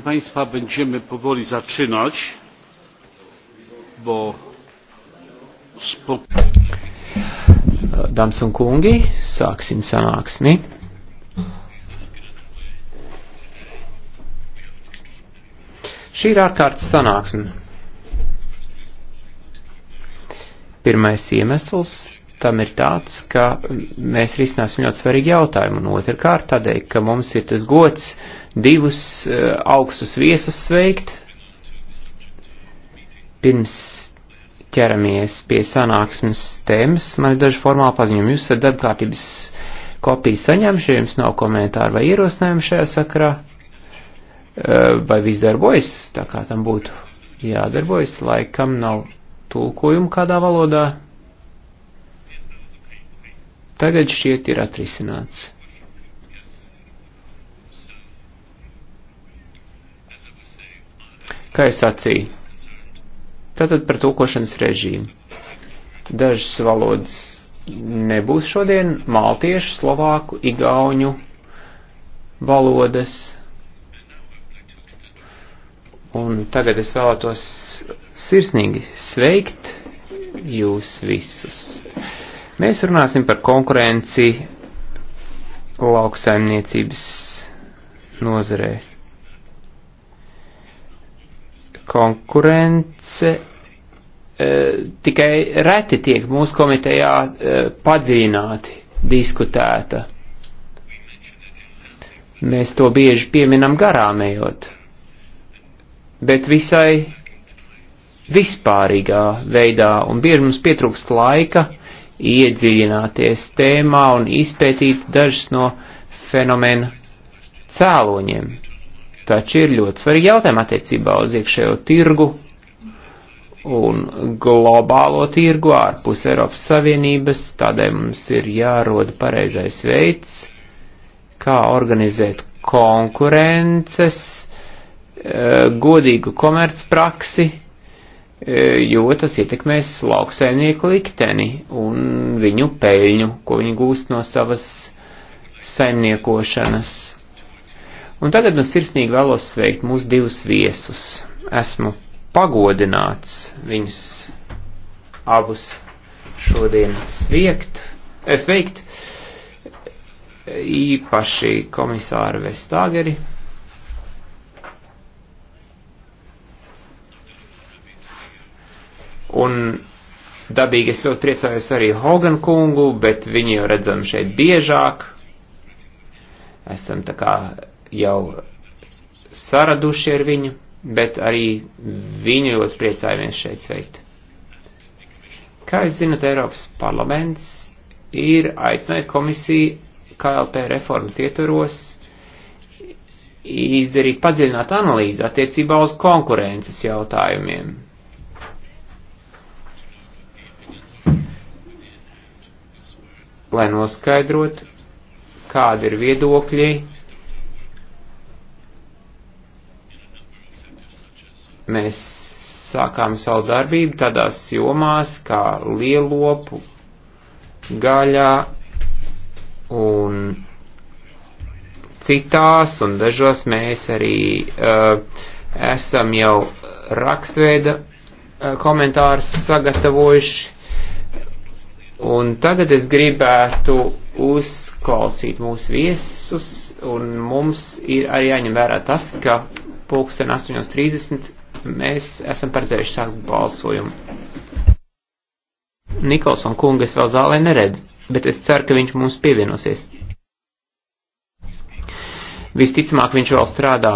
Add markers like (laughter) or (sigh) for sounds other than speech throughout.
proszę państwa będziemy powoli zaczynać bo Dāmas un kungi, sāksim sanāksmi. Šī ir ārkārtas sanāksme. Pirmais iemesls tam ir tāds, ka mēs risināsim ļoti svarīgi jautājumu, un otrkārt tādēļ, ka mums ir tas gods divus eh, augstus viesus sveikt. Pirms ķeramies pie sanāksmes tēmas, man ir daži formāli paziņojumi. Jūs esat darbkārtības kopijas saņemši, jums nav komentāru vai ierosinājumu šajā sakrā. Eh, vai viss darbojas, tā kā tam būtu jādarbojas, laikam nav tulkojumu kādā valodā. Tagad šķiet ir atrisināts. Kā es sacīju? Tātad par tūkošanas režīmu. Dažas valodas nebūs šodien - maltiešu, slovāku, igauņu valodas. Un tagad es vēlētos sirsnīgi sveikt jūs visus. Mēs runāsim par konkurenci lauksaimniecības nozarei konkurence e, tikai reti tiek mūsu komitejā e, eh, padzīnāti, diskutēta. Mēs to bieži pieminam garām ejot, bet visai vispārīgā veidā, un bieži mums pietrūkst laika iedziļināties tēmā un izpētīt dažas no fenomena cēloņiem taču ir ļoti svarīgi jautājumi attiecībā uz iekšējo tirgu un globālo tirgu ārpus Eiropas Savienības, tādēļ mums ir jāroda pareizais veids, kā organizēt konkurences, eh, godīgu komercpraksi, eh, jo tas ietekmēs lauksaimnieku likteni un viņu peļņu, ko viņi gūst no savas saimniekošanas Un tagad nu sirsnīgi vēlos sveikt mūsu divus viesus. Esmu pagodināts viņus abus šodien sviekt, eh, sveikt, īpaši komisāru Vestāgeri. Un dabīgi es ļoti priecājos arī Hogan kungu, bet viņu jau redzam šeit biežāk. Esam tā kā jau saraduši ar viņu, bet arī viņu ļoti priecājamies šeit sveikt. Kā jūs zinat, Eiropas parlaments ir aicinājis komisiju KLP reformas ietvaros izdarīt padziļināt analīzi attiecībā uz konkurences jautājumiem. Lai noskaidrot, kādi ir viedokļi Mēs sākām savu darbību tādās jomās kā lielopu, gaļā un citās, un dažos mēs arī uh, esam jau rakstveida uh, komentārus sagatavojuši. Un tagad es gribētu uzklausīt mūsu viesus, un mums ir arī jāņem vērā tas, ka pulksten 8.30 Mēs esam paredzējuši sākt balsojumu. Nikolson kungas vēl zālē neredz, bet es ceru, ka viņš mums pievienosies. Visticamāk viņš vēl strādā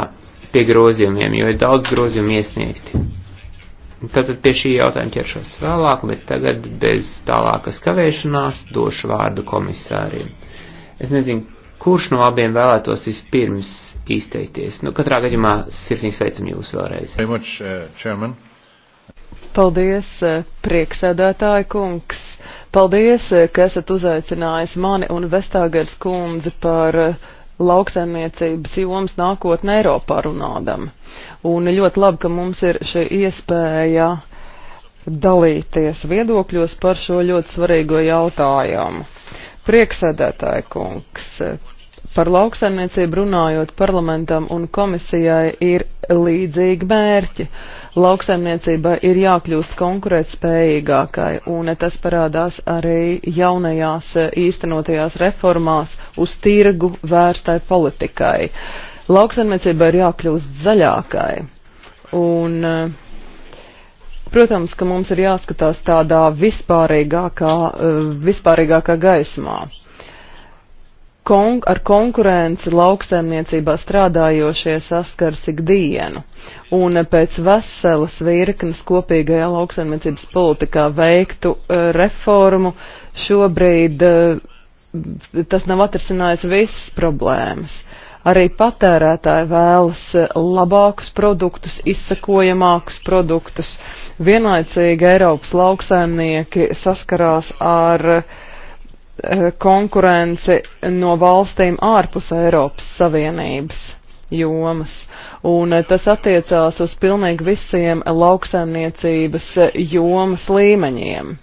pie grozījumiem, jo ir daudz grozījumu iesniegti. Tātad pie šī jautājuma ķeršos vēlāk, bet tagad bez tālākas kavēšanās došu vārdu komisāriem. Es nezinu, Kurš no abiem vēlētos vispirms izteikties? Nu, katrā gadījumā sirsnīgi sveicam jūs vēlreiz. Much, uh, Paldies, uh, prieksēdētāji kungs. Paldies, uh, ka esat uzaicinājis mani un Vestāgers kundzi par uh, lauksaimniecības jomas nākotnē Eiropā runādam. Un ļoti labi, ka mums ir šī iespēja dalīties viedokļos par šo ļoti svarīgo jautājumu. Prieksēdētāji kungs, Par lauksaimniecību runājot parlamentam un komisijai ir līdzīgi mērķi. Lauksaimniecība ir jākļūst konkurētspējīgākai, un tas parādās arī jaunajās e, īstenotajās reformās uz tirgu vērstai politikai. Lauksaimniecība ir jākļūst zaļākai. Un, e, protams, ka mums ir jāskatās tādā vispārīgākā, e, vispārīgākā gaismā kon ar konkurenci lauksēmniecībā strādājošie saskars ikdienu. Un pēc veselas virknes kopīgajā lauksaimniecības politikā veiktu uh, reformu šobrīd uh, tas nav atrisinājis visas problēmas. Arī patērētāji vēlas labākus produktus, izsakojamākus produktus. Vienlaicīgi Eiropas lauksaimnieki saskarās ar uh, Eh, konkurenci no valstīm ārpus Eiropas Savienības jomas. Un eh, tas attiecās uz pilnīgi visiem lauksaimniecības eh, jomas līmeņiem.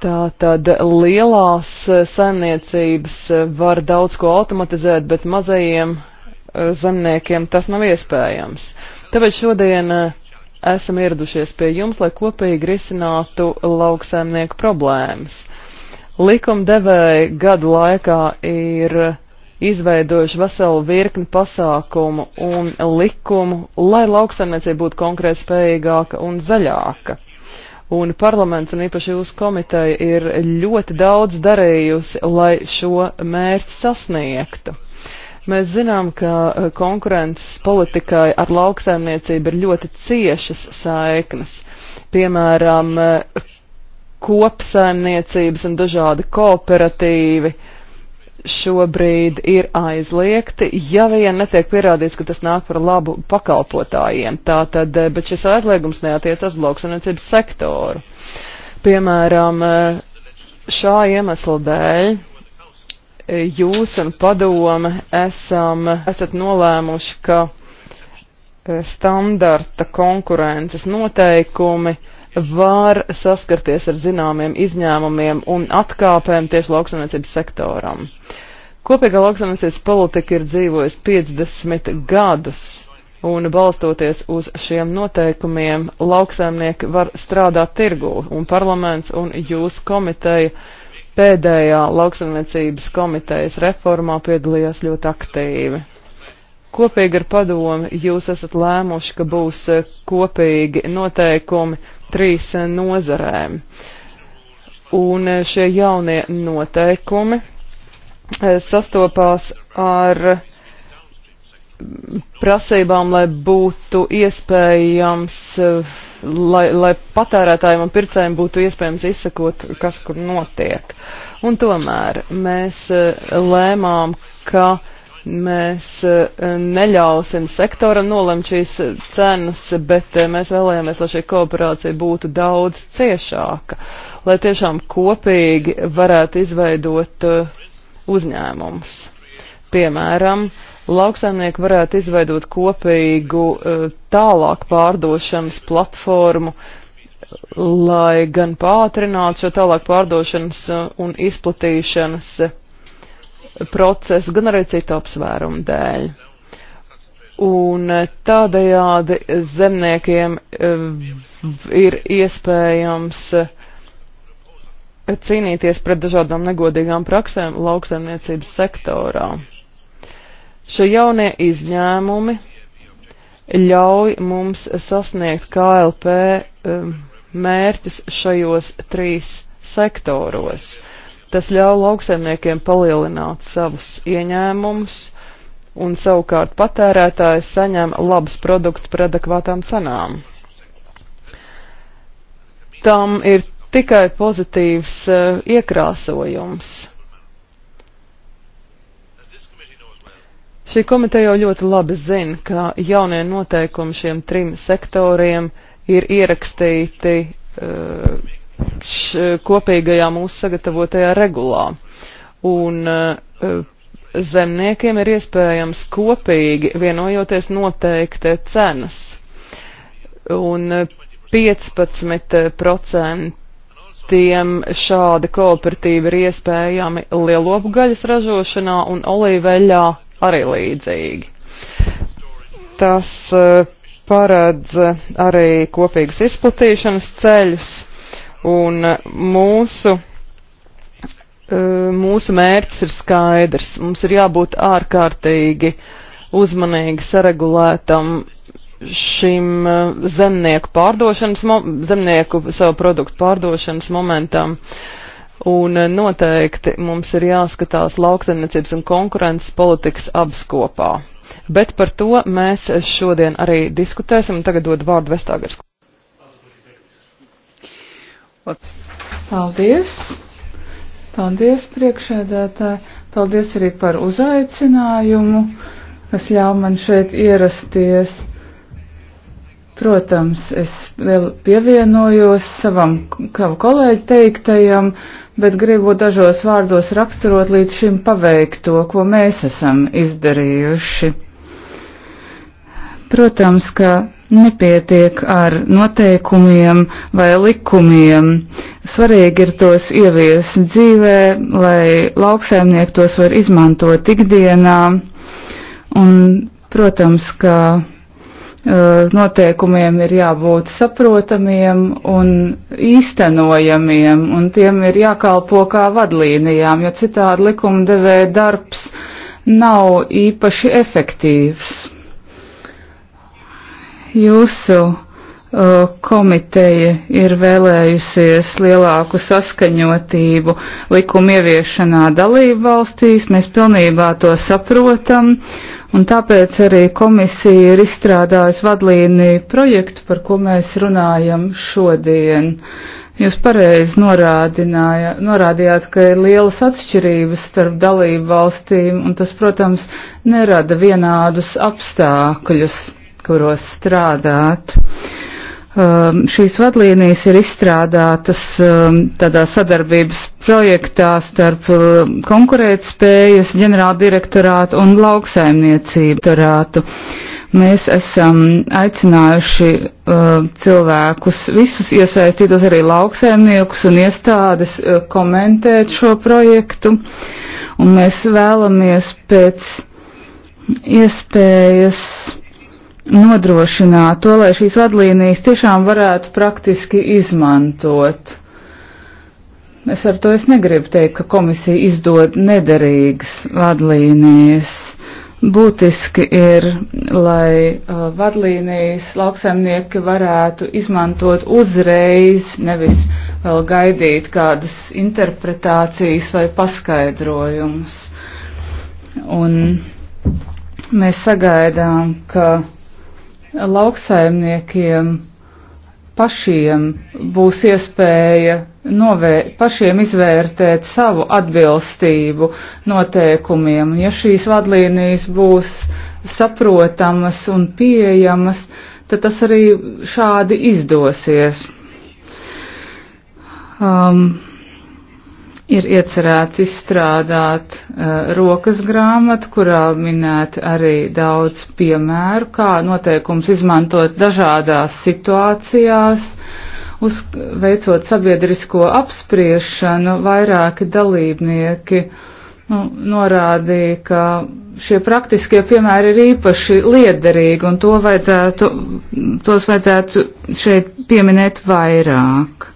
Tā tad lielās saimniecības var daudz ko automatizēt, bet mazajiem zemniekiem tas nav iespējams. Tāpēc šodien esam ieradušies pie jums, lai kopīgi risinātu lauksaimnieku problēmas likumdevēji gadu laikā ir izveidojuši veselu virkni pasākumu un likumu, lai lauksaimniecība būtu konkrēt spējīgāka un zaļāka. Un parlaments un īpaši jūsu komiteja ir ļoti daudz darījusi, lai šo mērķi sasniegtu. Mēs zinām, ka eh, konkurences politikai ar lauksaimniecību ir ļoti ciešas saiknes. Piemēram, eh, kopsaimniecības un dažādi kooperatīvi šobrīd ir aizliegti, ja vien netiek pierādīts, ka tas nāk par labu pakalpotājiem. Tātad, eh, bet šis aizliegums neatiecas lauksaimniecības sektoru. Piemēram, eh, šā iemesla dēļ eh, jūs un padome esam, esat nolēmuši, ka standarta konkurences noteikumi uh, var saskarties ar zināmiem izņēmumiem un atkāpēm tieši lauksaimniecības sektoram. Kopīgā lauksaimniecības politika ir dzīvojusi 50 gadus, un balstoties uz šiem noteikumiem, lauksaimnieki var strādāt tirgū, un parlaments un jūs komiteja pēdējā lauksaimniecības komitejas reformā piedalījās ļoti aktīvi. Kopīgi ar padomi jūs esat lēmuši, ka būs kopīgi noteikumi trīs eh, nozarēm. Un eh, šie jaunie noteikumi eh, sastopās ar mm, prasībām, lai būtu iespējams, lai, lai patērētājiem un pircējiem būtu iespējams izsakot, kas kur notiek. Un tomēr mēs lēmām, ka Mēs e, neļausim sektoram nolemt šīs e, cenas, bet e, mēs vēlējāmies, lai šī kooperācija būtu daudz ciešāka, lai tiešām kopīgi varētu izveidot uzņēmumus. Piemēram, lauksaimnieki varētu izveidot kopīgu tālāk pārdošanas platformu, lai gan pātrinātu šo tālāk pārdošanas un izplatīšanas procesu, gan arī citu apsvērumu dēļ. Un eh, tādējādi zemniekiem eh, ir iespējams eh, cīnīties pret dažādām negodīgām praksēm lauksaimniecības sektorā. Šie jaunie izņēmumi ļauj mums sasniegt KLP mērķus šajos trīs sektoros. Uh, Tas ļauj lauksaimniekiem palielināt savus ieņēmumus, un savukārt patērētājs saņem labus produktus par adekvātām cenām. Tam ir tikai pozitīvs uh, iekrāsojums. Šī komiteja jau ļoti labi zina, ka jaunie noteikumi šiem trim sektoriem ir ierakstīti uh, kopīgajā mūsu sagatavotajā regulā. Un eh, zemniekiem ir iespējams kopīgi vienojoties noteikti eh, cenas. Un 15% eh, tiem šādi kooperatīvi ir iespējami lielopgaļas ražošanā un olīveļā arī līdzīgi. Tas paredz arī kopīgas izplatīšanas ceļus Un eh, mūsu, eh, mūsu mērķis ir skaidrs. Mums ir jābūt ārkārtīgi uzmanīgi saregulētam šim eh, zemnieku pārdošanas, zemnieku savu produktu pārdošanas momentam. Un noteikti mums ir jāskatās lauksaimniecības un konkurences politikas abas kopā. Bet par to mēs šodien arī diskutēsim. Tagad dod vārdu Vestāgars. Paldies! Paldies priekšēdētāji! Paldies arī par uzaicinājumu, kas ļauj man šeit ierasties. Protams, es vēl pievienojos savam kolēģi teiktajam, bet gribu dažos vārdos raksturot līdz šim paveikto, ko mēs esam izdarījuši. Protams, ka nepietiek ar noteikumiem vai likumiem. Svarīgi ir tos ieviest dzīvē, lai lauksaimnieki tos var izmantot ikdienā. Un, protams, ka uh, noteikumiem ir jābūt saprotamiem un īstenojamiem, un tiem ir jākalpo kā vadlīnijām, jo citādi likumdevēja darbs nav īpaši efektīvs. Jūsu uh, komiteja ir vēlējusies lielāku saskaņotību likuma ieviešanā dalību valstīs. Mēs pilnībā to saprotam. Un tāpēc arī komisija ir izstrādājusi vadlīniju projektu, par ko mēs runājam šodien. Jūs pareizi norādījāt, ka ir lielas atšķirības starp dalību valstīm, un tas, protams, nerada vienādus apstākļus kuros strādāt. Um, šīs vadlīnijas ir izstrādātas um, tādā sadarbības projektā starp um, konkurētspējas ģenerāldirektorātu un lauksaimniecību torātu. Mēs esam aicinājuši uh, cilvēkus, visus iesaistītos arī lauksaimniekus un iestādes uh, komentēt šo projektu, un mēs vēlamies pēc iespējas nodrošināt to, lai šīs vadlīnijas tiešām varētu praktiski izmantot. Es ar to es negribu teikt, ka komisija izdod nederīgas vadlīnijas. Būtiski ir, lai uh, vadlīnijas lauksaimnieki varētu izmantot uzreiz, nevis vēl gaidīt kādus interpretācijas vai paskaidrojumus. Un mēs sagaidām, ka lauksaimniekiem pašiem būs iespēja novēr, pašiem izvērtēt savu atbilstību noteikumiem. Ja šīs vadlīnijas būs saprotamas un pieejamas, tad tas arī šādi izdosies. Um, ir iecerēts izstrādāt uh, rokas grāmatu, kurā minēti arī daudz piemēru, kā noteikums izmantot dažādās situācijās, uz, veicot sabiedrisko apspriešanu, vairāki dalībnieki nu, norādīja, ka šie praktiskie piemēri ir īpaši liederīgi un to vajadzētu, tos vajadzētu šeit pieminēt vairāk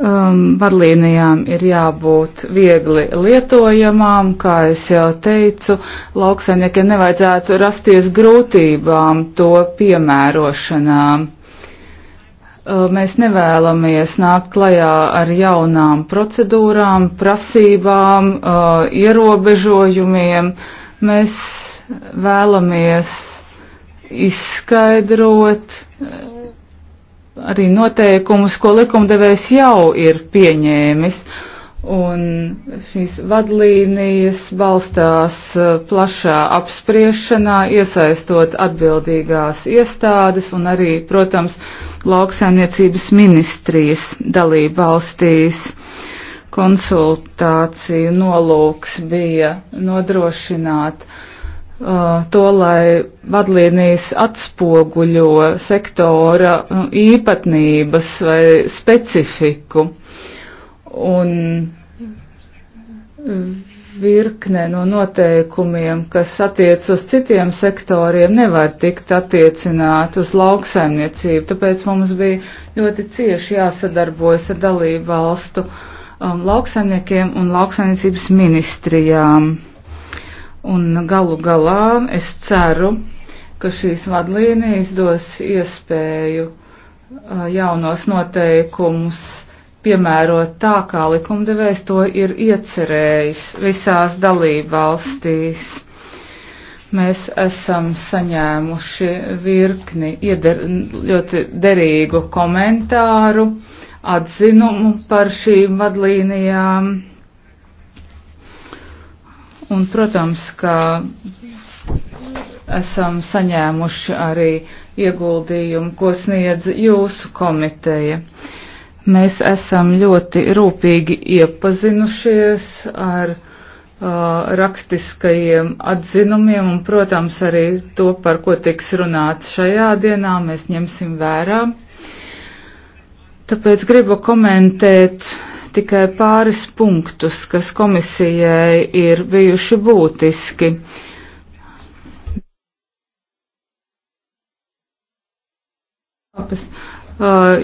um, vadlīnijām ir jābūt viegli lietojamām, kā es jau teicu, lauksaimniekiem nevajadzētu rasties grūtībām to piemērošanā. Um, mēs nevēlamies nākt klajā ar jaunām procedūrām, prasībām, uh, ierobežojumiem. Mēs vēlamies izskaidrot, uh, arī noteikumus, ko likumdevējs jau ir pieņēmis. Un šīs vadlīnijas balstās uh, plašā apspriešanā, iesaistot atbildīgās iestādes un arī, protams, lauksaimniecības ministrijas dalību valstīs. Konsultāciju nolūks bija nodrošināt uh, Uh, to, lai vadlīnijas atspoguļo sektora uh, īpatnības vai specifiku. Un virkne no noteikumiem, kas attiec uz citiem sektoriem, nevar tikt attiecināt uz lauksaimniecību. Tāpēc mums bija ļoti cieši jāsadarbojas ar dalību valstu um, lauksaimniekiem un lauksaimniecības ministrijām. Un galu galā es ceru, ka šīs vadlīnijas dos iespēju jaunos noteikumus piemērot tā, kā likumdevējs to ir iecerējis visās dalībvalstīs. Mēs esam saņēmuši virkni ieder, ļoti derīgu komentāru, atzinumu par šīm vadlīnijām Un, protams, ka esam saņēmuši arī ieguldījumu, ko sniedz jūsu komiteja. Mēs esam ļoti rūpīgi iepazinušies ar uh, rakstiskajiem atzinumiem un, protams, arī to, par ko tiks runāts šajā dienā, mēs ņemsim vērā. Tāpēc gribu komentēt tikai pāris punktus, kas komisijai ir bijuši būtiski.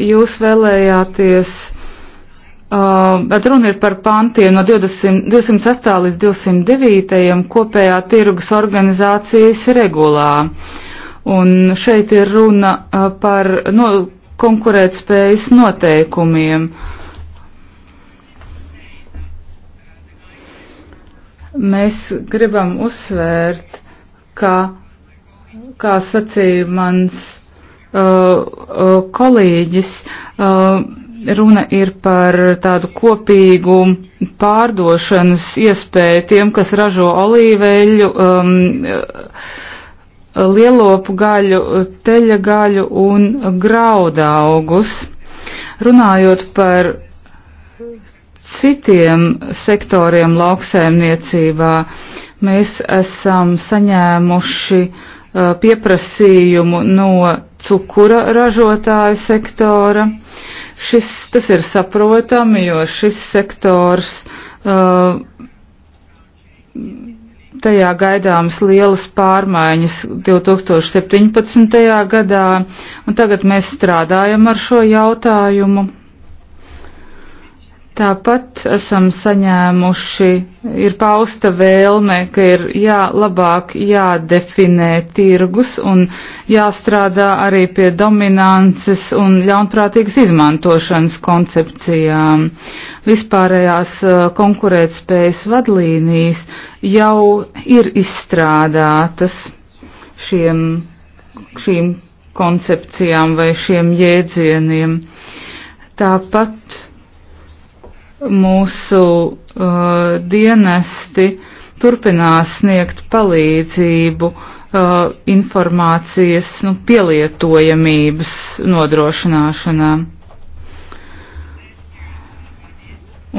Jūs vēlējāties, bet runa ir par pantiem no 20, 208 līdz 209 kopējā tirgus organizācijas regulā. Un šeit ir runa par no, konkurētspējas noteikumiem. Uh, Mēs gribam uzsvērt, ka, kā sacīja mans uh, uh, kolēģis, uh, runa ir par tādu kopīgu pārdošanas iespēju tiem, kas ražo olīveļu, um, lielopu gaļu, teļa gaļu un graudaugus. Runājot par citiem sektoriem lauksēmniecībā. Mēs esam saņēmuši uh, pieprasījumu no cukura ražotāju sektora. Šis, tas ir saprotami, jo šis sektors uh, tajā gaidāmas lielas pārmaiņas 2017. gadā, un tagad mēs strādājam ar šo jautājumu. Tāpat esam saņēmuši, ir pausta vēlme, ka ir jā, labāk jādefinē tirgus un jāstrādā arī pie dominances un ļaunprātīgas izmantošanas koncepcijām. Vispārējās konkurētspējas vadlīnijas jau ir izstrādātas šiem, šīm koncepcijām vai šiem jēdzieniem. Tāpat mūsu uh, dienesti turpinās sniegt palīdzību uh, informācijas nu, pielietojamības nodrošināšanā.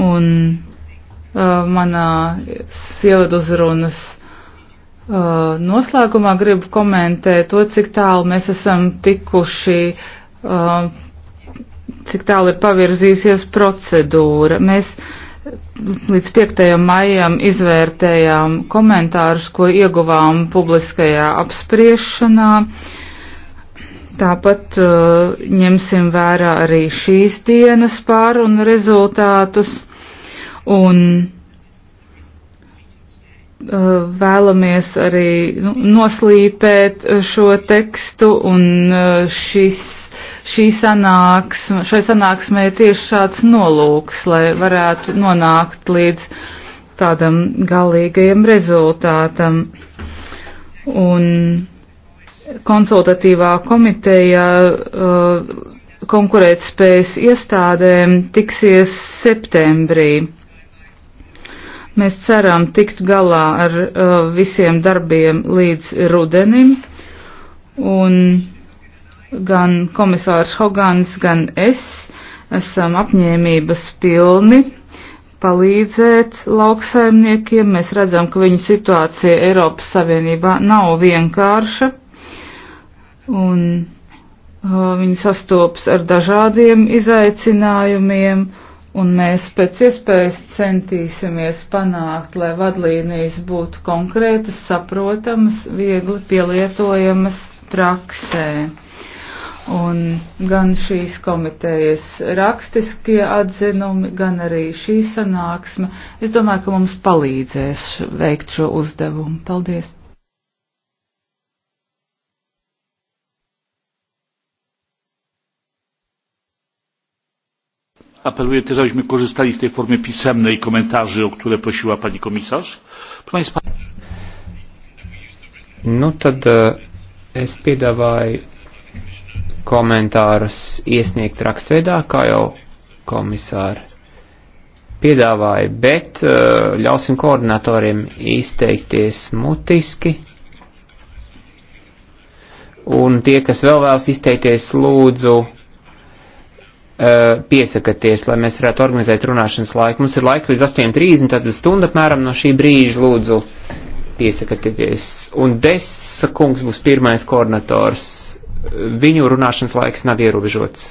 Un uh, manā ievaduzrunas uh, noslēgumā gribu komentēt to, cik tālu mēs esam tikuši uh, cik tālu ir pavirzījusies procedūra. Mēs līdz 5. maijam izvērtējām komentārus, ko ieguvām publiskajā apspriešanā. Tāpat uh, ņemsim vērā arī šīs dienas pārunu rezultātus un uh, vēlamies arī nu, noslīpēt šo tekstu un uh, šis šī sanāksme, šai sanāksmē ir tieši šāds nolūks, lai varētu nonākt līdz tādam galīgajam rezultātam. Un konsultatīvā komiteja uh, konkurētspējas iestādēm tiksies septembrī. Mēs ceram tikt galā ar uh, visiem darbiem līdz rudenim. Un Gan komisārs Hogans, gan es esam apņēmības pilni palīdzēt lauksaimniekiem. Mēs redzam, ka viņu situācija Eiropas Savienībā nav vienkārša un uh, viņi sastopas ar dažādiem izaicinājumiem un mēs pēc iespējas centīsimies panākt, lai vadlīnijas būtu konkrētas, saprotamas, viegli pielietojamas praksē. Un gan šīs komitejas rakstiskie atzinumi, gan arī šī sanāksme, es domāju, ka mums palīdzēs veikt šo uzdevumu. Paldies! apeluję też abyśmy korzystali z tej formy pisemnej komentarzy o które prosiła pani komisarz. No nu, tad e, es piedāvāju komentārus iesniegt rakstveidā, kā jau komisāri piedāvāja, bet uh, ļausim koordinatoriem izteikties mutiski. Un tie, kas vēl vēlas izteikties, lūdzu uh, piesakaties, lai mēs varētu organizēt runāšanas laiku. Mums ir laika līdz 8.30, tad stunda apmēram no šī brīža lūdzu piesakaties. Un Desa kungs būs pirmais koordinators viņu runāšanas laiks nav ierobežots.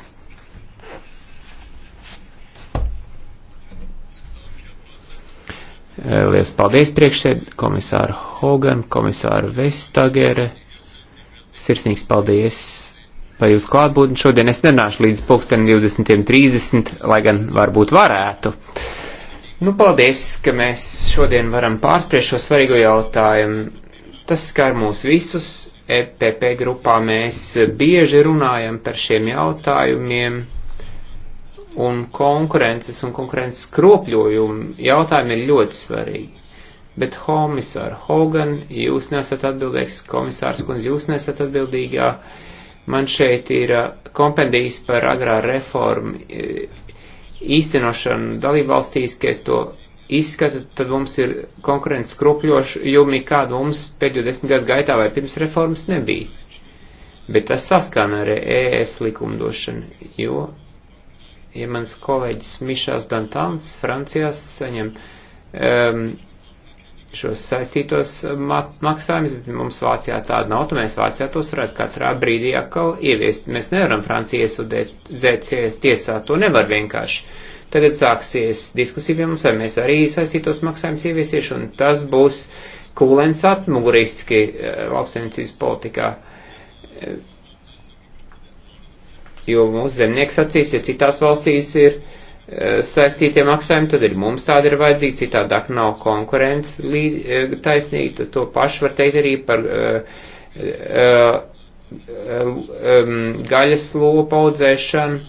Liels paldies priekšsēd, komisāru Hogan, komisāru Vestagere. Sirsnīgs paldies par jūsu klātbūtni. Šodien es nenāšu līdz pulksten 20.30, lai gan varbūt varētu. Nu, paldies, ka mēs šodien varam pārspriest šo svarīgo jautājumu. Tas skar mūs visus, EPP grupā mēs bieži runājam par šiem jautājumiem un konkurences un konkurences kropļojumu jautājumi ir ļoti svarīgi. Bet komisār Hogan, jūs nesat atbildīgs, komisārs kundze, jūs nesat atbildīgā. Man šeit ir uh, kompendijas par agrā reformu uh, īstenošanu dalībvalstīs, ka es to izskata, tad mums ir konkurence skrupļoša, jo nekāda mums pēdējo desmit gadu gaitā vai pirms reformas nebija. Bet tas saskana ar ES likumdošanu, jo, ja mans kolēģis Mišās Dantāns Francijās saņem um, šos saistītos maksājumus, bet mums Vācijā tāda nav, tad mēs Vācijā tos varētu katrā brīdī atkal ieviest. Mēs nevaram Franciju iesudēt ZCS tiesā, to nevar vienkārši. Tagad sāksies diskusija pie mums, vai mēs arī saistītos maksājums ieviesieši, un tas būs kūlens atmuguriski eh, lauksaimniecības politikā. Eh, jo mūsu zemnieks acīs, ja citās valstīs ir eh, saistītie maksājumi, tad ir mums tāda ir vajadzīga, citādāk nav konkurence taisnīgi, tad to pašu var teikt arī par uh, uh, um, gaļas lopu audzēšanu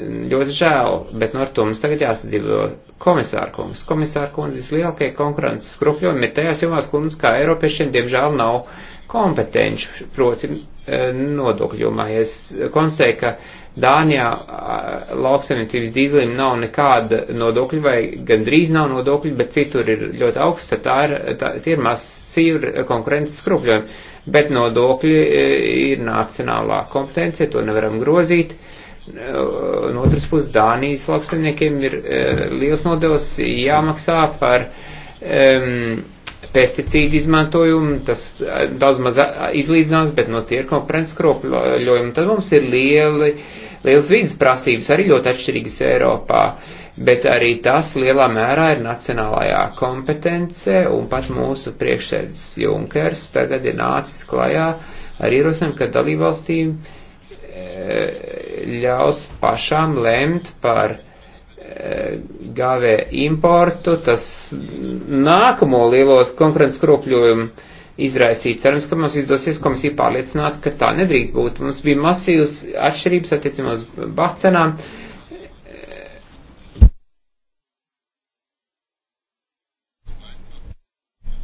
ļoti žēl, bet no nu ar to mums tagad jāsadzīvo komisārkums. Komisārkums vislielākie konkurences skrupļojumi ir tajās jomās, kur mums kā Eiropiešiem diemžēl nav kompetenci, proti e, nodokļu jomā. Ja es konstatēju, ka Dānijā lauksaimniecības dīzlim nav nekāda nodokļa vai gandrīz nav nodokļa, bet citur ir ļoti augsts, tad tā ir, tā, tie ir masīvi konkurences skrupļojumi. Bet nodokļi e, ir nacionālā kompetencija, to nevaram grozīt. Uh, no otras puses Dānijas lauksaimniekiem ir uh, liels nodevs jāmaksā par um, pesticīdu izmantojumu, tas e, daudz maz izlīdzinās, bet no nu, tirkuma prentskropļojumu. Tad mums ir lieli, liels vidas prasības, arī ļoti atšķirīgas Eiropā, bet arī tas lielā mērā ir nacionālajā kompetence, un pat mūsu priekšsēdis Junkers tagad ir nācis klajā ar ierosinājumu, ka dalībvalstīm uh, Eh, ļaus pašām lemt par eh, gāvē importu, tas nākamo lielos konkurences kropļojumu izraisīt. Cerams, ka mums izdosies komisiju pārliecināt, ka tā nedrīkst būt. Mums bija masīvas atšķirības attiecībā uz bacenām.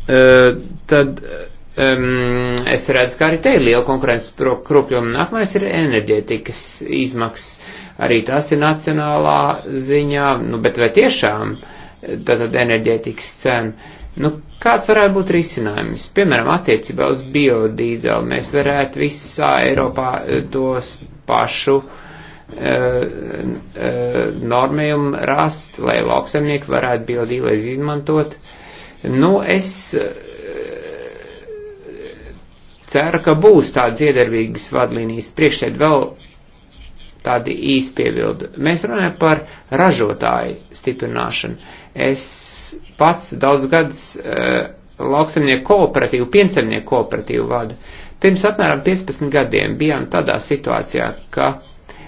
Eh, tad um, es redzu, ka arī te ir liela konkurences krupļuma. Nākamais ir enerģētikas izmaksas. Arī tās ir nacionālā ziņā, nu, bet vai tiešām tātad eh, enerģētikas cena? Nu, kāds varētu būt risinājums? Piemēram, attiecībā uz biodīzelu mēs varētu visā Eiropā eh, tos pašu uh, eh, uh, normējumu rast, lai lauksemnieki varētu biodīlēs izmantot. Nu, es uh, Ceru, ka būs tādas iedarbīgas vadlīnijas. Priekšēd vēl tādi īsti piebildu. Mēs runājam par ražotāju stiprināšanu. Es pats daudz gadus uh, eh, lauksemnieku kooperatīvu, piensemnieku kooperatīvu vadu. Pirms apmēram 15 gadiem bijām tādā situācijā, ka eh,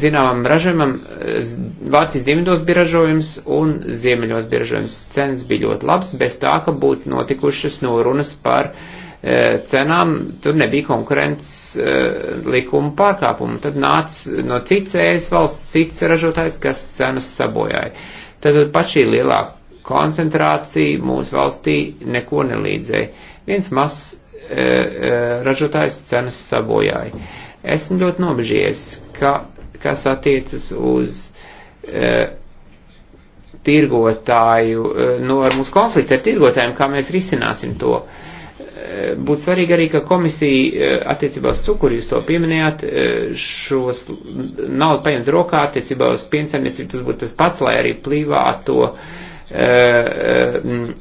zināmam ražojumam eh, Vācijas dienvidos bija ražojums un ziemeļos bija ražojums. Cenas bija ļoti labs, bez tā, ka būtu notikušas norunas par uh, E, cenām, tur nebija konkurences e, likuma pārkāpuma. Tad nāca no cits ES valsts, cits ražotājs, kas cenas sabojāja. Tad pat šī lielā koncentrācija mūsu valstī neko nelīdzēja. Viens mazs e, ražotājs cenas sabojāja. Esmu ļoti nobežies, ka, kas attiecas uz e, tirgotāju, no ar mūsu konfliktu ar tirgotājiem, kā mēs risināsim to. E, Eh, būtu svarīgi arī, ka komisija eh, attiecībā uz cukuru, jūs to pieminējāt, eh, šos naudu paņemt rokā attiecībā uz piensaimniecību, tas būtu tas pats, lai arī plīvāto mm,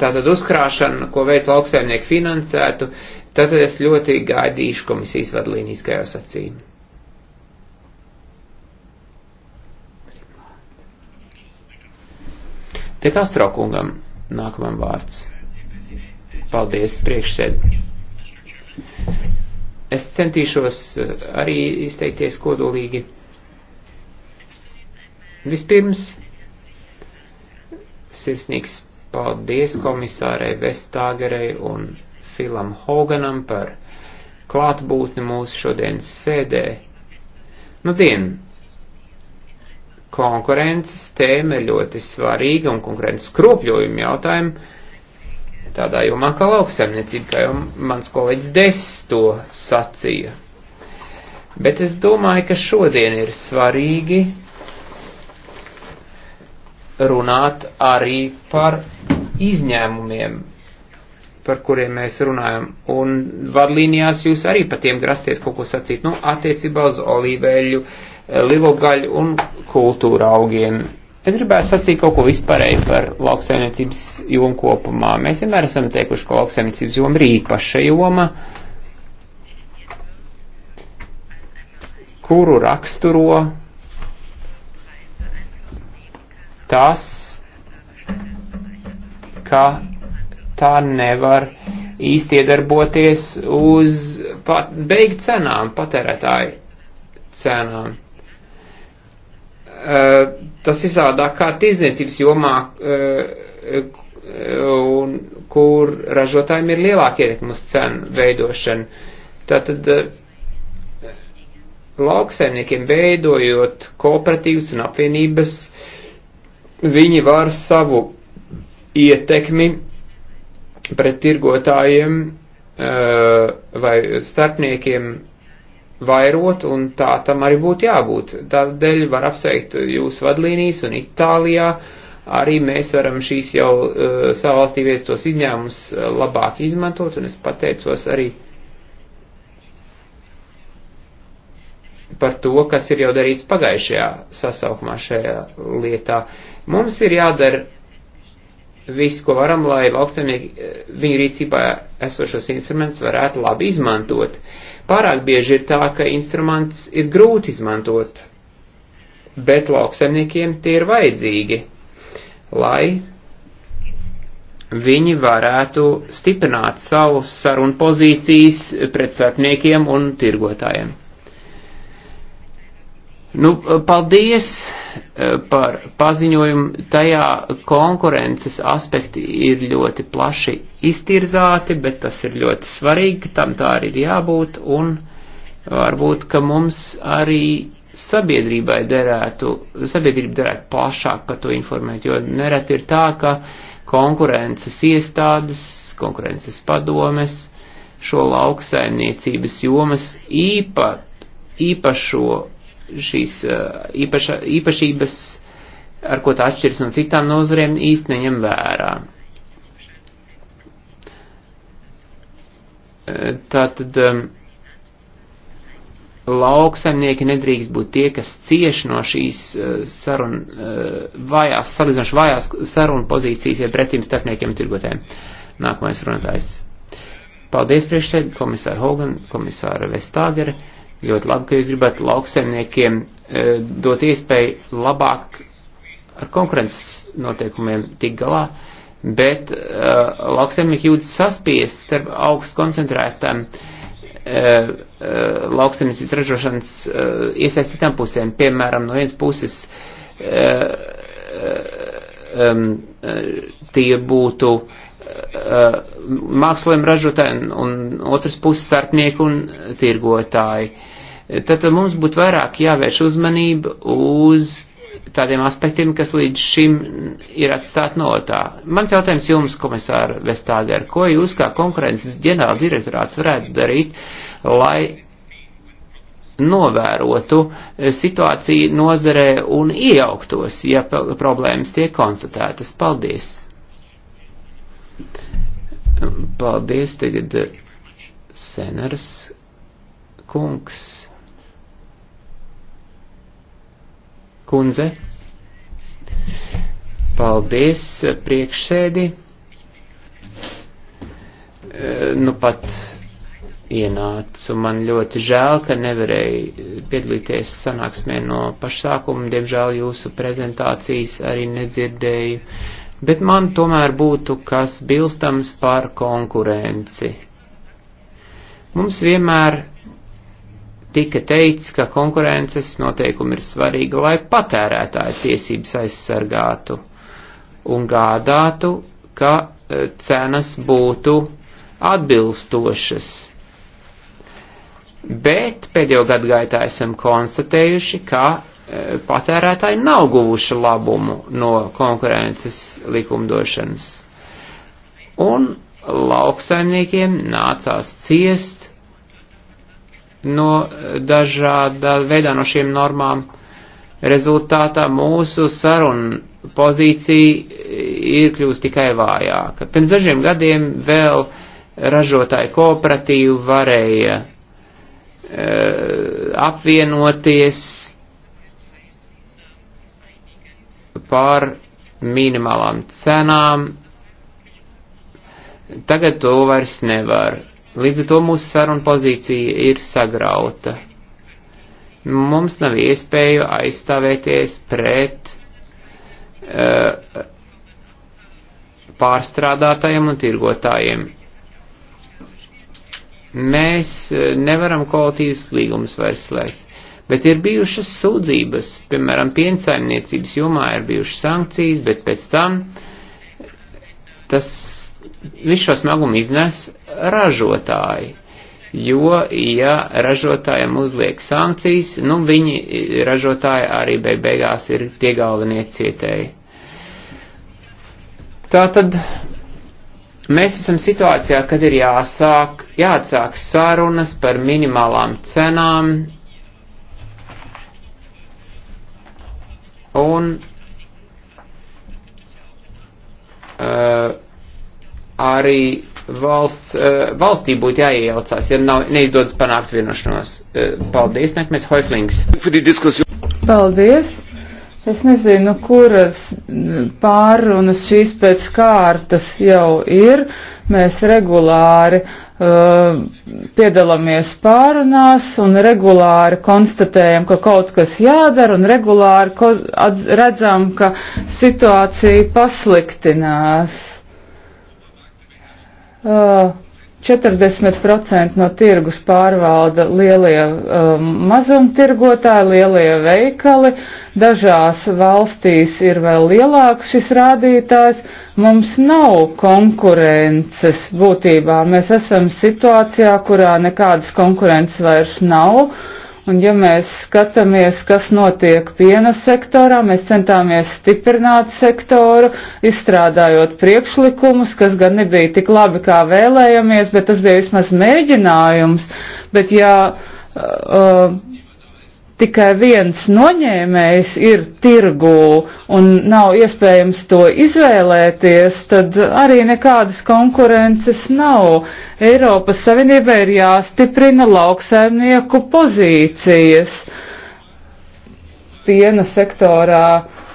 tātad uzkrāšanu, ko veic lauksaimnieki finansētu, tad es ļoti gaidīšu komisijas vadlīnijas, kā jau sacīju. Te Kastrokungam nākamajam vārds. Paldies, priekšsēd. Es centīšos eh, arī izteikties kodolīgi. Vispirms, sirsnīgs paldies komisārai Vestāgerei un Filam Hoganam par klātbūtni mūsu šodienas sēdē. Nu, dien, konkurences tēma ļoti svarīga un konkurences kropļojuma jautājuma tādā jomā kā lauksaimniecība, kā jau mans kolēģis Des to sacīja. Bet es domāju, ka šodien ir svarīgi runāt arī par izņēmumiem, par kuriem mēs runājam. Un vadlīnijās jūs arī par tiem grasties kaut ko sacīt, nu, attiecībā uz olīveļu, lilogaļu un kultūra augiem Es gribētu sacīt kaut ko vispārēju par lauksaimniecības jomu kopumā. Mēs vienmēr esam teikuši, ka lauksaimniecības joma ir īpaša joma, kuru raksturo tas, ka tā nevar īsti iedarboties uz pat, beigt cenām, patērētāju cenām. Uh, tas izrādā kā tirdzniecības jomā, eh, eh, un, kur ražotājiem ir lielāka ietekme uz cenu veidošanu. Tātad eh, lauksaimniekiem veidojot kooperatīvas un apvienības, viņi var savu ietekmi pret tirgotājiem vai starpniekiem vairot, un tā tam arī būtu jābūt. Tādēļ var apsveikt jūsu vadlīnijas, un Itālijā arī mēs varam šīs jau uh, eh, savā valstī viestos izņēmumus uh, labāk izmantot, un es pateicos arī par to, kas ir jau darīts pagājušajā sasaukumā šajā lietā. Mums ir jādara viss, ko varam, lai lauksaimnieki eh, viņu rīcībā esošos instrumentus varētu labi izmantot. Uh, Pārāk bieži ir tā, ka instruments ir grūti izmantot, bet lauksaimniekiem tie ir vajadzīgi, lai viņi varētu stiprināt savus sarunu pozīcijas pret starpniekiem un tirgotājiem. Nu, paldies eh, par paziņojumu. Tajā konkurences aspekti ir ļoti plaši iztirzāti, bet tas ir ļoti svarīgi, tam tā arī ir jābūt, un varbūt, ka mums arī sabiedrībai derētu, sabiedrība derētu plašāk par to informēt, jo nereti ir tā, ka konkurences iestādes, konkurences padomes šo lauksaimniecības jomas īpa, īpašo šīs īpaša, īpašības, ar ko tā atšķiras no citām nozarēm, īsti neņem vērā. Tātad lauksaimnieki nedrīkst būt tie, kas cieš no šīs sarun, vājās, salīdzinoši vājās sarunu pozīcijas, ja pretim starpniekiem tirgotēm. Nākamais runātājs. Paldies priekšsēd, komisāra Hogan, komisāra Vestāgere. Ļoti labi, ka jūs gribat lauksaimniekiem e, dot iespēju labāk ar konkurences noteikumiem tik galā, bet uh, lauksaimnieki jūtas saspiest starp augstu koncentrētām uh, uh, lauksaimniecības ražošanas uh, iesaistītām pusēm. Piemēram, no vienas puses uh, um, uh, tie būtu uh, māksliem ražotāji un, un otras puses starpnieki un tirgotāji. Uh, Tad mums būtu vairāk jāvērš uzmanība uz tādiem aspektiem, kas līdz šim ir atstāti notā. Mans jautājums jums, komisāra Vestāger, ko jūs kā konkurences ģenerāla direktorāts varētu darīt, lai novērotu situāciju nozarē un iejauktos, ja problēmas tiek konstatētas. Paldies! Paldies tagad eh, Seners kungs. kundze. Paldies priekšsēdi. E, nu pat ienācu. Man ļoti žēl, ka nevarēju piedalīties sanāksmē no pašsākuma. Diemžēl jūsu prezentācijas arī nedzirdēju. Bet man tomēr būtu kas bilstams par konkurenci. Mums vienmēr tika teikts, ka konkurences noteikumi ir svarīgi, lai patērētāju tiesības aizsargātu un gādātu, ka e, cenas būtu atbilstošas. Bet pēdējo gadu gaitā esam konstatējuši, ka e, patērētāji nav guvuši labumu no konkurences likumdošanas. Un lauksaimniekiem nācās ciest no dažādā veidā no šiem normām. Rezultātā mūsu saruna pozīcija ir kļūst tikai vājāka. Pirms dažiem gadiem vēl ražotāju kooperatīvu varēja e, apvienoties par minimālām cenām. Tagad to vairs nevar. Līdz ar to mūsu saruna pozīcija ir sagrauta. Mums nav iespēju aizstāvēties pret uh, pārstrādātājiem un tirgotājiem. Mēs uh, nevaram kolektīvas līgumus vairs slēgt, bet ir bijušas sūdzības, piemēram, piensaimniecības jomā ir bijušas sankcijas, bet pēc tam tas visu šo smagumu iznes ražotāji. Jo, ja ražotājiem uzliek sankcijas, nu viņi ražotāji arī beig beigās ir tie galvenie cietēji. Tātad mēs esam situācijā, kad ir jāsāk, jāatsāk sarunas par minimālām cenām un uh, arī valsts, eh, valstī būtu jāiejaucās, ja nav, neizdodas panākt vienošanos. Eh, paldies, Nekmēs Hoislings. Paldies. Es nezinu, kuras pārunas šīs pēc kārtas jau ir. Mēs regulāri uh, piedalāmies pārunās un regulāri konstatējam, ka kaut kas jādara un regulāri redzam, ka situācija pasliktinās. Uh, 40% no tirgus pārvalda lielie um, mazumtirgotāji, lielie veikali. Dažās valstīs ir vēl lielāks šis rādītājs. Mums nav konkurences būtībā. Mēs esam situācijā, kurā nekādas konkurences vairs nav. Un ja mēs skatāmies, kas notiek piena sektorā, mēs centāmies stiprināt sektoru, izstrādājot priekšlikumus, kas gan nebija tik labi, kā vēlējamies, bet tas bija vismaz mēģinājums. Bet ja uh, tikai viens noņēmējs ir tirgū un nav iespējams to izvēlēties, tad arī nekādas konkurences nav. Eiropas Savienībai ir jāstiprina lauksaimnieku pozīcijas piena sektorā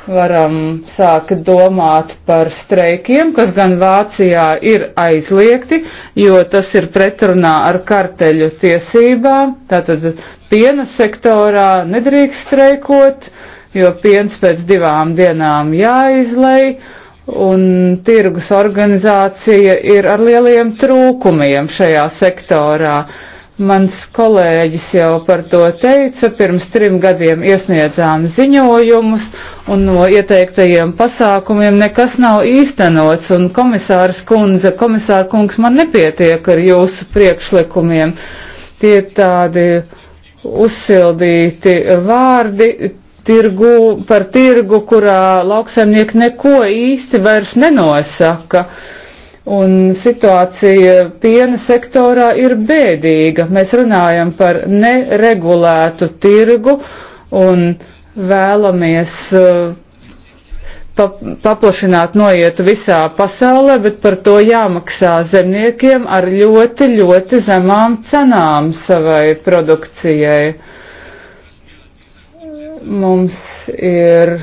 varam sākt domāt par streikiem, kas gan Vācijā ir aizliegti, jo tas ir pretrunā ar karteļu tiesībām. Tātad piena sektorā nedrīkst streikot, jo piens pēc divām dienām jāizlai, un tirgus organizācija ir ar lieliem trūkumiem šajā sektorā. Mans kolēģis jau par to teica, pirms trim gadiem iesniedzām ziņojumus, un no ieteiktajiem pasākumiem nekas nav īstenots, un komisārs kundze, komisāra kungs, man nepietiek ar jūsu priekšlikumiem. Tie tādi uzsildīti vārdi, tirgu, par tirgu, kurā lauksaimnieki neko īsti vairs nenosaka. Un situācija piena sektorā ir bēdīga. Mēs runājam par neregulētu tirgu un vēlamies uh, pa, paplašināt noietu visā pasaulē, bet par to jāmaksā zemniekiem ar ļoti, ļoti zemām cenām savai produkcijai. Mums ir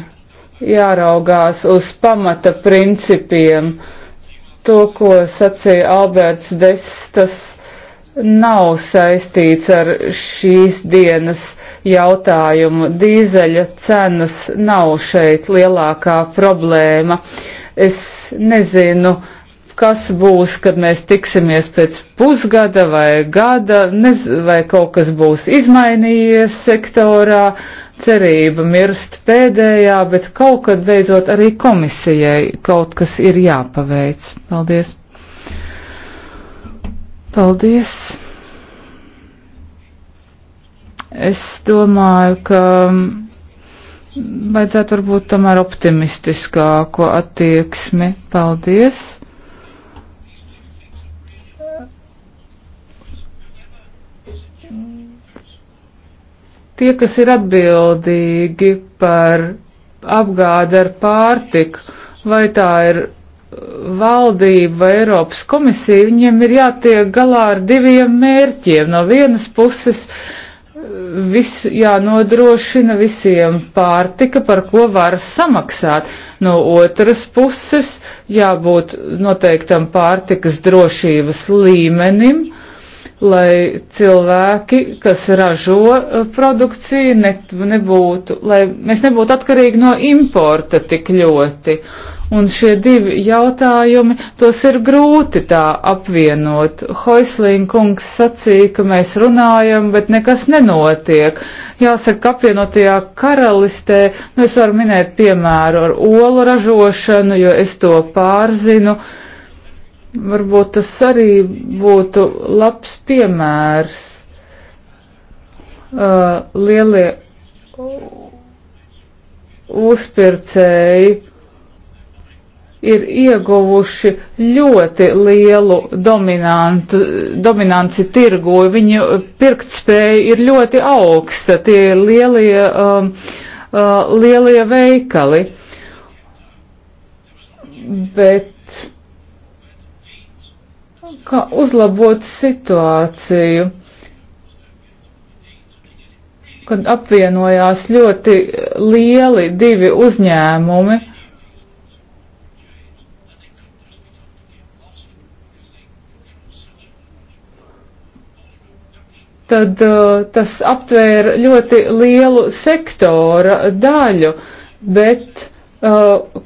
jāraugās uz pamata principiem to, ko sacīja Alberts Des, tas nav saistīts ar šīs dienas jautājumu. Dīzeļa cenas nav šeit lielākā problēma. Es nezinu, uh, kas būs, kad mēs tiksimies pēc pusgada vai gada, nez, vai kaut kas būs izmainījies sektorā, cerība mirst pēdējā, bet kaut kad beidzot arī komisijai kaut kas ir jāpaveic. Paldies! Paldies! Es domāju, ka vajadzētu varbūt tomēr optimistiskāko attieksmi. Paldies! tie, kas ir atbildīgi par apgādi ar pārtiku, vai tā ir valdība vai Eiropas komisija, viņiem ir jātiek galā ar diviem mērķiem. No vienas puses vis, jānodrošina visiem pārtika, par ko var samaksāt. No otras puses jābūt noteiktam pārtikas drošības līmenim lai cilvēki, kas ražo eh, produkciju, ne, nebūtu, lai mēs nebūtu atkarīgi no importa tik ļoti. Un šie divi jautājumi, tos ir grūti tā apvienot. Hoislīna kungs sacīja, ka mēs runājam, bet nekas nenotiek. Jāsaka, ka apvienotajā karalistē, nu es varu minēt piemēru ar olu ražošanu, jo es to pārzinu. Uh, Varbūt tas arī būtu labs piemērs. Uh, lielie uzpircēji ir ieguvuši ļoti lielu dominanci tirgu. Viņu pirktspēja ir ļoti augsta, tie ir lielie, um, uh, lielie veikali. Bet kā uzlabot situāciju, kad apvienojās ļoti lieli divi uzņēmumi. Tad uh, tas aptvēra ļoti lielu sektora daļu, bet uh,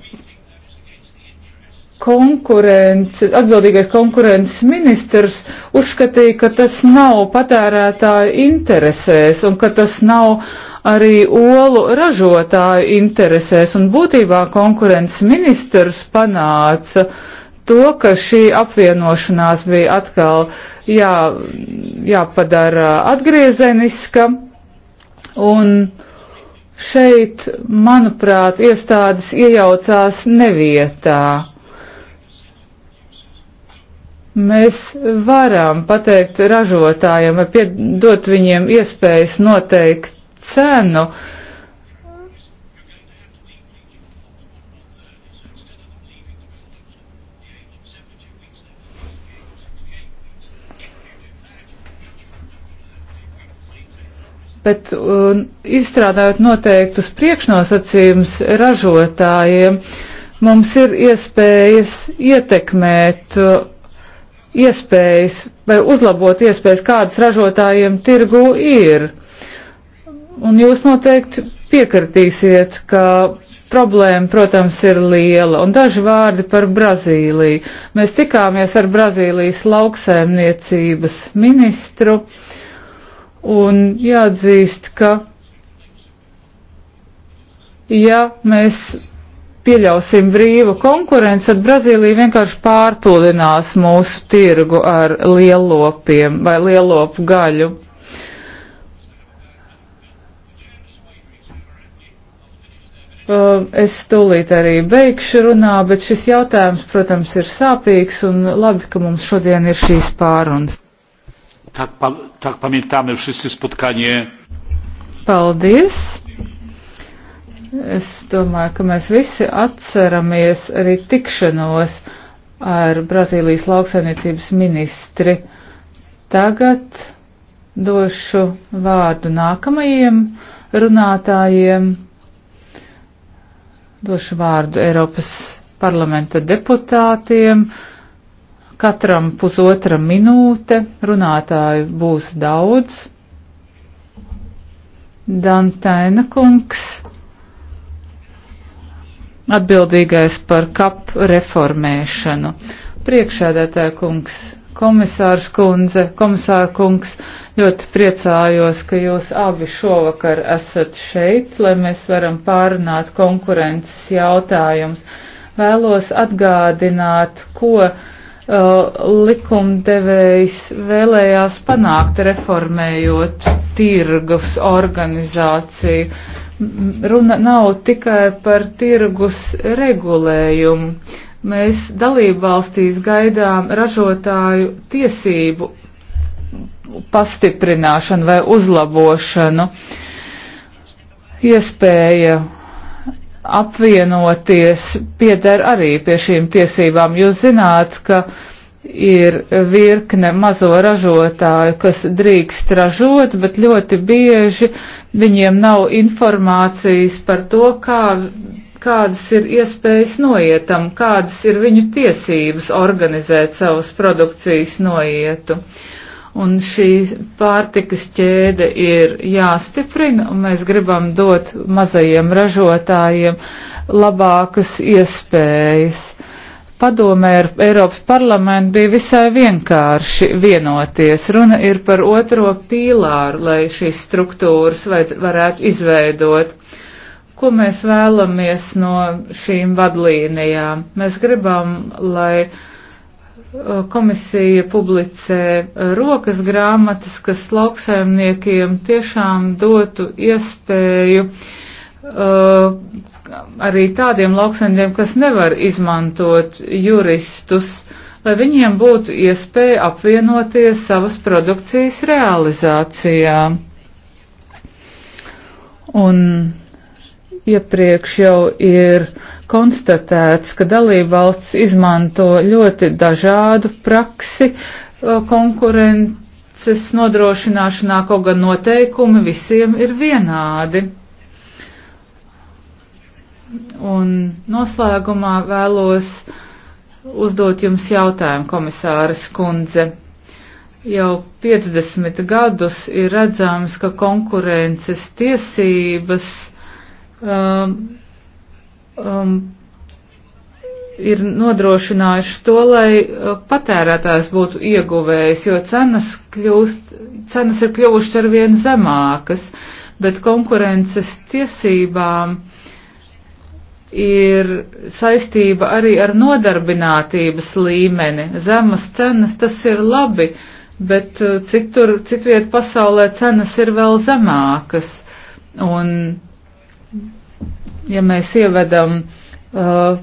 konkurence, atbildīgais konkurences ministrs uzskatīja, ka tas nav patērētāju interesēs un ka tas nav arī olu ražotāju interesēs. Un būtībā konkurences ministrs panāca to, ka šī apvienošanās bija atkal jā, jāpadara atgriezeniska. Un, Šeit, manuprāt, iestādes iejaucās nevietā Mēs varam pateikt ražotājiem, vai dot viņiem iespējas noteikt cenu. Bet un, izstrādājot noteiktus priekšnosacījumus ražotājiem, mums ir iespējas ietekmēt uh, iespējas vai uzlabot iespējas, kādas ražotājiem tirgu ir. Un jūs noteikti piekritīsiet, ka problēma, protams, ir liela. Un daži vārdi par Brazīliju. Mēs tikāmies ar Brazīlijas lauksaimniecības ministru un jāatzīst, ka ja mēs pieļausim brīvu konkurenci, tad Brazīlija vienkārši pārpludinās mūsu tirgu ar lielopiem vai lielopu gaļu. Uh, es tūlīt arī beigšu runā, bet šis jautājums, protams, ir sāpīgs un labi, ka mums šodien ir šīs pārunas. Tak, pa, tak pamiętamy wszyscy spotkanie. Paldies! Es domāju, ka mēs visi atceramies arī tikšanos ar Brazīlijas lauksainiecības ministri. Tagad došu vārdu nākamajiem runātājiem. Došu vārdu Eiropas parlamenta deputātiem. Katram pusotra minūte. Runātāju būs daudz. Dantēna kungs atbildīgais par kap reformēšanu. Priekšēdētāja kungs, komisārs kundze, komisāra kungs, ļoti priecājos, ka jūs abi šovakar esat šeit, lai mēs varam pārunāt konkurences jautājumus. Vēlos atgādināt, ko uh, likumdevējs vēlējās panākt reformējot tirgus organizāciju runa nav tikai par tirgus regulējumu. Mēs dalībvalstīs gaidām ražotāju tiesību pastiprināšanu vai uzlabošanu, iespēja apvienoties pieder arī pie šīm tiesībām. Jūs zināt, ka uh, ir virkne mazo ražotāju, kas drīkst ražot, bet ļoti bieži viņiem nav informācijas par to, kā, kādas ir iespējas noietam, kādas ir viņu tiesības organizēt savus produkcijas noietu. Un šī pārtikas ķēde ir jāstiprina, un mēs gribam dot mazajiem ražotājiem labākas iespējas padomē ar Eiropas parlamentu bija visai vienkārši vienoties. Runa ir par otro pīlāru, lai šīs struktūras varētu izveidot. Ko mēs vēlamies no šīm vadlīnijām? Mēs gribam, lai uh, komisija publicē uh, rokas grāmatas, kas lauksaimniekiem tiešām dotu iespēju uh, arī tādiem lauksaimniekiem, kas nevar izmantot juristus, lai viņiem būtu iespēja apvienoties savas produkcijas realizācijā. Un iepriekš jau ir konstatēts, ka dalībvalsts izmanto ļoti dažādu praksi konkurences nodrošināšanā, kaut gan noteikumi visiem ir vienādi. Un noslēgumā vēlos uzdot jums jautājumu, komisāras kundze. Jau 50 gadus ir redzams, ka konkurences tiesības um, um, ir nodrošinājuši to, lai uh, patērētājs būtu ieguvējis, jo cenas, kļūst, cenas ir kļuvušas ar vien zemākas, bet konkurences tiesībām uh, ir saistība arī ar nodarbinātības līmeni. Zemas cenas tas ir labi, bet uh, citur, citviet pasaulē cenas ir vēl zemākas. Un, ja mēs ievedam uh,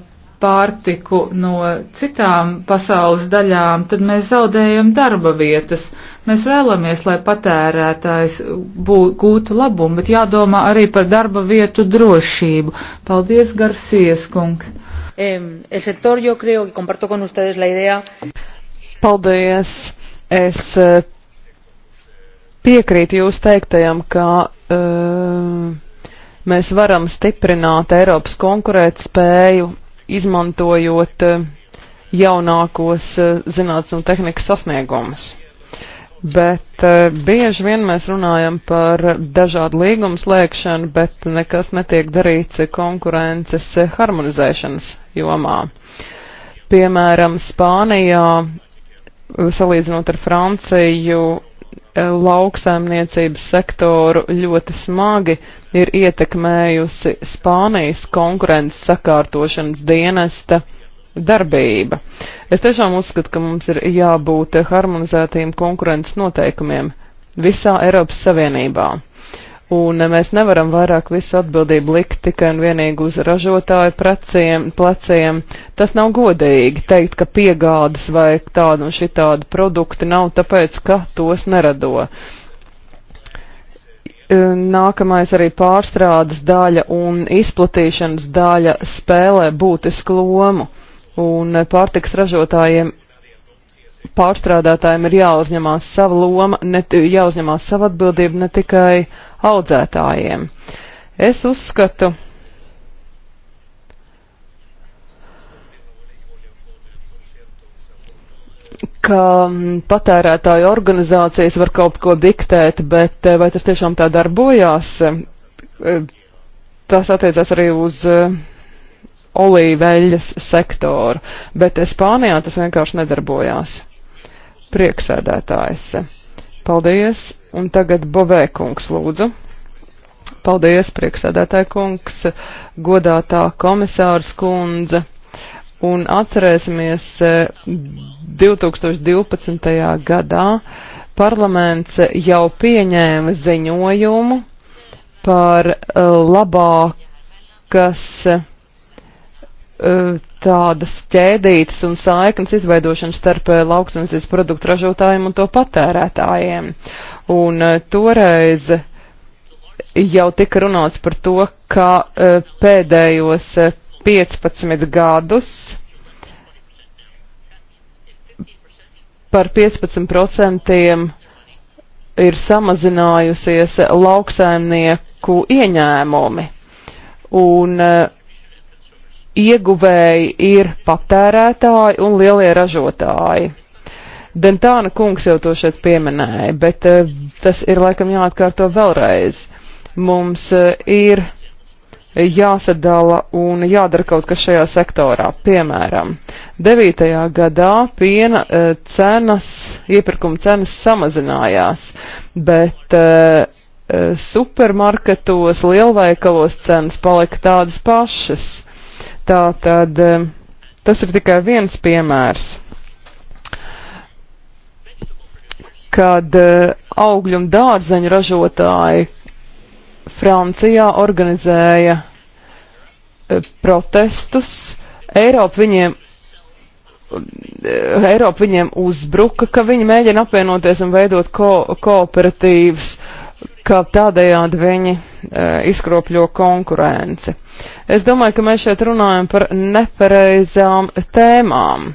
pārtiku no citām pasaules daļām, tad mēs zaudējam darba vietas. Uh, Mēs vēlamies, lai patērētājs gūtu labumu, bet jādomā arī par darba vietu drošību. Paldies, Garsies kungs! Paldies! Es eh, piekrītu jūs teiktajam, ka uh, mēs varam stiprināt Eiropas konkurētspēju, izmantojot uh, jaunākos uh, zinātnes un tehnikas sasniegumus bet eh, bieži vien mēs runājam par dažādu līgumu slēgšanu, bet nekas netiek darīts konkurences harmonizēšanas jomā. Piemēram, Spānijā, salīdzinot ar Franciju, eh, lauksaimniecības sektoru ļoti smagi ir ietekmējusi Spānijas konkurences sakārtošanas dienesta darbība. Es tiešām uzskatu, ka mums ir jābūt harmonizētiem konkurences noteikumiem visā Eiropas Savienībā. Un mēs nevaram vairāk visu atbildību likt tikai un vienīgi uz ražotāju preciem, pleciem. Tas nav godīgi teikt, ka piegādas vai tādu un šitādu produktu nav, tāpēc, ka tos nerado. Nākamais arī pārstrādes daļa un izplatīšanas daļa spēlē būtisku lomu un pārtiks ražotājiem, pārstrādātājiem ir jāuzņemās sava loma, ne, jāuzņemās sava atbildība ne tikai audzētājiem. Es uzskatu, ka mm, patērētāju organizācijas var kaut ko diktēt, bet eh, vai tas tiešām tā darbojās, eh, tas attiecas arī uz eh, olīveļas sektoru, bet Spānijā tas vienkārši nedarbojās. Prieksēdētājs. Paldies, un tagad Bovēkungs lūdzu. Paldies, prieksēdētāja kungs, godātā komisārs kundze. Un atcerēsimies 2012. E, gadā parlaments jau pieņēma ziņojumu par e, labākas E, tādas ķēdītas un saiknes izveidošana starp e, lauksaimniecības produktu ražotājiem un to patērētājiem. Un e, toreiz jau tika runāts par to, ka pēdējos 15 gadus par 15% ir samazinājusies lauksaimnieku ieņēmumi. Un uh, ieguvēji ir patērētāji un lielie ražotāji. Dentāna kungs jau to šeit pieminēja, bet eh, tas ir laikam jāatkārto vēlreiz. Mums eh, ir jāsadala un jādara kaut kas šajā sektorā. Piemēram, 9. gadā piena eh, cenas, iepirkuma cenas samazinājās, bet supermarketos, lielveikalos cenas palika tādas pašas Tā tad eh, tas ir tikai viens piemērs. Kad eh, augļu un dārzeņu ražotāji Francijā organizēja eh, protestus, Eiropa viņiem Eiropa viņiem uzbruka, ka viņi mēģina apvienoties un veidot ko kooperatīvas, ka tādējādi viņi Eh, izkropļo konkurenci. Es domāju, ka mēs šeit runājam par nepareizām tēmām,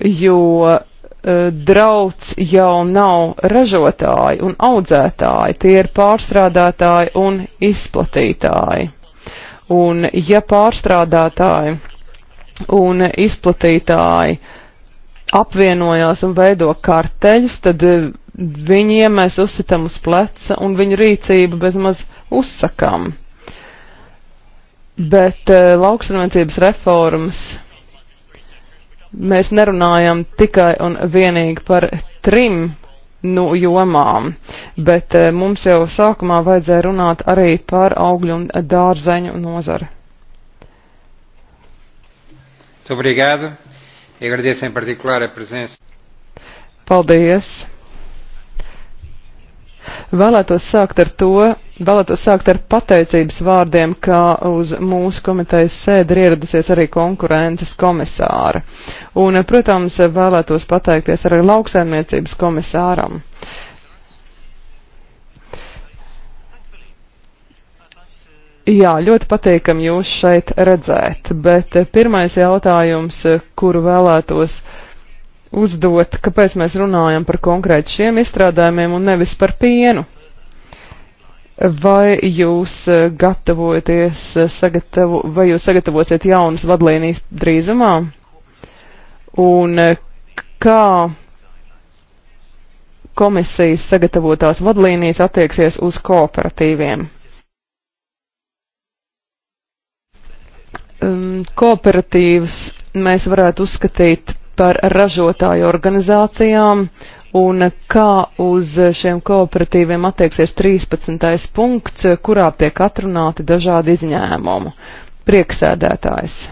jo eh, drauds jau nav ražotāji un audzētāji, tie ir pārstrādātāji un izplatītāji. Un ja pārstrādātāji un izplatītāji apvienojās un veido karteļus, tad eh, viņiem mēs uzsitam uz pleca un viņu rīcību bezmaz uzsakām. Bet uh, lauksaimniecības reformas mēs nerunājam tikai un vienīgi par trim nu, jomām, bet uh, mums jau sākumā vajadzēja runāt arī par augļu un dārzeņu nozari. Obrigado. E agradeço em particular a presença. Paldies. Vēlētos sākt ar to, vēlētos sākt ar pateicības vārdiem, ka uz mūsu komitejas sēdi ir ieradusies arī konkurences komisāra. Un, protams, vēlētos pateikties arī lauksaimniecības komisāram. Jā, ļoti patīkam jūs šeit redzēt, bet pirmais jautājums, kuru vēlētos uh, uzdot, kāpēc mēs runājam par konkrēti šiem izstrādājumiem un nevis par pienu. Vai jūs eh, gatavojaties, eh, sagatavo, vai jūs sagatavosiet jaunas vadlīnijas drīzumā? Un eh, kā komisijas sagatavotās vadlīnijas attieksies uz kooperatīviem? Ehm, kooperatīvas mēs varētu uzskatīt par ražotāju organizācijām un kā uz šiem kooperatīviem attieksies 13. punkts, kurā tiek atrunāti dažādi izņēmumu. Prieksēdētājs.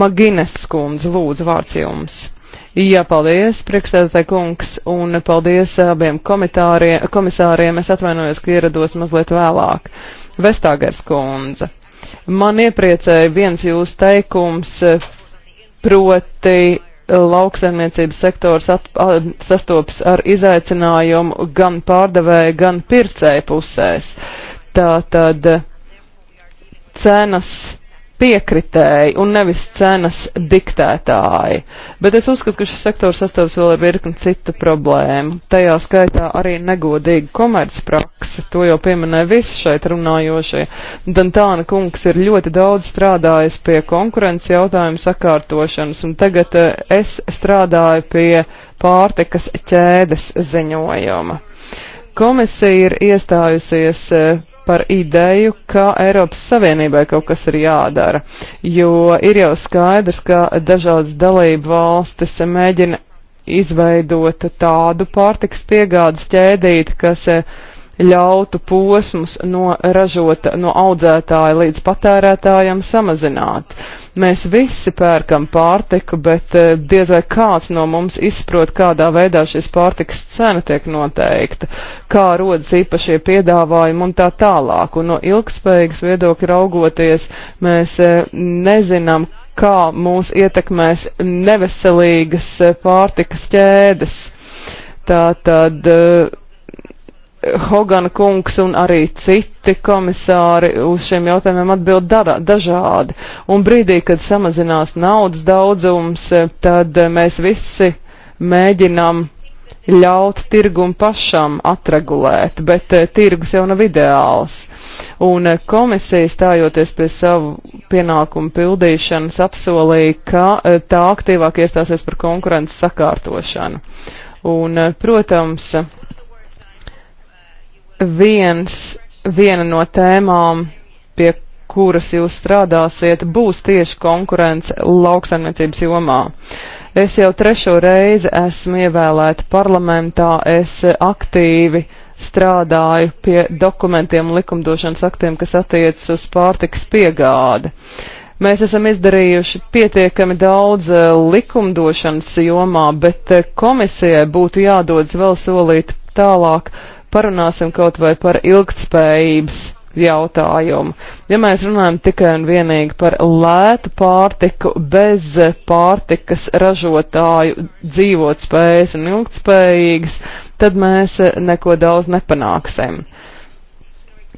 Magines skundze, lūdzu, vārds jums. Jā, paldies, priekšstādātāji kungs, un paldies abiem komisāriem. Es atvainojos, ka ierados mazliet vēlāk. Vestāgers kundze. Man iepriecēja viens jūsu teikums proti lauksaimniecības sektors at, a, sastops ar izaicinājumu gan pārdevēja, gan pircēja pusēs. Tātad cenas piekritēji un nevis cenas diktētāji. Bet es uzskatu, ka šis sektors sastopas vēl ar virkni citu problēmu. Tajā skaitā arī negodīga komercprakse, to jau pieminēja visi šeit runājošie. Dantāna kungs ir ļoti daudz strādājis pie konkurences jautājumu sakārtošanas, un tagad eh, es strādāju pie pārtikas ķēdes ziņojuma. Komisija ir iestājusies eh, par ideju, ka Eiropas Savienībai kaut kas ir jādara, jo ir jau skaidrs, ka dažādas dalību valstis mēģina izveidot tādu pārtiks piegādes ķēdīti, kas eh, ļautu posmus no ražota, no audzētāja līdz patērētājam samazināt. Uh, Mēs visi pērkam pārtiku, bet eh, diez vai kāds no mums izprot, kādā veidā šīs pārtikas cena tiek noteikta, kā rodas īpašie piedāvājumi un tā tālāk. Un no ilgspējīgas viedokļa raugoties, mēs eh, nezinām, kā mūs ietekmēs neveselīgas eh, pārtikas ķēdes. Tā tad Hogan kungs un arī citi komisāri uz šiem jautājumiem atbild dara, dažādi. Un brīdī, kad samazinās naudas daudzums, tad mēs visi mēģinām ļaut tirgum pašam atregulēt, bet eh, tirgus jau nav ideāls. Un eh, komisija stājoties pie savu pienākumu pildīšanas apsolīja, ka eh, tā aktīvāk iestāsies par konkurences sakārtošanu. Un, protams, viens, viena no tēmām, pie kuras jūs strādāsiet, būs tieši konkurence lauksaimniecības jomā. Es jau trešo reizi esmu ievēlēta parlamentā, es aktīvi strādāju pie dokumentiem likumdošanas aktiem, kas attiecas uz pārtikas piegādi. Mēs esam izdarījuši pietiekami daudz e, likumdošanas jomā, bet e, komisijai būtu jādodas vēl solīt tālāk, parunāsim kaut vai par ilgtspējības jautājumu. Ja mēs runājam tikai un vienīgi par lētu pārtiku bez pārtikas ražotāju dzīvot spējas un ilgtspējīgas, tad mēs neko daudz nepanāksim.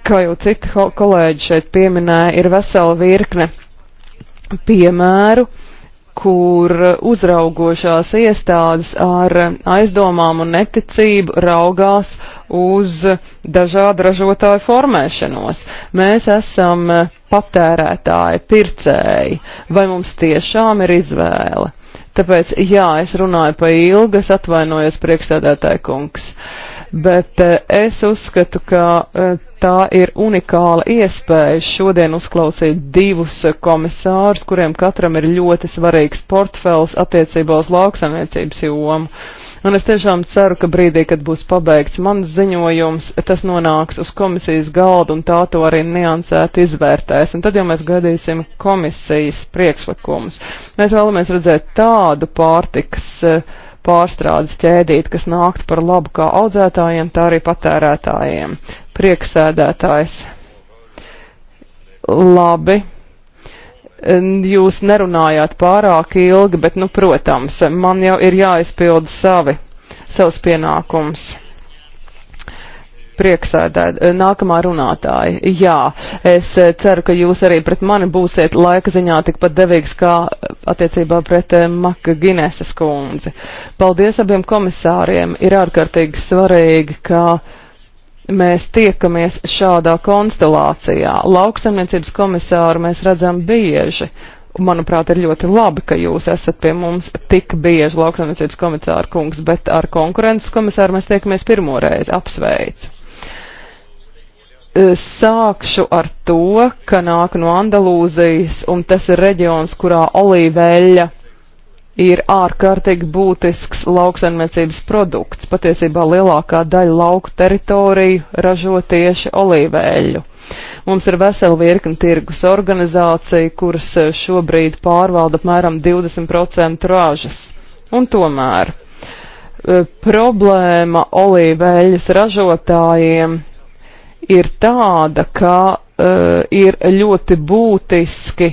Kā jau citi kolēģi šeit pieminēja, ir vesela virkne piemēru, kur uzraugošās iestādes ar aizdomām un neticību raugās uz dažādu ražotāju formēšanos. Mēs esam patērētāji, pircēji, vai mums tiešām ir izvēle. Tāpēc, jā, es runāju pa ilgas, atvainojos priekšsēdētāju kungs. Uh, bet eh, es uzskatu, ka eh, tā ir unikāla iespēja šodien uzklausīt divus eh, komisārus, kuriem katram ir ļoti svarīgs portfels attiecībā uz lauksamniecības jomu. Un es tiešām ceru, ka brīdī, kad būs pabeigts mans ziņojums, tas nonāks uz komisijas galdu un tā to arī niansēt izvērtēs. Un tad jau mēs gaidīsim komisijas priekšlikumus. Mēs vēlamies redzēt tādu pārtikas uh, pārstrādes ķēdīt, kas nākt par labu kā audzētājiem, tā arī patērētājiem. Prieksēdētājs. Labi. Jūs nerunājāt pārāk ilgi, bet, nu, protams, man jau ir jāizpild savi, savs pienākums prieksēdē, eh, nākamā runātāja. Jā, es eh, ceru, ka jūs arī pret mani būsiet laika ziņā tikpat devīgs kā eh, attiecībā pret Maka Gineses kundzi. Paldies abiem komisāriem. Ir ārkārtīgi svarīgi, ka mēs tiekamies šādā konstelācijā. Lauksaimniecības komisāru mēs redzam bieži. Manuprāt, ir ļoti labi, ka jūs esat pie mums tik bieži lauksaimniecības komisāra kungs, bet ar konkurences komisāru mēs tiekamies pirmoreiz. Apsveicu! Sākšu ar to, ka nāku no Andalūzijas, un tas ir reģions, kurā olīveļa ir ārkārtīgi būtisks lauksaimniecības produkts. Patiesībā lielākā daļa lauku teritoriju ražo tieši olīveļu. Mums ir vesela virkni tirgus organizācija, kuras šobrīd pārvalda apmēram 20% ražas. Un tomēr problēma olīveļas ražotājiem ir tāda, ka uh, ir ļoti būtiski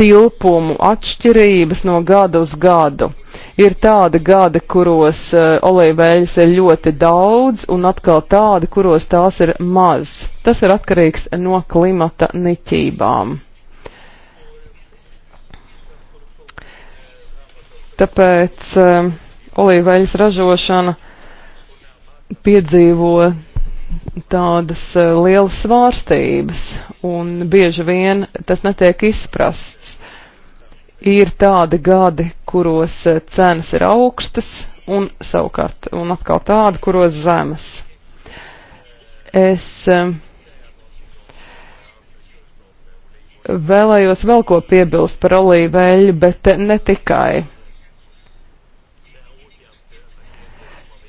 tilpumu atšķirības no gada uz gadu. Ir tādi gadi, kuros uh, olīveļas ir ļoti daudz, un atkal tādi, kuros tās ir maz. Tas ir atkarīgs no klimata niķībām. Tāpēc uh, olīveļas ražošana piedzīvo tādas e, lielas svārstības, un bieži vien tas netiek izprasts. Ir tādi gadi, kuros e, cenas ir augstas, un savukārt, un atkal tādi, kuros zemes. Es e, vēlējos vēl ko piebilst par olīveļu, bet ne tikai.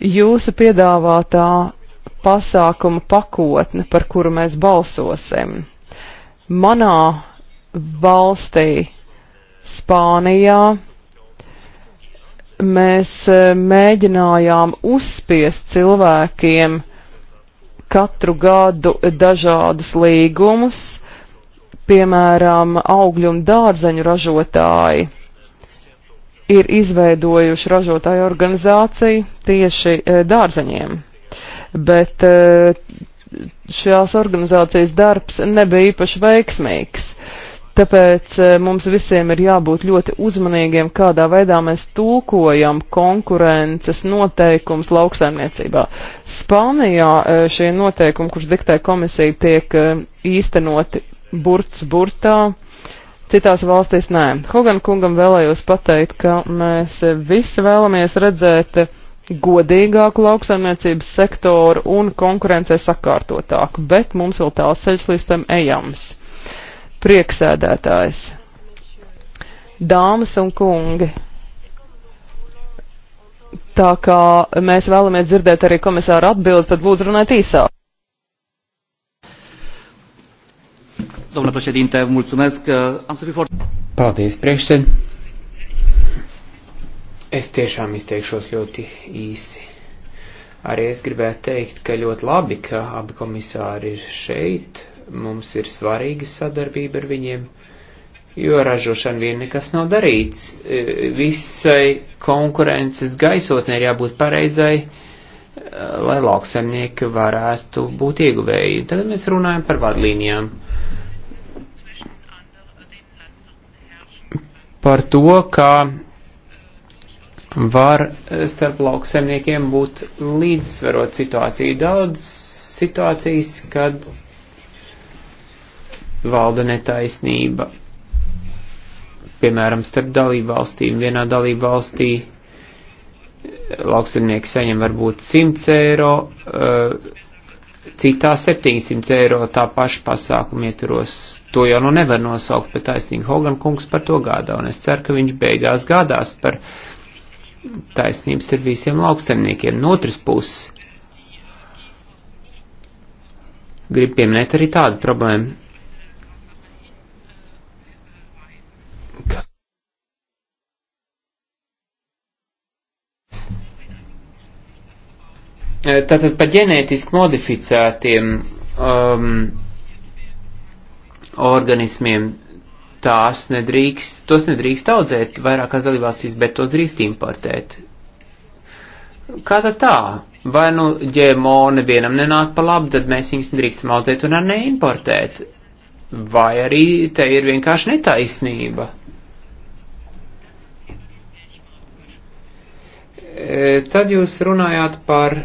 Jūsu piedāvātā pasākumu pakotne, par kuru mēs balsosim. Manā valstī, Spānijā, mēs e, mēģinājām uzspiest cilvēkiem katru gadu dažādus līgumus, piemēram, augļu un dārzeņu ražotāji ir izveidojuši ražotāju organizāciju tieši e, dārzeņiem bet eh, šās organizācijas darbs nebija īpaši veiksmīgs. Tāpēc eh, mums visiem ir jābūt ļoti uzmanīgiem, kādā veidā mēs tulkojam konkurences noteikums lauksaimniecībā. Spānijā eh, šie noteikumi, kurš diktē komisija, tiek īstenoti burts burtā, citās valstīs nē. Hogan kungam vēlējos pateikt, ka mēs visi vēlamies redzēt godīgāku lauksaimniecības sektoru un konkurencē sakārtotāku, bet mums vēl tāls ceļš līdz tam ejams. Prieksēdētājs. Dāmas un kungi, tā kā mēs vēlamies dzirdēt arī komisāra atbildes, tad lūdzu runāt īsāk. Domnule președinte, mulțumesc. Uh, am să fiu foarte... Paldies, priekšsēdētāj. Es tiešām izteikšos ļoti īsi. Arī es gribētu teikt, ka ļoti labi, ka abi komisāri ir šeit, mums ir svarīga sadarbība ar viņiem, jo ražošana vien nekas nav darīts. E, visai konkurences gaisotnē ir jābūt pareizai, e, lai lauksaimnieki varētu būt ieguvēji. Tad mēs runājam par vadlīnijām. Par to, kā var eh, starp lauksemniekiem būt līdzsvarot situāciju. Daudz situācijas, kad valda netaisnība. Piemēram, starp dalību valstīm. Vienā dalību valstī eh, lauksemnieki saņem varbūt 100 eiro, eh, citā 700 eiro tā paša pasākuma ietvaros. To jau nu nevar nosaukt, bet taisnīgi Hogan kungs par to gādā, un es ceru, ka viņš beigās gādās par taisnības ir visiem lauksemniekiem. No otras puses, grib pieminēt arī tādu problēmu. Tātad par ģenētiski modificētiem um, organismiem tās nedrīkst, tos nedrīkst audzēt vairākās dalībvalstīs, bet tos drīkst importēt. Kā tad tā? Vai nu ģēmo nevienam nenāk pa labu, tad mēs viņus nedrīkstam audzēt un ar neimportēt. Vai arī te ir vienkārši netaisnība. E, tad jūs runājāt par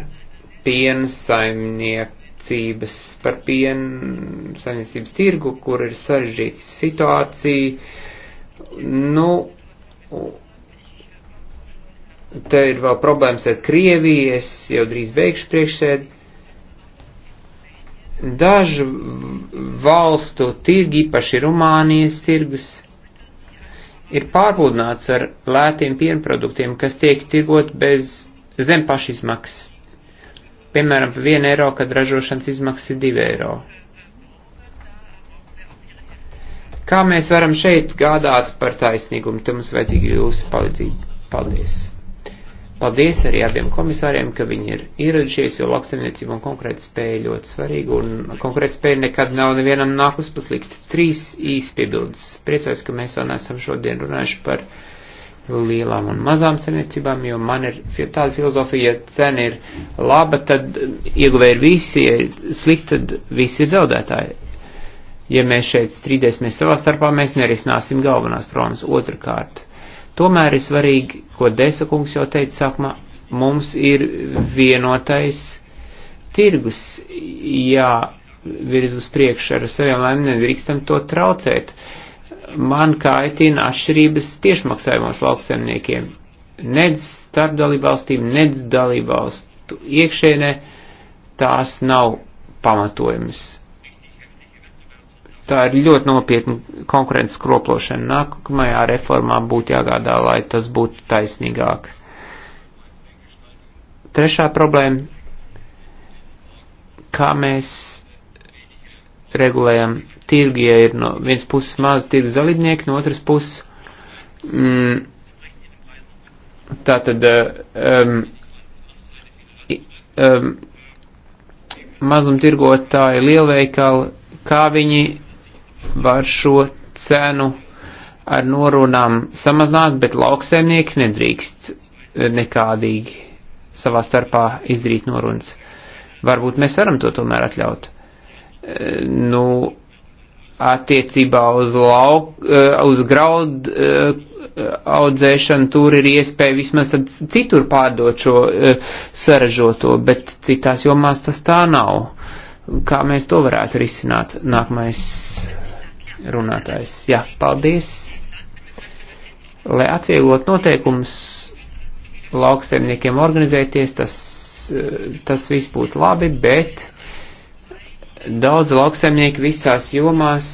piena saimnieku saimniecības, par pienu saimniecības tirgu, kur ir sarežģīta situācija. Nu, te ir vēl problēmas ar Krieviju, es jau drīz beigšu priekšsēd. Dažu valstu tirgi, īpaši Rumānijas tirgus, ir pārpludināts ar lētiem pienproduktiem, kas tiek tirgot bez zem pašizmaksas Piemēram, par 1 eiro, kad ražošanas izmaksas ir 2 eiro. Kā mēs varam šeit gādāt par taisnīgumu, te mums vajadzīga jūsu palīdzība. Paldies! Paldies arī abiem komisāriem, ka viņi ir ieradušies, jo lauksaimniecība un konkrēta spēja ļoti svarīga, un konkrēta spēja nekad nav nevienam nākus paslikt. Trīs īsti piebildes. Priecājos, ka mēs vēl neesam šodien runājuši par lielām un mazām saimniecībām, jo man ir tāda filozofija, ja cena ir laba, tad ieguvēji ir visi, ja slikti, tad visi ir zaudētāji. Ja mēs šeit strīdēsimies savā starpā, mēs nerisināsim galvenās problēmas otrkārt. Tomēr ir svarīgi, ko Desa kungs jau teica sākumā, mums ir vienotais tirgus, jā, virz uz priekšu ar saviem lēmumiem, drīkstam to traucēt. Uh, man kaitina atšķirības tiešmaksājumos lauksemniekiem. Nedz starp dalībvalstīm, nedz dalībvalstu iekšēnē tās nav pamatojamas. Tā ir ļoti nopietna konkurences kroplošana. Nākamajā reformā būtu jāgādā, lai tas būtu taisnīgāk. Trešā problēma - kā mēs regulējam tirgu, ja ir no viens puses maz tirgus dalībnieki, no otras puses. Mm, tā tad um, eh, um, mazumtirgotāji lielveikali, kā viņi var šo cenu ar norunām samazināt, bet lauksaimnieki nedrīkst eh, nekādīgi savā starpā izdarīt norunas. Varbūt mēs varam to tomēr atļaut nu, attiecībā uz, lauk, eh, uz graudu eh, audzēšanu tur ir iespēja vismaz tad citur pārdot šo eh, saražoto, bet citās jomās tas tā nav. Kā mēs to varētu risināt? Nākamais runātājs. Jā, paldies. Lai atvieglot noteikumus lauksaimniekiem organizēties, tas, tas viss būtu labi, bet Daudz lauksaimnieki visās jomās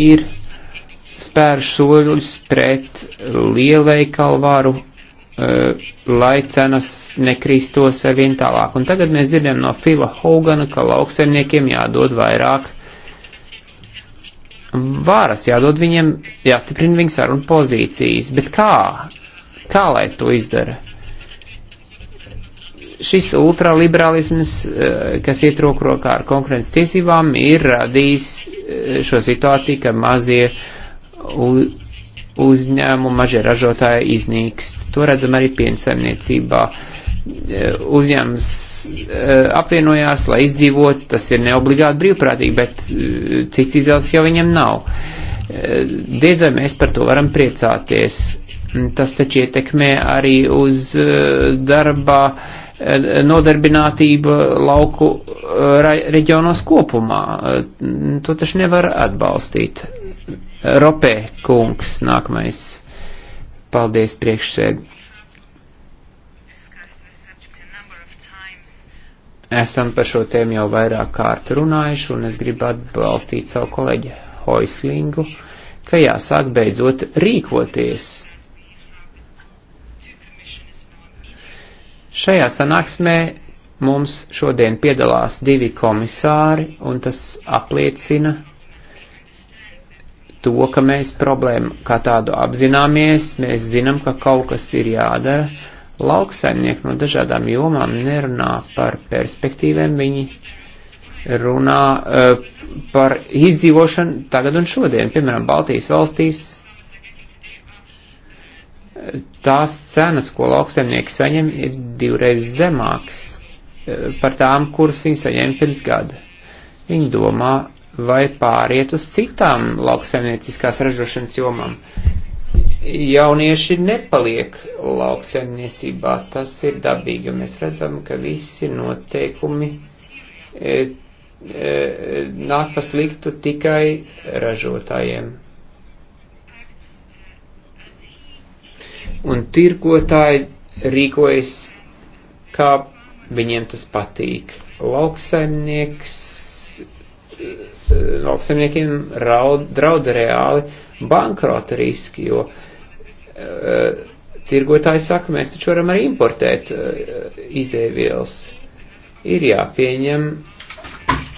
ir spēruši soļus pret lielveikalu varu, eh, lai cenas nekrīstos ar vien tālāk. Un tagad mēs dzirdam no Fila Hogana, ka lauksaimniekiem jādod vairāk varas, jādod viņiem, jāstiprina viņas sarunu pozīcijas. Bet kā? Kā lai to izdara? šis ultraliberālisms, eh, kas iet roku rokā ar konkurences tiesībām, ir radījis eh, šo situāciju, ka mazie uzņēmumi, mazie ražotāji iznīkst. To redzam arī piensaimniecībā. Eh, uzņēmums apvienojās, lai izdzīvot, tas ir neobligāti brīvprātīgi, bet cits izvēles jau viņam nav. Diezai mēs par to varam priecāties tas taču ietekmē arī uz darba Eh, nodarbinātība lauku eh, reģionos kopumā. Eh, to taču nevar atbalstīt. Ropē kungs nākamais. Paldies priekšsēd. Esam par šo tēmu jau vairāk kārt runājuši, un es gribu atbalstīt savu kolēģi Hoislingu, ka jāsāk beidzot rīkoties Šajā sanāksmē mums šodien piedalās divi komisāri, un tas apliecina to, ka mēs problēmu kā tādu apzināmies, mēs zinām, ka kaut kas ir jādara. Lauksaimnieki no dažādām jomām nerunā par perspektīvēm, viņi runā uh, par izdzīvošanu tagad un šodien. Piemēram, Baltijas valstīs tās cenas, ko lauksaimnieki saņem, ir divreiz zemākas e, par tām, kuras viņi saņēma pirms gada. Viņi domā, vai pāriet uz citām lauksaimnieciskās ražošanas jomām. Jaunieši nepaliek lauksaimniecībā, tas ir dabīgi. Mēs redzam, ka visi noteikumi e, e, nāk pasliktu tikai ražotājiem. un tirgotāji rīkojas, kā viņiem tas patīk. Lauksaimnieks, eh, lauksaimniekiem raud, draud reāli bankrota riski, jo uh, tirgotāji saka, mēs taču varam arī importēt uh, izēvielas. Ir jāpieņem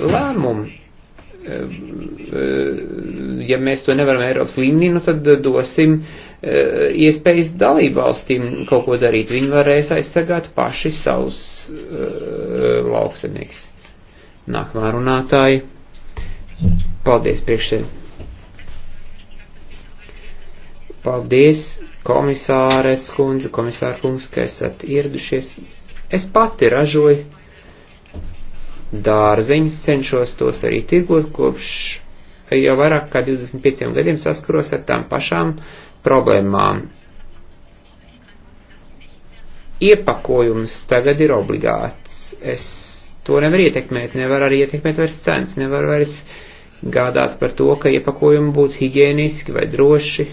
lēmumu. Uh, ja mēs to nevaram Eiropas līmenī, nu tad dosim uh, Eh, iespējas dalībvalstīm kaut ko darīt. Viņi varēs aizsargāt paši savus uh, eh, lauksemnieks. Nākamā runātāja. Paldies priekšsēd. Paldies komisāres kundze, komisāra kungs, ka esat ieradušies. Es pati ražoju dārziņas, cenšos tos arī tirgot kopš jau vairāk kā 25 gadiem saskaros ar tām pašām uh, problēmām. Iepakojums tagad ir obligāts. Es to nevar ietekmēt, nevar arī ietekmēt vairs cenas, nevar vairs gādāt par to, ka iepakojumi būtu higieniski vai droši.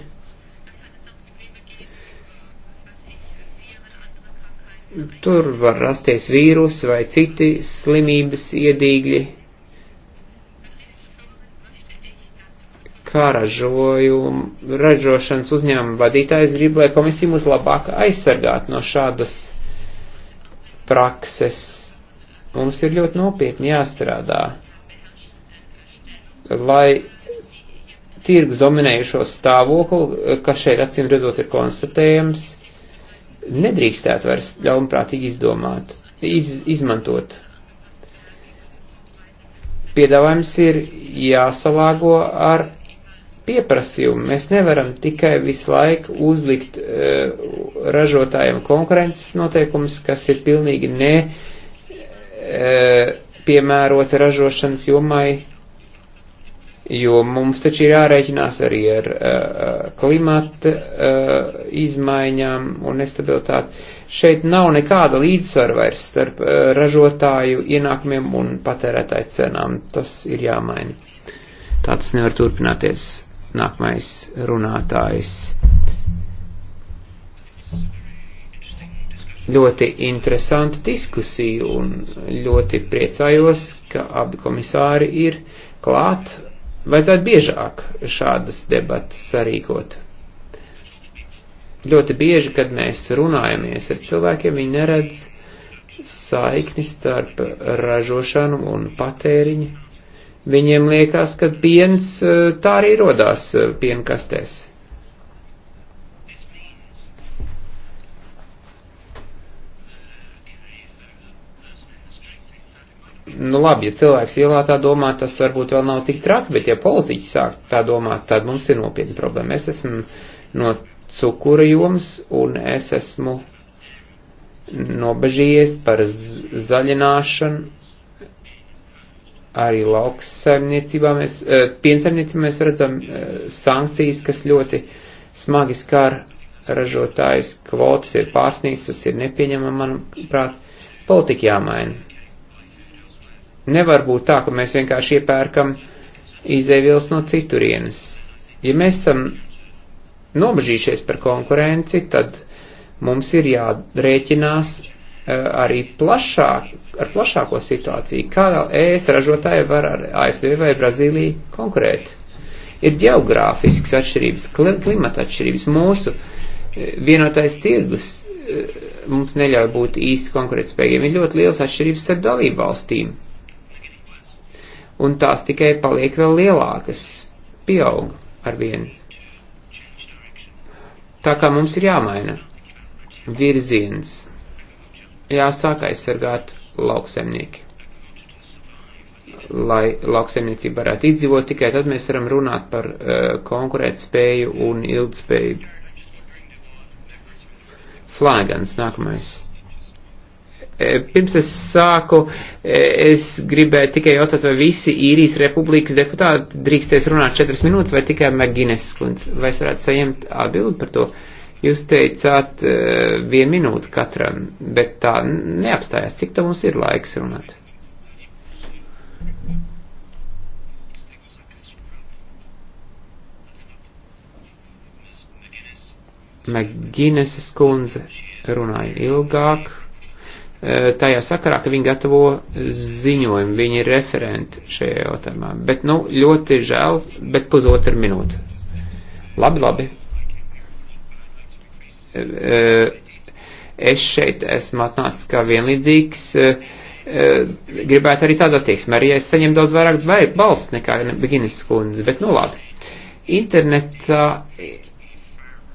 Tur var rasties vīrusi vai citi slimības iedīgļi. kā ražojumu, ražošanas uzņēmuma vadītājs grib, lai komisija mūs labāk aizsargātu no šādas prakses. Mums ir ļoti nopietni jāstrādā, lai tirgus dominējušo stāvokli, kas šeit acīm redzot ir konstatējams, nedrīkstētu vairs ļaunprātīgi izdomāt, iz, izmantot. Piedāvājums ir jāsalāgo ar pieprasījumu. Mēs nevaram tikai visu laiku uzlikt uh, ražotājiem konkurences noteikumus, kas ir pilnīgi ne uh, eh, piemēroti ražošanas jomai, jo mums taču ir jārēķinās arī ar uh, klimata uh, izmaiņām un nestabilitāti. Šeit nav nekāda līdzsvara vairs starp uh, ražotāju ienākumiem un patērētāju cenām. Tas ir jāmaina. Tā tas nevar turpināties. Nākamais runātājs. Ļoti interesanta diskusija un ļoti priecājos, ka abi komisāri ir klāt. Vajadzētu biežāk šādas debatas sarīkot. Ļoti bieži, kad mēs runājamies ar cilvēkiem, viņi neredz saikni starp ražošanu un patēriņu Viņiem liekas, ka piens eh, tā arī rodās eh, pienkastēs. nu labi, ja cilvēks ielā tā domā, tas varbūt vēl nav tik traki, bet ja politiķi sāk tā domāt, tad mums ir nopietna problēma. Es esmu no cukura joms un es esmu nobežījies par zaļināšanu Arī lauksaimniecībā mēs, eh, piensaimniecībā mēs redzam eh, sankcijas, kas ļoti smagi skar ražotājs, kvotas ir pārsniegts, tas ir nepieņemami, manuprāt, politika jāmaina. Nevar būt tā, ka mēs vienkārši iepērkam izēvielas no citurienes. Ja mēs esam nobežījušies par konkurenci, tad mums ir jārēķinās Eh, arī plašāk, ar plašāko situāciju, kā ES ražotāji var ar ASV vai Brazīliju konkurēt. Ir geogrāfisks atšķirības, klimata atšķirības, mūsu eh, vienotais tirgus eh, mums neļauj būt īsti konkurētspējiem. Ir ļoti liels atšķirības starp dalību valstīm. Un tās tikai paliek vēl lielākas, pieaug ar vienu. Tā kā mums ir jāmaina virziens jāsāk aizsargāt lauksemnieki. Lai lauksemniecība varētu izdzīvot, tikai tad mēs varam runāt par uh, konkurētspēju un ilgspēju. Flāgans nākamais. E, pirms es sāku, e, es gribēju tikai jautāt, vai visi īrijas republikas deputāti drīksties runāt četras minūtes, vai tikai Magines skundz. Vai es varētu saņemt atbildi par to? Uh, Jūs teicāt uh, vienu minūti katram, bet tā neapstājās. Cik tā mums ir laiks runāt? Magineses kundze runāja ilgāk. Uh, tajā sakarā, ka viņi gatavo ziņojumu, viņi ir referenti šajā jautājumā. Bet, nu, ļoti žēl, bet pusotru minūti. Labi, labi, Eh, eh, es šeit esmu atnācis kā vienlīdzīgs, eh, gribētu arī tādu attieksmi, arī es saņemu daudz vairāk balsts nekā Beginis skundze, bet nu labi. Internetā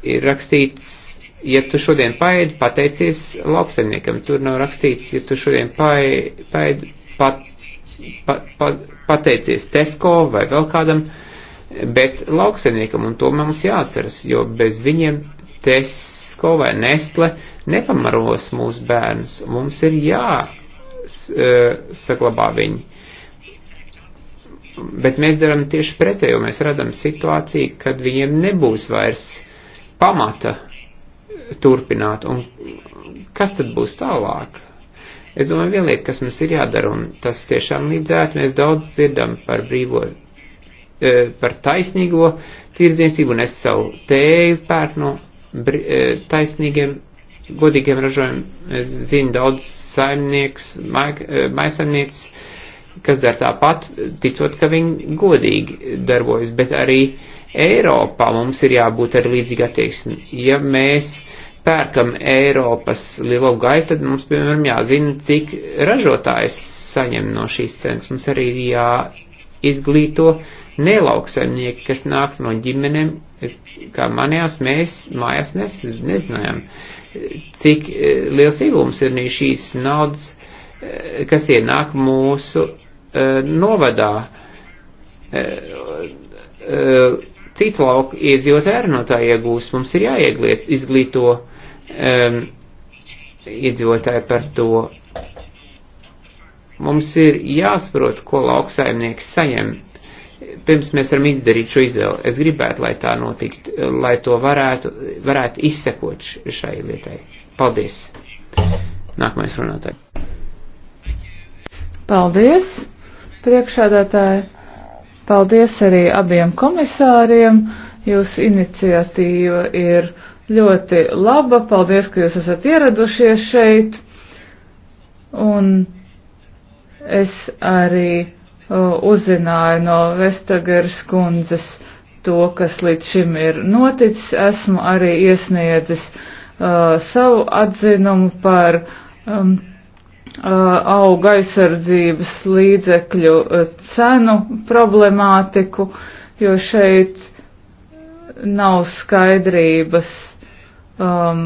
ir rakstīts, ja tu šodien paēdi, pateicies lauksaimniekam, tur nav rakstīts, ja tu šodien paēdi, pat, pat, pat, pateicies Tesco vai vēl kādam, bet lauksaimniekam, un to mums jāatceras, jo bez viņiem Tesco Tesco vai Nestle nepamaros mūsu bērnus. Mums ir jāsaglabā e, viņi. Bet mēs darām tieši pretējo. Mēs radam situāciju, kad viņiem nebūs vairs pamata turpināt. Un kas tad būs tālāk? Es domāju, viena lieta, kas mums ir jādara, un tas tiešām līdzētu, mēs daudz dzirdam par brīvo, e, par taisnīgo tirdzniecību, un es savu tēju pērnu no E, taisnīgiem, godīgiem ražojumiem. Es zinu daudz saimniekus, e, maisaimnieces, kas dar tāpat, ticot, ka viņi godīgi darbojas, bet arī Eiropā mums ir jābūt ar līdzīgu attieksmi. Ja mēs pērkam Eiropas lielo gaitu, tad mums, piemēram, jāzina, cik ražotājs saņem no šīs cenas. Mums arī ir jāizglīto. Uh, nelauksaimnieki, kas nāk no ģimenēm, kā manējās, mēs mājās nes, nezinājām, cik e, liels iegums ir šīs naudas, e, kas ienāk mūsu e, novadā. Citu lauku iedzīvotāji arī no tā iegūst. Mums ir jāiegliet, izglīto um, iedzīvotāji par to. Mums ir jāsaprot, ko lauksaimnieks saņem pirms mēs varam izdarīt šo izvēli. Es gribētu, lai tā notikt, lai to varētu, varētu izsekot šai lietai. Paldies! Nākamais runātāji. Paldies, priekšādātāji! Paldies arī abiem komisāriem! Jūsu iniciatīva ir ļoti laba. Paldies, ka jūs esat ieradušies šeit. Un es arī Uh, uzzināju no Vestagers kundzes to, kas līdz šim ir noticis. Esmu arī iesniedzis uh, savu atzinumu par um, uh, auga aizsardzības līdzekļu uh, cenu problemātiku, jo šeit nav skaidrības. Um,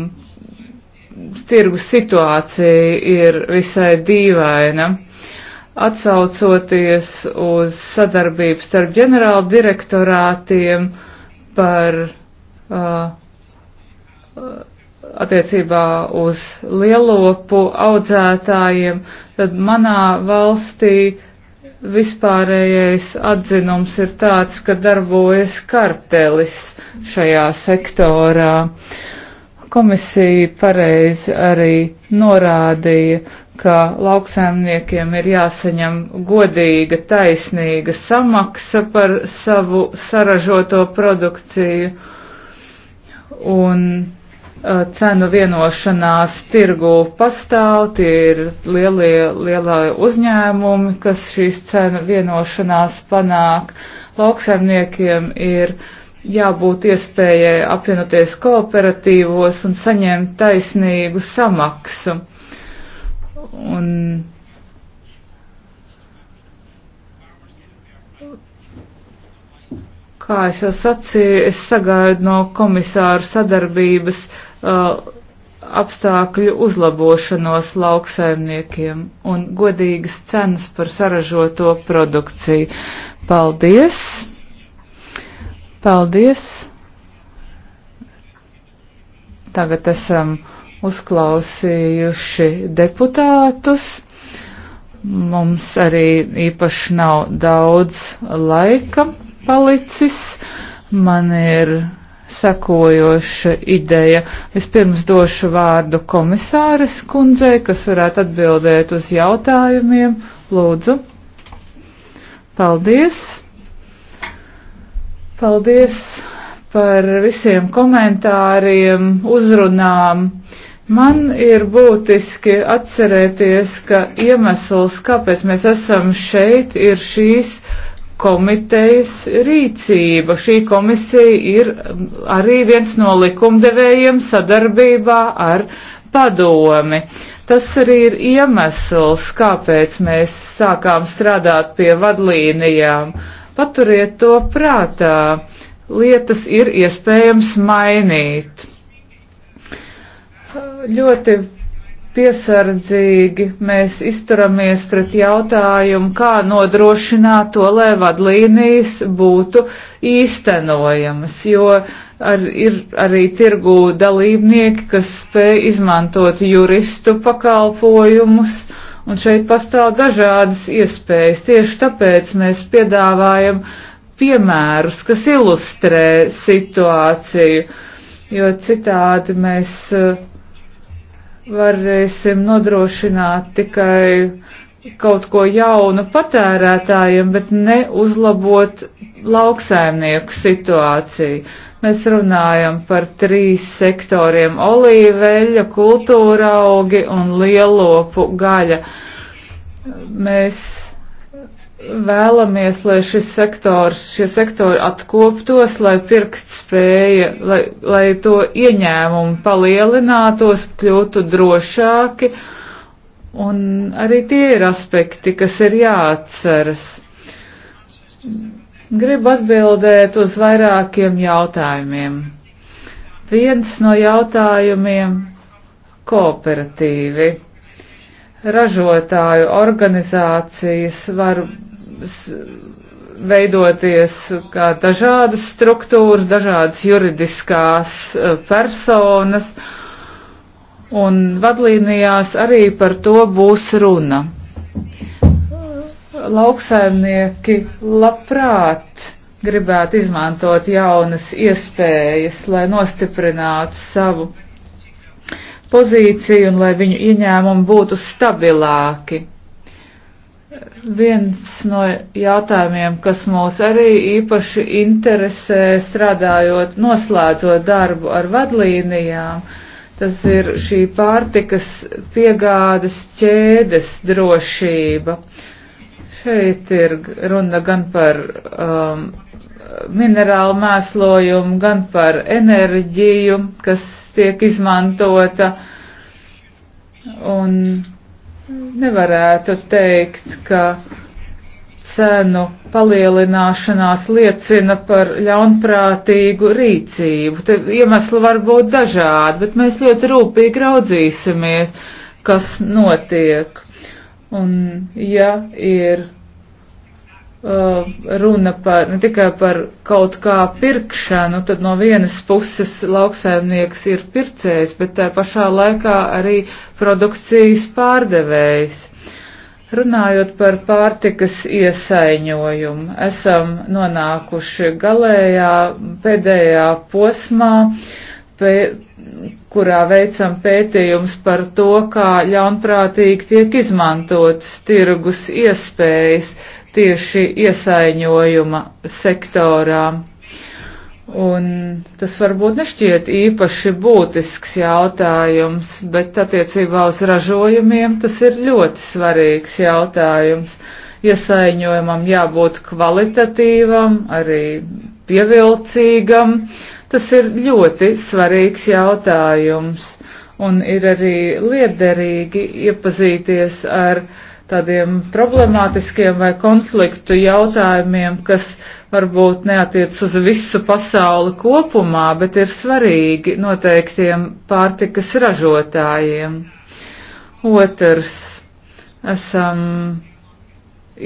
tirgus situācija ir visai dīvaina atsaucoties uz sadarbību starp ģenerāla direktorātiem par uh, attiecībā uz lielopu audzētājiem, tad manā valstī vispārējais atzinums ir tāds, ka darbojas kartelis šajā sektorā. Uh, Komisija pareizi arī norādīja, ka lauksaimniekiem ir jāsaņem godīga, taisnīga samaksa par savu saražoto produkciju un cenu vienošanās tirgu pastāv, tie ir lielie, lielā uzņēmumi, kas šīs cenu vienošanās panāk. Lauksaimniekiem ir jābūt iespējai apvienoties kooperatīvos un saņemt taisnīgu samaksu. Un kā es jau sacīju, es sagaidu no komisāru sadarbības uh, apstākļu uzlabošanos lauksaimniekiem un godīgas cenas par saražoto produkciju. Paldies! Paldies! Tagad esam uzklausījuši deputātus. Mums arī īpaši nav daudz laika palicis. Man ir sekojoša ideja. Vispirms došu vārdu komisāres kundzei, kas varētu atbildēt uz jautājumiem. Lūdzu. Paldies. Paldies par visiem komentāriem, uzrunām. Man ir būtiski atcerēties, ka iemesls, kāpēc mēs esam šeit, ir šīs komitejas rīcība. Šī komisija ir arī viens no likumdevējiem sadarbībā ar padomi. Tas arī ir iemesls, kāpēc mēs sākām strādāt pie vadlīnijām Paturiet to prātā. Lietas ir iespējams mainīt. Ļoti piesardzīgi mēs izturamies pret jautājumu, kā nodrošināt to, lai vadlīnijas būtu īstenojamas, jo ar, ir arī tirgū dalībnieki, kas spēj izmantot juristu pakalpojumus, Un šeit pastāv dažādas iespējas. Tieši tāpēc mēs piedāvājam piemērus, kas ilustrē situāciju, jo citādi mēs eh, varēsim nodrošināt tikai kaut ko jaunu patērētājiem, bet neuzlabot lauksaimnieku situāciju. Mēs runājam par trīs sektoriem - olīveļa, kultūra augi un lielopu gaļa. Mēs vēlamies, lai šis sektors, šie sektori atkoptos, lai pirkt spēja, lai, lai to ieņēmumu palielinātos, kļūtu drošāki, un arī tie ir aspekti, kas ir jāatceras. Gribu atbildēt uz vairākiem jautājumiem. Viens no jautājumiem - kooperatīvi. Ražotāju organizācijas var veidoties kā dažādas struktūras, dažādas juridiskās e, personas, un vadlīnijās arī par to būs runa lauksaimnieki labprāt gribētu izmantot jaunas iespējas, lai nostiprinātu savu pozīciju un lai viņu ieņēmumi būtu stabilāki. Viens no jautājumiem, kas mūs arī īpaši interesē strādājot, noslēdzot darbu ar vadlīnijām, tas ir šī pārtikas piegādes ķēdes drošība. Uh, Šeit ir runa gan par um, minerālu mēslojumu, gan par enerģiju, kas tiek izmantota. Un nevarētu teikt, ka cenu palielināšanās liecina par ļaunprātīgu rīcību. Te iemesli var būt dažādi, bet mēs ļoti rūpīgi raudzīsimies, kas notiek. Un, ja ir uh, runa par, ne tikai par kaut kā pirkšanu, tad no vienas puses lauksaimnieks ir pircējs, bet tā pašā laikā arī produkcijas pārdevējs. Runājot par pārtikas iesaiņojumu, esam nonākuši galējā pēdējā posmā. Pē, kurā veicam pētījums par to, kā ļaunprātīgi tiek izmantotas tirgus iespējas tieši iesaiņojuma sektorā. Un tas varbūt nešķiet īpaši būtisks jautājums, bet attiecībā uz ražojumiem tas ir ļoti svarīgs jautājums. Iesaiņojumam jābūt kvalitatīvam, arī pievilcīgam. Uh, Tas ir ļoti svarīgs jautājums un ir arī liederīgi iepazīties ar tādiem problemātiskiem vai konfliktu jautājumiem, kas varbūt neatiec uz visu pasauli kopumā, bet ir svarīgi noteiktiem pārtikas ražotājiem. Otrs, esam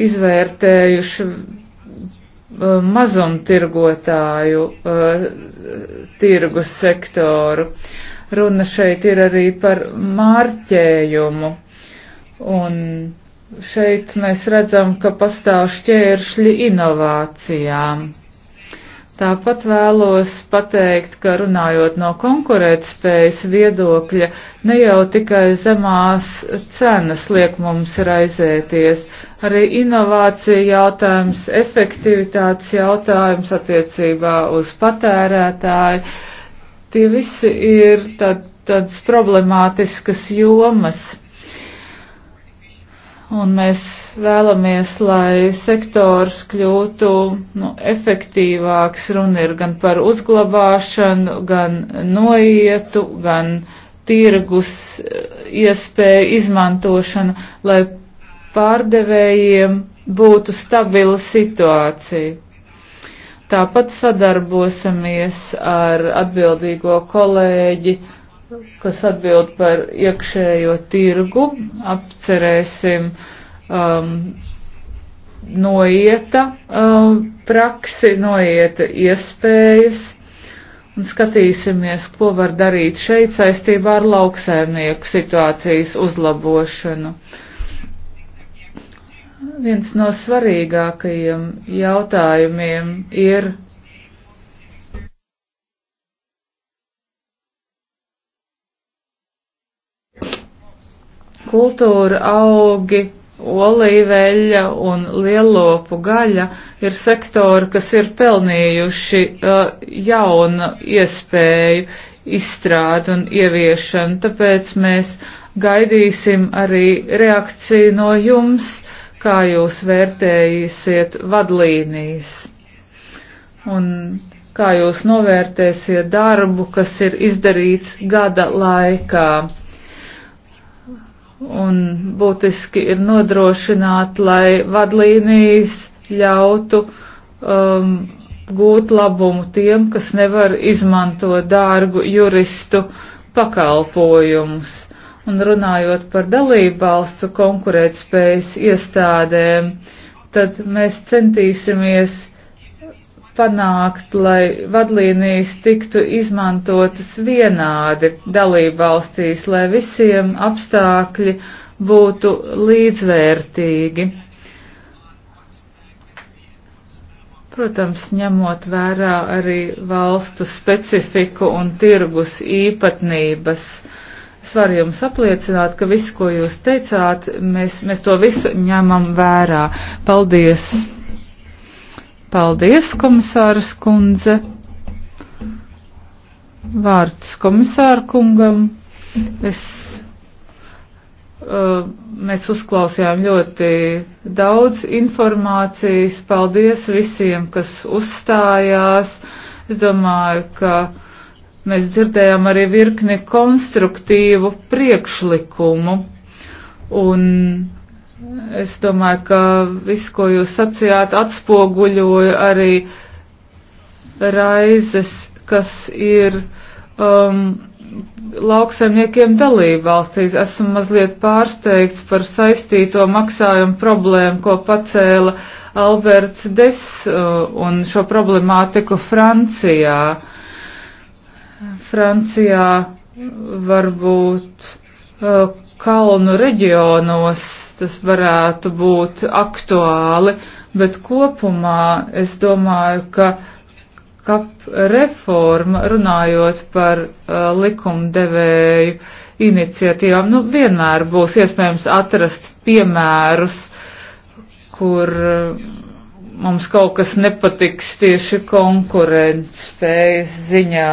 izvērtējuši Eh, mazumtirgotāju uh, tirgus sektoru. Runa šeit ir arī par mārķējumu. Un šeit mēs redzam, ka pastāv šķēršļi inovācijām. Tāpat vēlos pateikt, ka runājot no konkurētspējas viedokļa, ne jau tikai zemās cenas liek mums raizēties, arī inovācija jautājums, efektivitātes jautājums attiecībā uz patērētāju. Tie visi ir tad, tādas problemātiskas jomas un mēs vēlamies, lai sektors kļūtu nu, efektīvāks. Runa ir gan par uzglabāšanu, gan noietu, gan tirgus eh, iespēju izmantošanu, lai pārdevējiem būtu stabila situācija. Tāpat sadarbosimies ar atbildīgo kolēģi kas atbild par iekšējo tirgu, apcerēsim um, noieta um, praksi, noieta iespējas un skatīsimies, ko var darīt šeit saistībā ar lauksēmnieku situācijas uzlabošanu. Viens no svarīgākajiem jautājumiem ir kultūra augi, olīveļa un lielopu gaļa ir sektori, kas ir pelnījuši uh, jaunu iespēju izstrādi un ieviešanu, tāpēc mēs gaidīsim arī reakciju no jums, kā jūs vērtējiesiet vadlīnijas. Un kā jūs novērtēsiet darbu, kas ir izdarīts gada laikā Un būtiski ir nodrošināt, lai vadlīnijas ļautu um, gūt labumu tiem, kas nevar izmantot dārgu juristu pakalpojumus. Un runājot par dalību valstu konkurētspējas iestādēm, tad mēs centīsimies panākt, lai vadlīnijas tiktu izmantotas vienādi dalībvalstīs, lai visiem apstākļi būtu līdzvērtīgi. Protams, ņemot vērā arī valstu specifiku un tirgus īpatnības. Es varu jums apliecināt, ka viss, ko jūs teicāt, mēs, mēs to visu ņemam vērā. Paldies! Paldies, komisāras kundze. Vārds komisāra kungam. Es, uh, mēs uzklausījām ļoti daudz informācijas. Paldies visiem, kas uzstājās. Es domāju, ka mēs dzirdējām arī virkni konstruktīvu priekšlikumu. Un Es domāju, ka viss, ko jūs sacījāt, atspoguļoja arī raizes, kas ir um, lauksaimniekiem dalībvalstīs. Esmu mazliet pārsteigts par saistīto maksājumu problēmu, ko pacēla Alberts Des uh, un šo problemātiku Francijā. Francijā varbūt uh, kalnu reģionos tas varētu būt aktuāli, bet kopumā es domāju, ka kap reforma, runājot par uh, likumdevēju iniciatīvām, nu vienmēr būs iespējams atrast piemērus, kur uh, mums kaut kas nepatiks tieši konkurence spējas ziņā.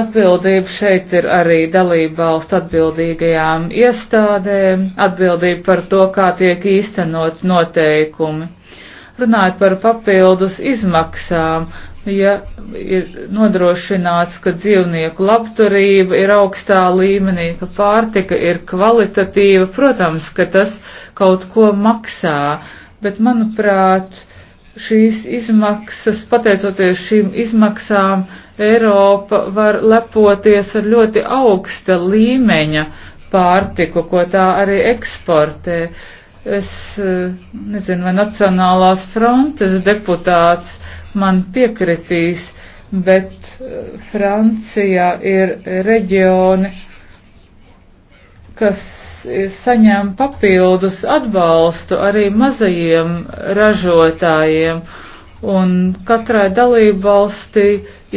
Atbildība šeit ir arī dalība valstu atbildīgajām iestādēm, atbildība par to, kā tiek īstenot noteikumi. Runājot par papildus izmaksām, ja ir nodrošināts, ka dzīvnieku labturība ir augstā līmenī, ka pārtika ir kvalitatīva, protams, ka tas kaut ko maksā, bet manuprāt, šīs izmaksas, pateicoties šīm izmaksām, Eiropa var lepoties ar ļoti augsta līmeņa pārtiku, ko tā arī eksportē. Es eh, nezinu, vai Nacionālās frontes deputāts man piekritīs, bet eh, Francijā ir reģioni, kas saņem papildus atbalstu arī mazajiem ražotājiem, un katrai dalībvalstī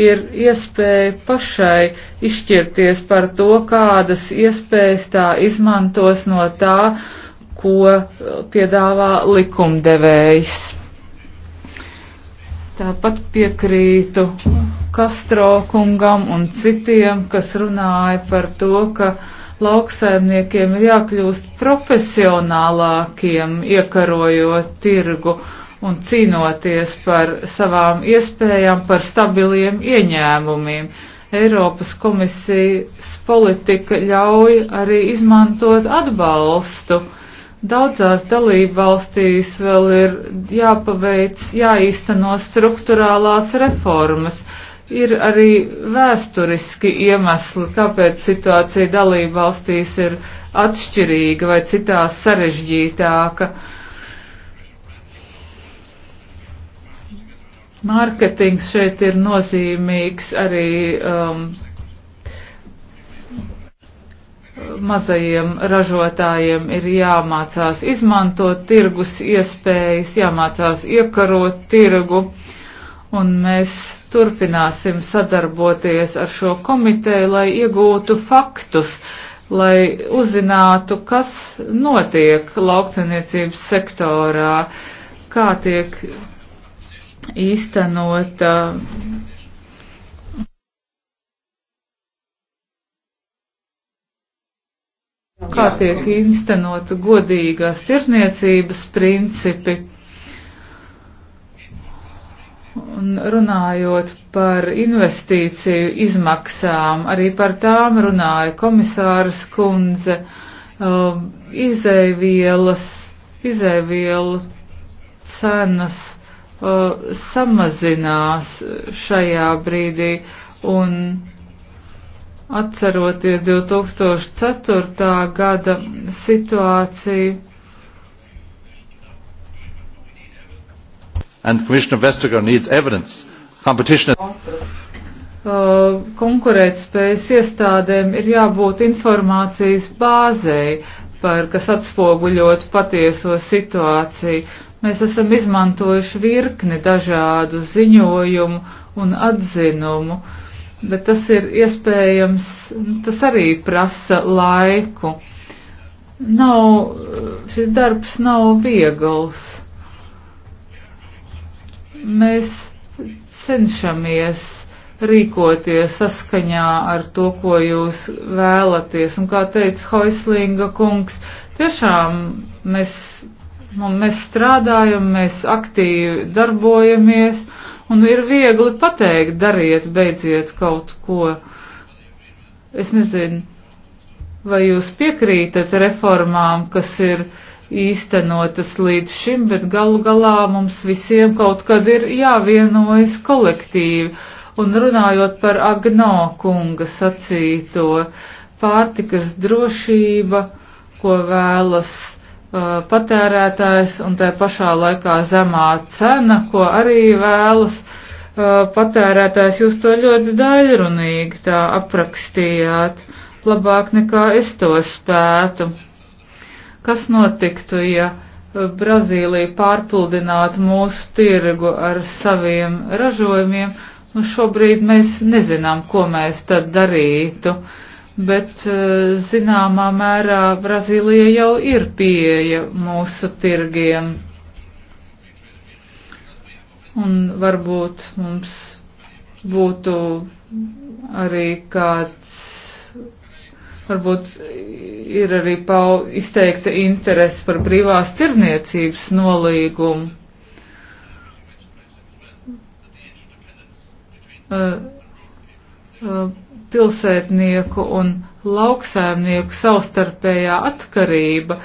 ir iespēja pašai izšķirties par to, kādas iespējas tā izmantos no tā, ko eh, piedāvā likumdevējs. Tāpat piekrītu Kastro kungam un citiem, kas runāja par to, ka uh, lauksaimniekiem ir jākļūst profesionālākiem, iekarojot tirgu un cīnoties par savām iespējām, par stabiliem ieņēmumiem. Eiropas komisijas politika ļauj arī izmantot atbalstu. Daudzās dalībvalstīs vēl ir jāpaveic, jāīsteno struktūrālās reformas, ir arī vēsturiski iemesli, kāpēc situācija dalība valstīs ir atšķirīga vai citās sarežģītāka. Mārketings šeit ir nozīmīgs arī um, mazajiem ražotājiem ir jāmācās izmantot tirgus iespējas, jāmācās iekarot tirgu, un mēs Turpināsim sadarboties ar šo komiteju, lai iegūtu faktus, lai uzzinātu, kas notiek lauksaimniecības sektorā, kā tiek īstenota kā tiek īstenot godīgās tirzniecības principi. Un runājot par investīciju izmaksām, arī par tām runāja komisārs kundze, um, izēvielas, izēvielu cenas uh, samazinās šajā brīdī un atceroties 2004. gada situāciju and Commissioner Vestager needs evidence. Competition uh, konkurētspējas iestādēm ir jābūt informācijas bāzei, par, kas atspoguļot patieso situāciju. Mēs esam izmantojuši virkni dažādu ziņojumu un atzinumu, bet tas ir iespējams, tas arī prasa laiku. Nav, šis darbs nav viegls. Mēs cenšamies rīkoties saskaņā ar to, ko jūs vēlaties. Un kā teica Hoislinga kungs, tiešām mēs, nu, mēs strādājam, mēs aktīvi darbojamies un ir viegli pateikt, dariet, beidziet kaut ko. Es nezinu, vai jūs piekrītat reformām, kas ir īstenotas līdz šim, bet galu galā mums visiem kaut kad ir jāvienojas kolektīvi. Un runājot par Agno kunga sacīto, pārtikas drošība, ko vēlas uh, patērētājs un tā pašā laikā zemā cena, ko arī vēlas uh, patērētājs, jūs to ļoti daļrunīgi tā aprakstījāt, labāk nekā es to spētu. Kas notiktu, ja e, Brazīlija pārpildinātu mūsu tirgu ar saviem ražojumiem? Nu, šobrīd mēs nezinām, ko mēs tad darītu, bet e, zināmā mērā Brazīlija jau ir pieeja mūsu tirgiem. Un varbūt mums būtu arī kāds Varbūt ir arī pau, izteikta interese par brīvās tirzniecības nolīgumu. Uh, uh, pilsētnieku un lauksēmnieku savstarpējā atkarība,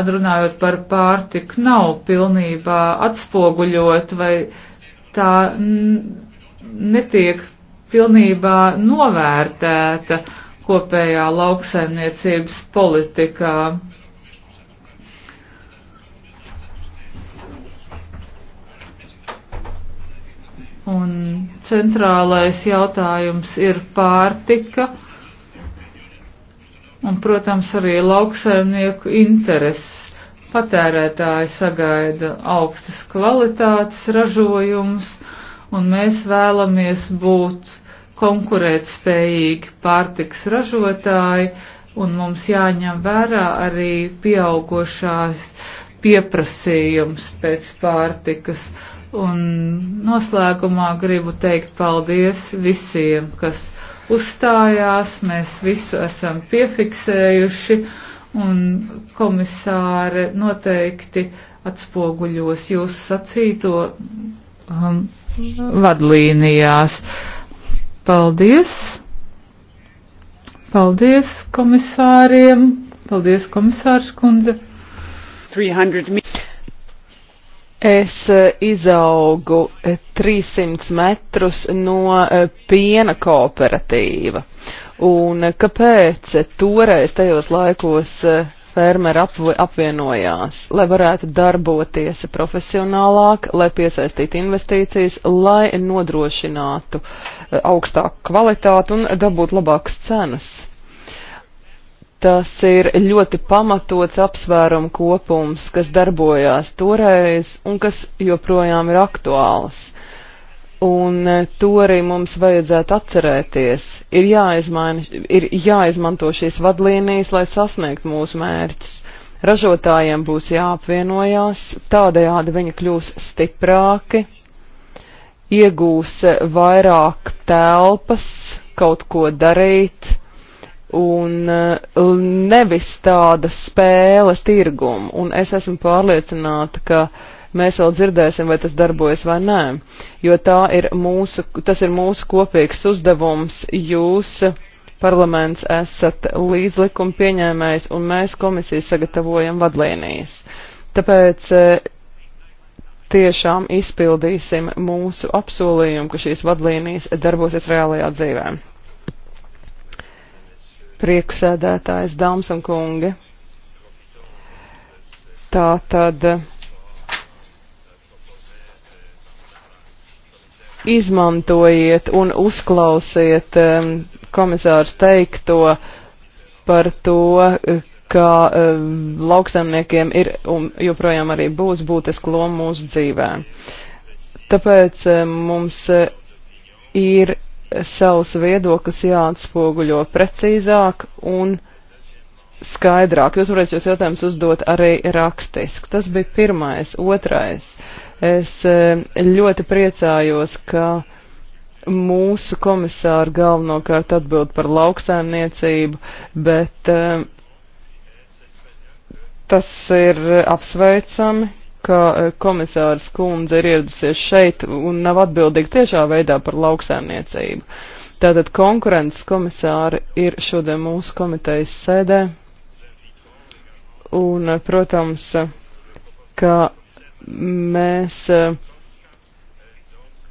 atrunājot par pārtiku, nav pilnībā atspoguļot vai tā netiek pilnībā novērtēta. Uh, kopējā lauksaimniecības politikā. Un centrālais jautājums ir pārtika un, protams, arī lauksaimnieku intereses. Patērētāji sagaida augstas kvalitātes ražojumus, un mēs vēlamies būt konkurētspējīgi pārtiks ražotāji, un mums jāņem vērā arī pieaugošās pieprasījums pēc pārtikas. Un noslēgumā gribu teikt paldies visiem, kas uzstājās, mēs visu esam piefiksējuši, un komisāre noteikti atspoguļos jūsu sacīto um, vadlīnijās. Paldies! Paldies komisāriem! Paldies, komisārs kundze! 300. Es eh, izaugu 300 eh, metrus no eh, piena kooperatīva. Un kāpēc toreiz tajos laikos fermeri apvienojās, lai varētu darboties profesionālāk, lai piesaistītu investīcijas, lai nodrošinātu eh, augstāku kvalitātu un dabūtu labākas cenas. Tas ir ļoti pamatots apsvērumu kopums, kas darbojās toreiz un kas joprojām ir aktuāls. Un e, to arī mums vajadzētu atcerēties. Ir, jāizmaina, ir jāizmanto šīs vadlīnijas, lai sasniegtu mūsu mērķus. Ražotājiem būs jāapvienojās, tādējādi viņi kļūs stiprāki, iegūs e, vairāk telpas, kaut ko darīt, un e, nevis tāda spēle tirgumu. Un es esmu pārliecināta, ka uh, Mēs vēl dzirdēsim, vai tas darbojas vai nē, jo tā ir mūsu, tas ir mūsu kopīgs uzdevums. Jūs, parlaments, esat līdzlikuma pieņēmējs un mēs komisiju sagatavojam vadlīnijas. Tāpēc e, tiešām izpildīsim mūsu apsolījumu, ka šīs vadlīnijas darbosies reālajā dzīvē. Priekusēdētājs, dāmas un kungi. Tā tad izmantojiet un uzklausiet um, komisārs teikto par to, ka um, lauksaimniekiem ir un joprojām arī būs būtiska loma mūsu dzīvē. Tāpēc um, mums uh, ir savs viedoklis jāatspoguļo precīzāk un skaidrāk. Jūs varēsiet šos jautājumus uzdot arī rakstiski. Tas bija pirmais. Otrais. Uh, Es e, ļoti priecājos, ka mūsu komisāri galvenokārt atbild par lauksaimniecību, bet e, tas ir apsveicami, ka e, komisārs kundze ir ieradusies šeit un nav atbildīga tiešā veidā par lauksaimniecību. Tātad konkurences komisāri ir šodien mūsu komitejas sēdē. Un, protams, ka mēs e,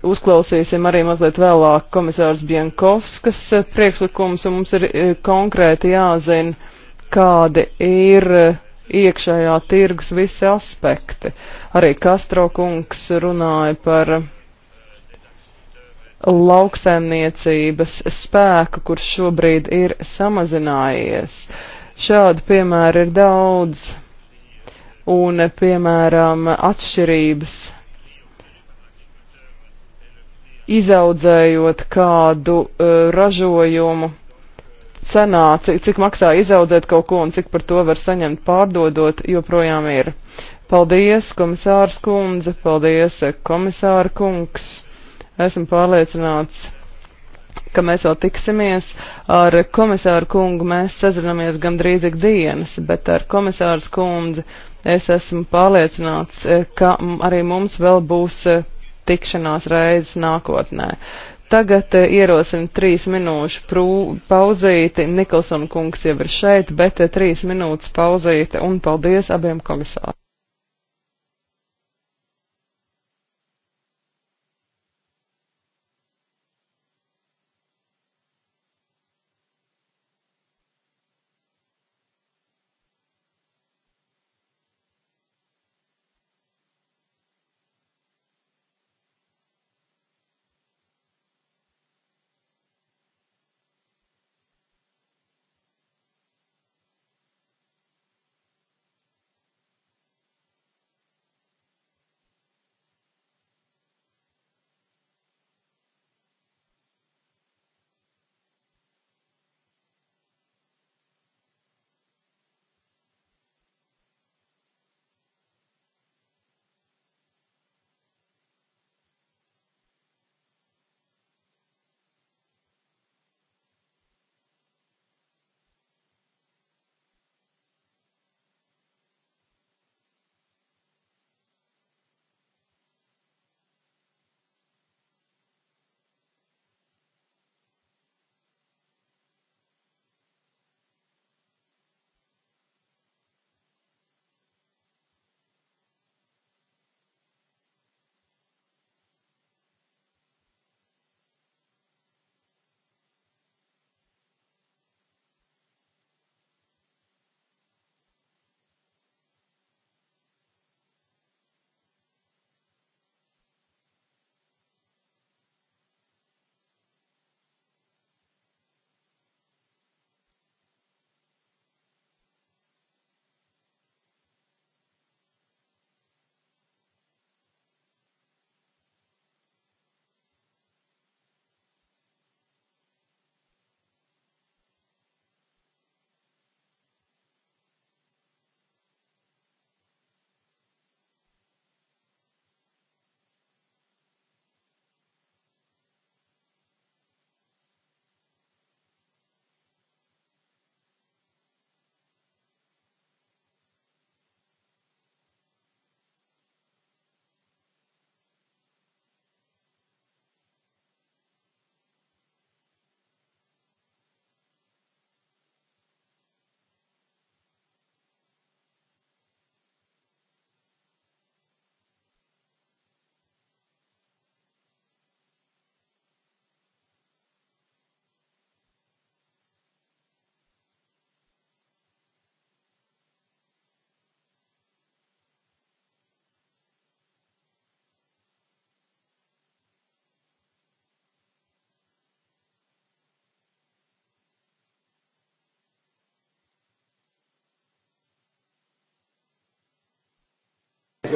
uzklausīsim arī mazliet vēlāk komisārs Bienkovskas e, priekšlikums, un mums ir e, konkrēti jāzina, kādi ir iekšējā tirgus visi aspekti. Arī Kastro kungs runāja par lauksaimniecības spēku, kurš šobrīd ir samazinājies. Šādi piemēri ir daudz un, piemēram, atšķirības izaudzējot kādu uh, ražojumu cenā, cik, cik maksā izaudzēt kaut ko un cik par to var saņemt pārdodot, joprojām ir. Paldies, komisārs kundze, paldies, komisāra kungs. Esmu pārliecināts, ka mēs vēl tiksimies. Ar komisāru kungu mēs sazinamies gandrīz ik dienas, bet ar komisārs kundzi Es esmu pārliecināts, eh, ka arī mums vēl būs eh, tikšanās reizes nākotnē. Tagad eh, ierosim trīs minūšu prū, pauzīti. Nikolson kungs jau ir šeit, bet trīs minūtes pauzīti un paldies abiem komisāriem.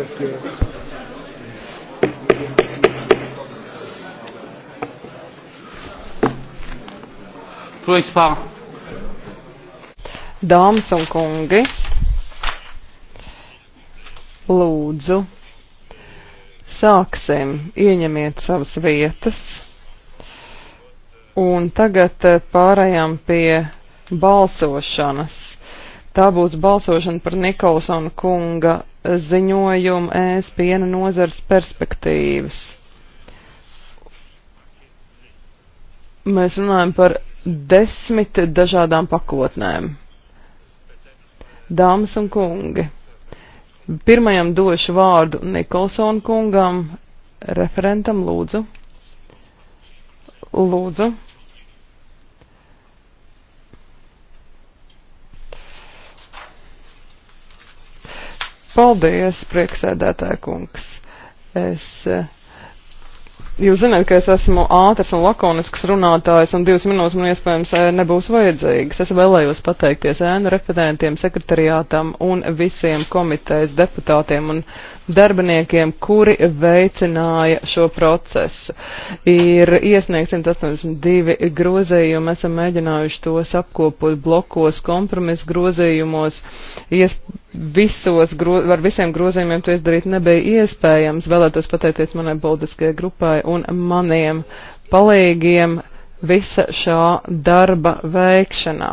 perché... Proszę Państwa. Dāmas un kungi, lūdzu, sāksim, ieņemiet savas vietas. Un tagad eh, pārējām pie balsošanas. Tā būs balsošana par Nikolsona kunga ziņojumu ēs piena nozars perspektīvas. Mēs runājam par desmit dažādām pakotnēm. Dāmas un kungi, pirmajam došu vārdu Nikolsonu kungam, referentam lūdzu. Lūdzu. Paldies, prieksēdētāja kungs. Es, eh, jūs zināt, ka es esmu ātrs un lakonisks runātājs, un divas minūtes man iespējams eh, nebūs vajadzīgas. Es vēlējos pateikties ēnu referentiem, sekretariātam un visiem komitejas deputātiem un deputātiem darbiniekiem, kuri veicināja šo procesu. Ir iesniegts 182 grozējumi, esam mēģinājuši tos apkopot blokos, kompromisu grozējumos. Ies visos, gro ar visiem grozējumiem to izdarīt nebija iespējams. Vēlētos pateikties manai politiskajai grupai un maniem palīgiem visa šā darba veikšanā.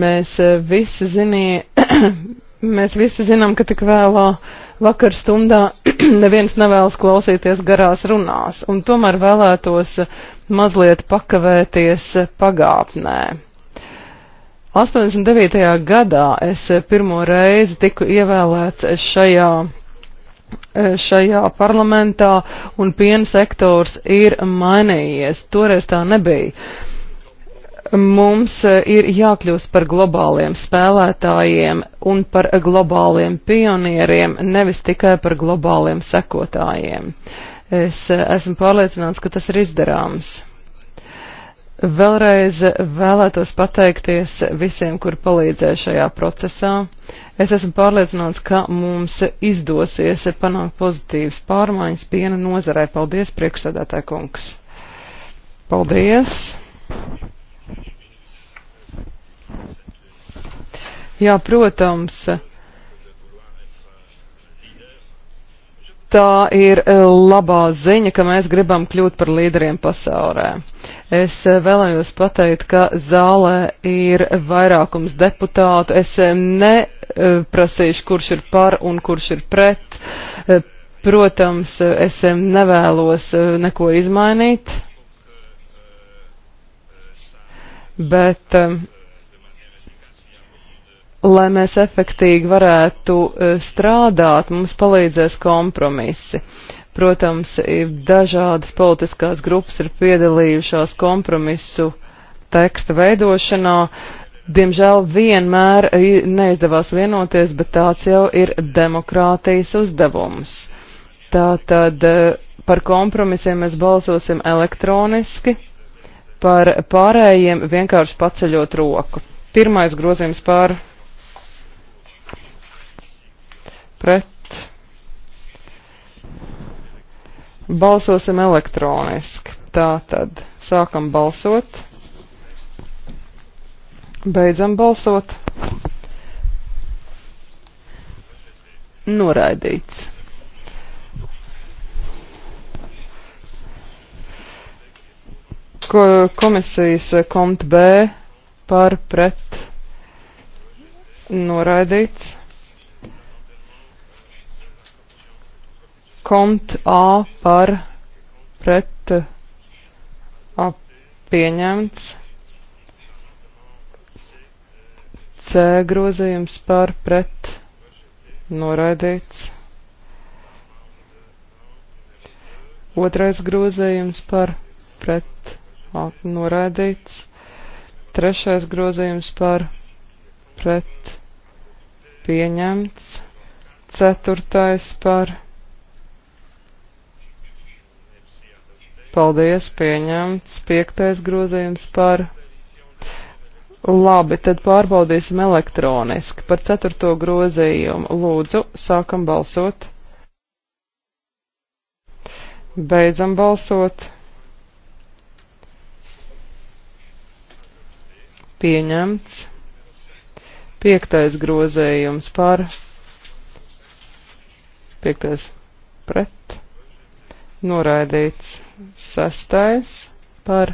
Mēs eh, visi, zinie, (clears throat) mēs visi zinām, ka tik vēlā vakar stundā (clears throat) neviens nevēlas klausīties garās runās, un tomēr vēlētos mazliet pakavēties pagātnē. 89. gadā es pirmo reizi tiku ievēlēts šajā šajā parlamentā un piena sektors ir mainījies. Toreiz tā nebija. Mums e, ir jākļūst par globāliem spēlētājiem un par globāliem pionieriem, nevis tikai par globāliem sekotājiem. Es e, esmu pārliecināts, ka tas ir izdarāms. Vēlreiz vēlētos pateikties visiem, kur palīdzēja šajā procesā. Es esmu pārliecināts, ka mums izdosies panākt pozitīvas pārmaiņas piena nozarē. Paldies, priekšsēdētāj kungs! Paldies! Jā, protams. Tā ir e, labā ziņa, ka mēs gribam kļūt par līderiem pasaulē. Es e, vēlējos pateikt, ka zālē ir vairākums deputātu. Es e, neprasīšu, kurš ir par un kurš ir pret. Protams, es nevēlos neko izmainīt, bet. Um, lai mēs efektīgi varētu e, strādāt, mums palīdzēs kompromisi. Protams, dažādas politiskās grupas ir piedalījušās kompromisu teksta veidošanā. Diemžēl vienmēr e, neizdevās vienoties, bet tāds jau ir demokrātijas uzdevums. Tātad e, par kompromisiem mēs balsosim elektroniski, par pārējiem vienkārši paceļot roku. Pirmais grozījums pār pret. Balsosim elektroniski. Tā tad sākam balsot. Beidzam balsot. Noraidīts. Ko, komisijas konta B par pret noraidīts. kont A par pret A pieņemts. C grozījums par pret noraidīts. Otrais grozījums par pret noraidīts. Trešais grozījums par pret pieņemts. Ceturtais par pret Paldies, pieņemts. Piektais grozījums par. Labi, tad pārbaudīsim elektroniski. Par ceturto grozījumu lūdzu sākam balsot. Beidzam balsot. Pieņemts. Piektais grozējums par. Piektais pret noraidīts. Sestais par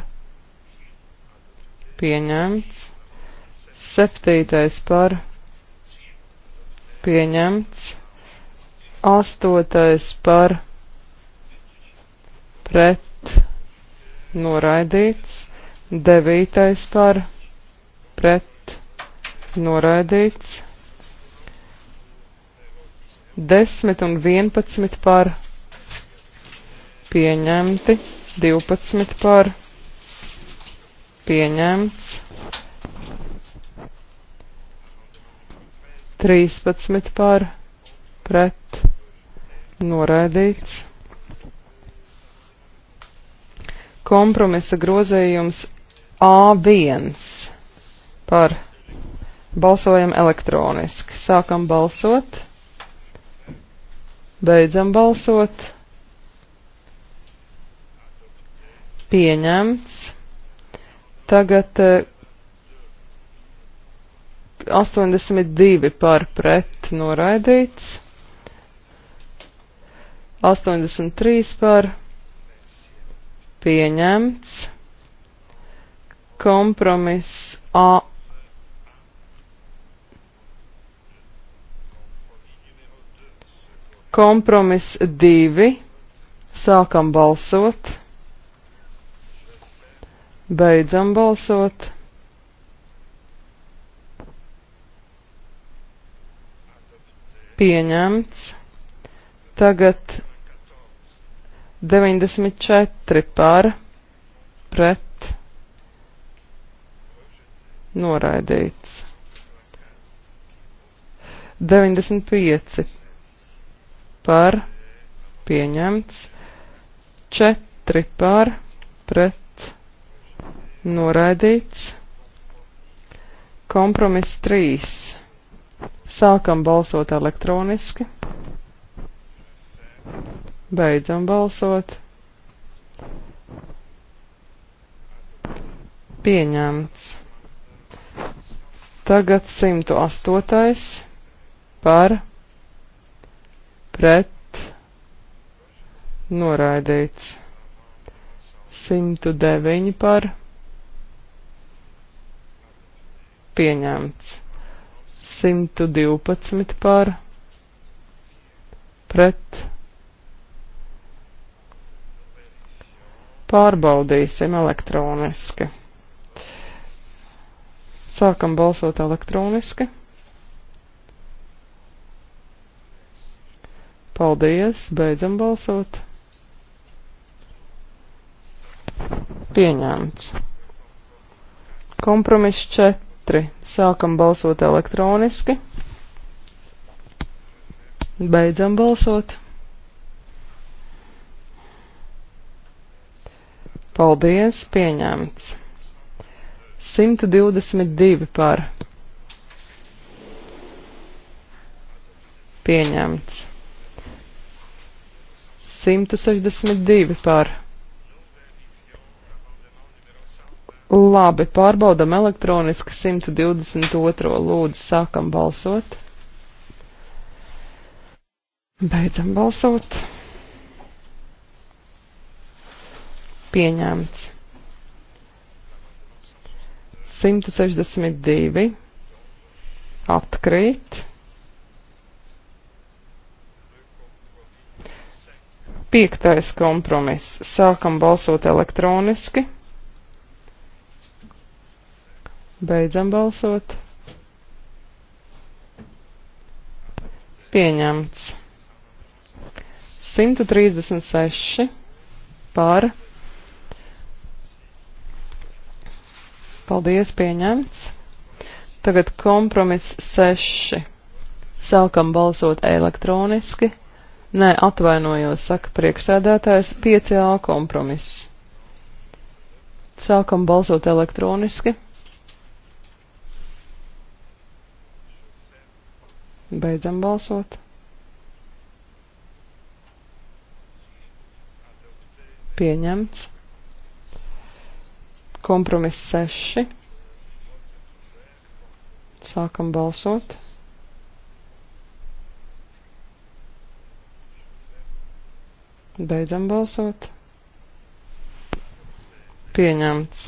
pieņemts. Septītais par pieņemts. Astotais par pret noraidīts. Devītais par pret noraidīts. Desmit un vienpadsmit par pret pieņemti, 12 par, pieņemts, 13 par, pret, noraidīts. Kompromisa grozējums A1 par balsojam elektroniski. Sākam balsot, beidzam balsot. pieņemts. Tagad 82 eh, par pret noraidīts. 83 par pieņemts. Kompromiss A. Kompromiss 2. Sākam balsot. Beidzam balsot. Pieņemts. Tagad 94 par pret noraidīts. 95 par pieņemts, 4 par pret Noraidīts. Kompromiss 3. Sākam balsot elektroniski. Beidzam balsot. Pieņemts. Tagad 108. par pret noraidīts. 109 par pret pieņemts. 112 par pret. Pārbaudīsim elektroniski. Sākam balsot elektroniski. Paldies, beidzam balsot. Pieņemts. Kompromiss 4 4. Sākam balsot elektroniski. Beidzam balsot. Paldies, pieņemts. 122 par. Pieņemts. 162 par. Labi, pārbaudam elektroniski 122. lūdzu, sākam balsot. Beidzam balsot. Pieņemts. 162. Atkrīt. Piektais kompromiss. Sākam balsot elektroniski. Beidzam balsot. Pieņemts. 136 par. Paldies, pieņemts. Tagad kompromiss 6. Sākam balsot elektroniski. Nē, atvainojos, saka priekšsēdētājs, 5A kompromiss. Sākam balsot elektroniski. Beidzam balsot. Pieņemts. Kompromiss 6. Sākam balsot. Beidzam balsot. Pieņemts.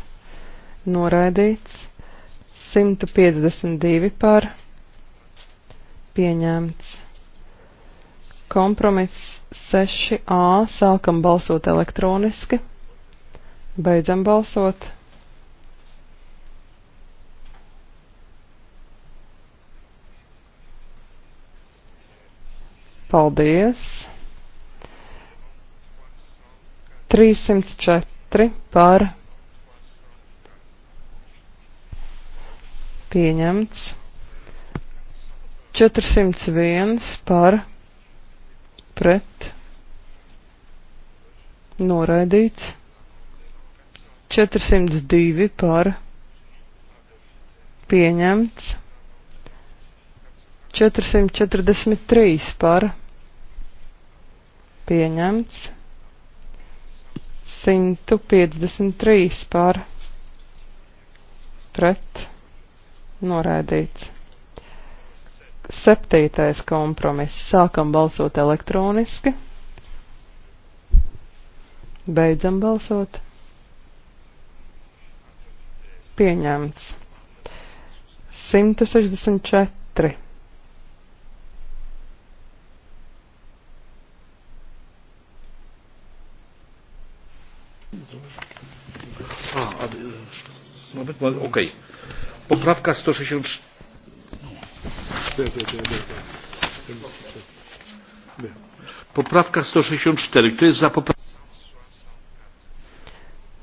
noraidīts, 152 par, pieņemts. Kompromiss 6a, sākam balsot elektroniski, beidzam balsot. Paldies! 304 par pieņemts. 401 par pret noraidīts. 402 par pieņemts. 443 par pieņemts. 153 par pret Noraidīts. Septītais kompromiss. Sākam balsot elektroniski. Beidzam balsot. Pieņemts. 164. Ah, aber, okay. Poprawka 164. Poprawka 164. Kto jest za poprawką?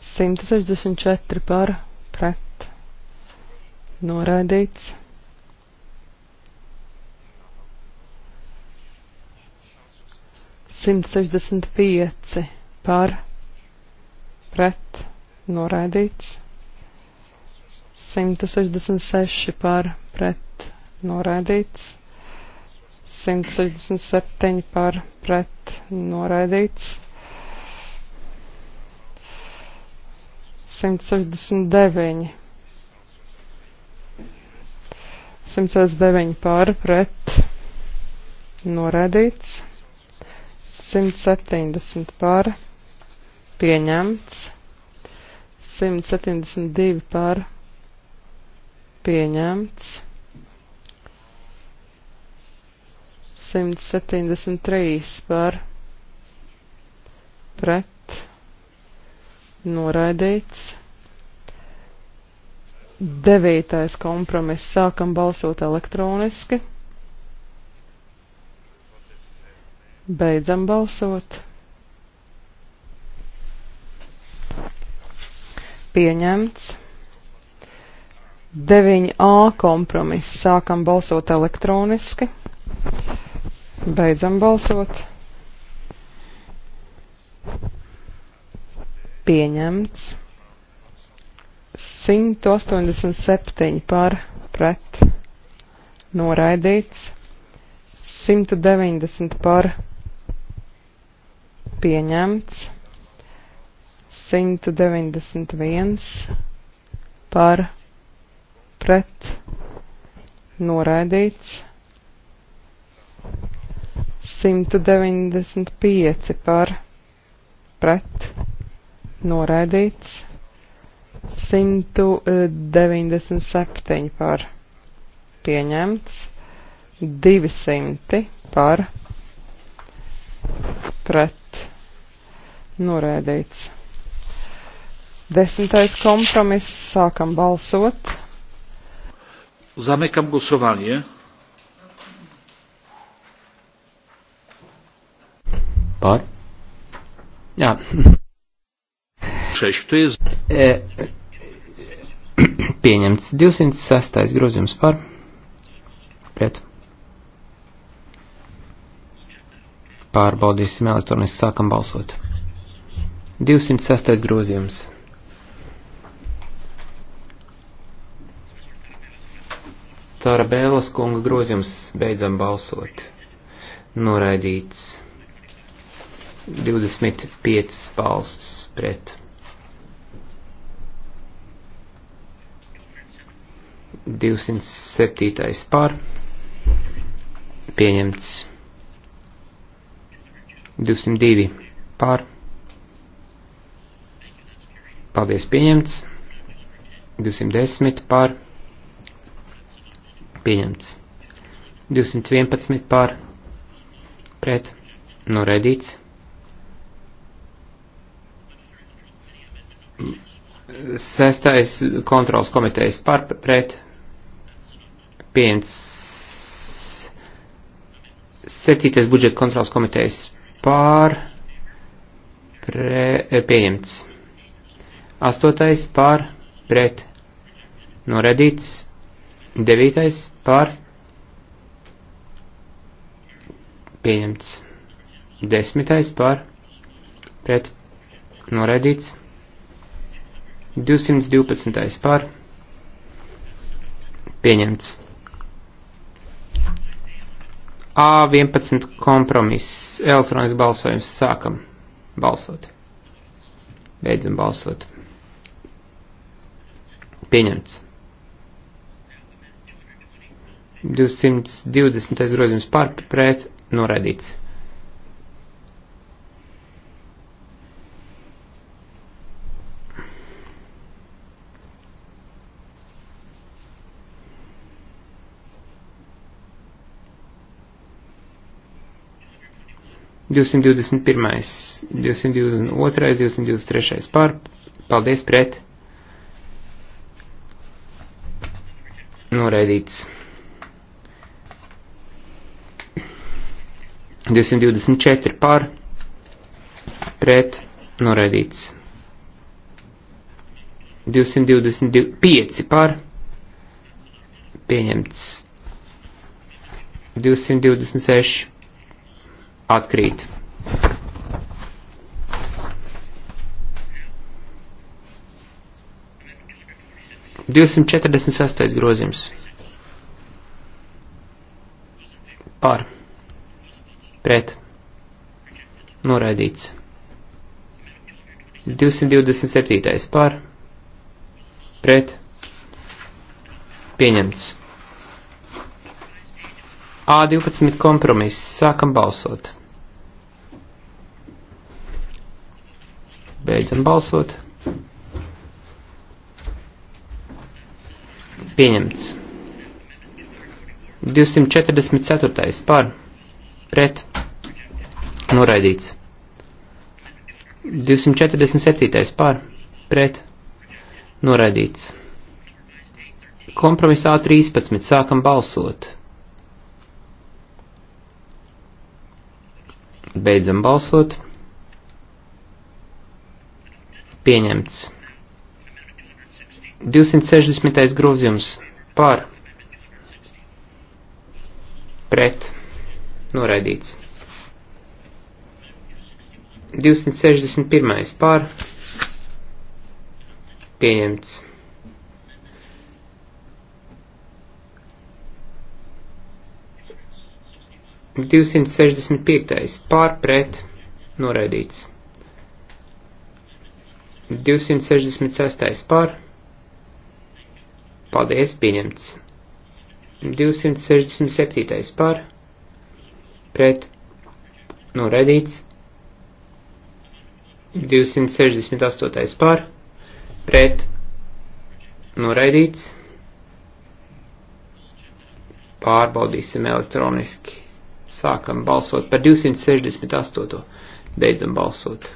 164 par pret. Noraidīts. Simt sešdesmit pieci par pret noraidīts. 166 par pret noraidīts, 167 par pret noraidīts, 169, 169 par pret noraidīts, 170 par pieņemts, 172 par pret pieņemts. 173 par pret noraidīts. Devītais kompromiss. Sākam balsot elektroniski. Beidzam balsot. Pieņemts. 9A kompromiss. Sākam balsot elektroniski. Beidzam balsot. Pieņemts. 187 par pret. Noraidīts. 190 par pieņemts. 191 par pret pret noraidīts. 195 par pret noraidīts. 197 par pieņemts. 200 par pret noraidīts. Desmitais kompromiss sākam balsot. Zamykam głosowanie. Par? Ja. Sześć, to jest... E, pieņemts 206. grozījums par. Pret. Pārbaudīsim elektroniski, sākam balsot. 206. grozījums. Tāra Bēlas kunga grozījums beidzam balsot. Noraidīts 25 balsts pret. 207. pār pieņemts 202 pār. Paldies pieņemts 210 pār. Pieņemts. 211 pār pret noraidīts. Sestais kontrols komitejas par pret pieņemts. Septītais budžeta kontrols komitejas pār pre, eh, pieņemts. Astotais pār pret noraidīts. Devītais par pieņemts. Desmitais par pret noraidīts. 212. par pieņemts. A11 kompromiss. Elektronisks balsojums. Sākam balsot. Beidzam balsot. Pieņemts. 220. grozījums par pret noraidīts. Divsimt divdesmit pirmais, divsimt divdesmit otrais, divsimt divdesmit trešais pār, paldies pret, noraidīts. 224 pār pret noraidīts. 225 pār pieņemts. 226 atkrīt. Divsimt četrdesmit sastais grozījums. pret noraidīts. 227. par pret pieņemts. A12 kompromiss. Sākam balsot. Beidzam balsot. Pieņemts. 244. par pret noraidīts. 247. pār, pret, noraidīts. Kompromisā 13. sākam balsot. Beidzam balsot. Pieņemts. 260. grozījums pār, pret, noraidīts. 261. pār pieņemts. Divsimt sešdesmit piektais pārpret noraidīts. 266. pār. Paldies, pieņemts. 267. pār. Pret. Noraidīts. 268. par, pret, noraidīts. Pārbaudīsim elektroniski. Sākam balsot par 268. Beidzam balsot.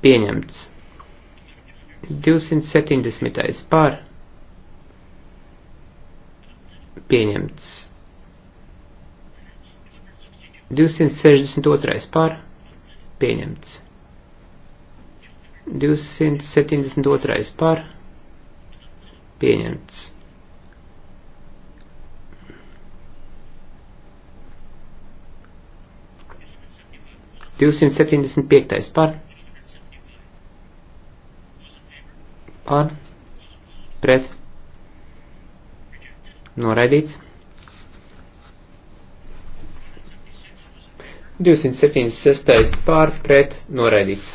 Pieņemts. 270. par. Pieņemts. 262. par pieņemts. 272. par pieņemts. Divsimt septiņdesmit piektais par, par, pret, noraidīts, 276. pār pret noraidīts.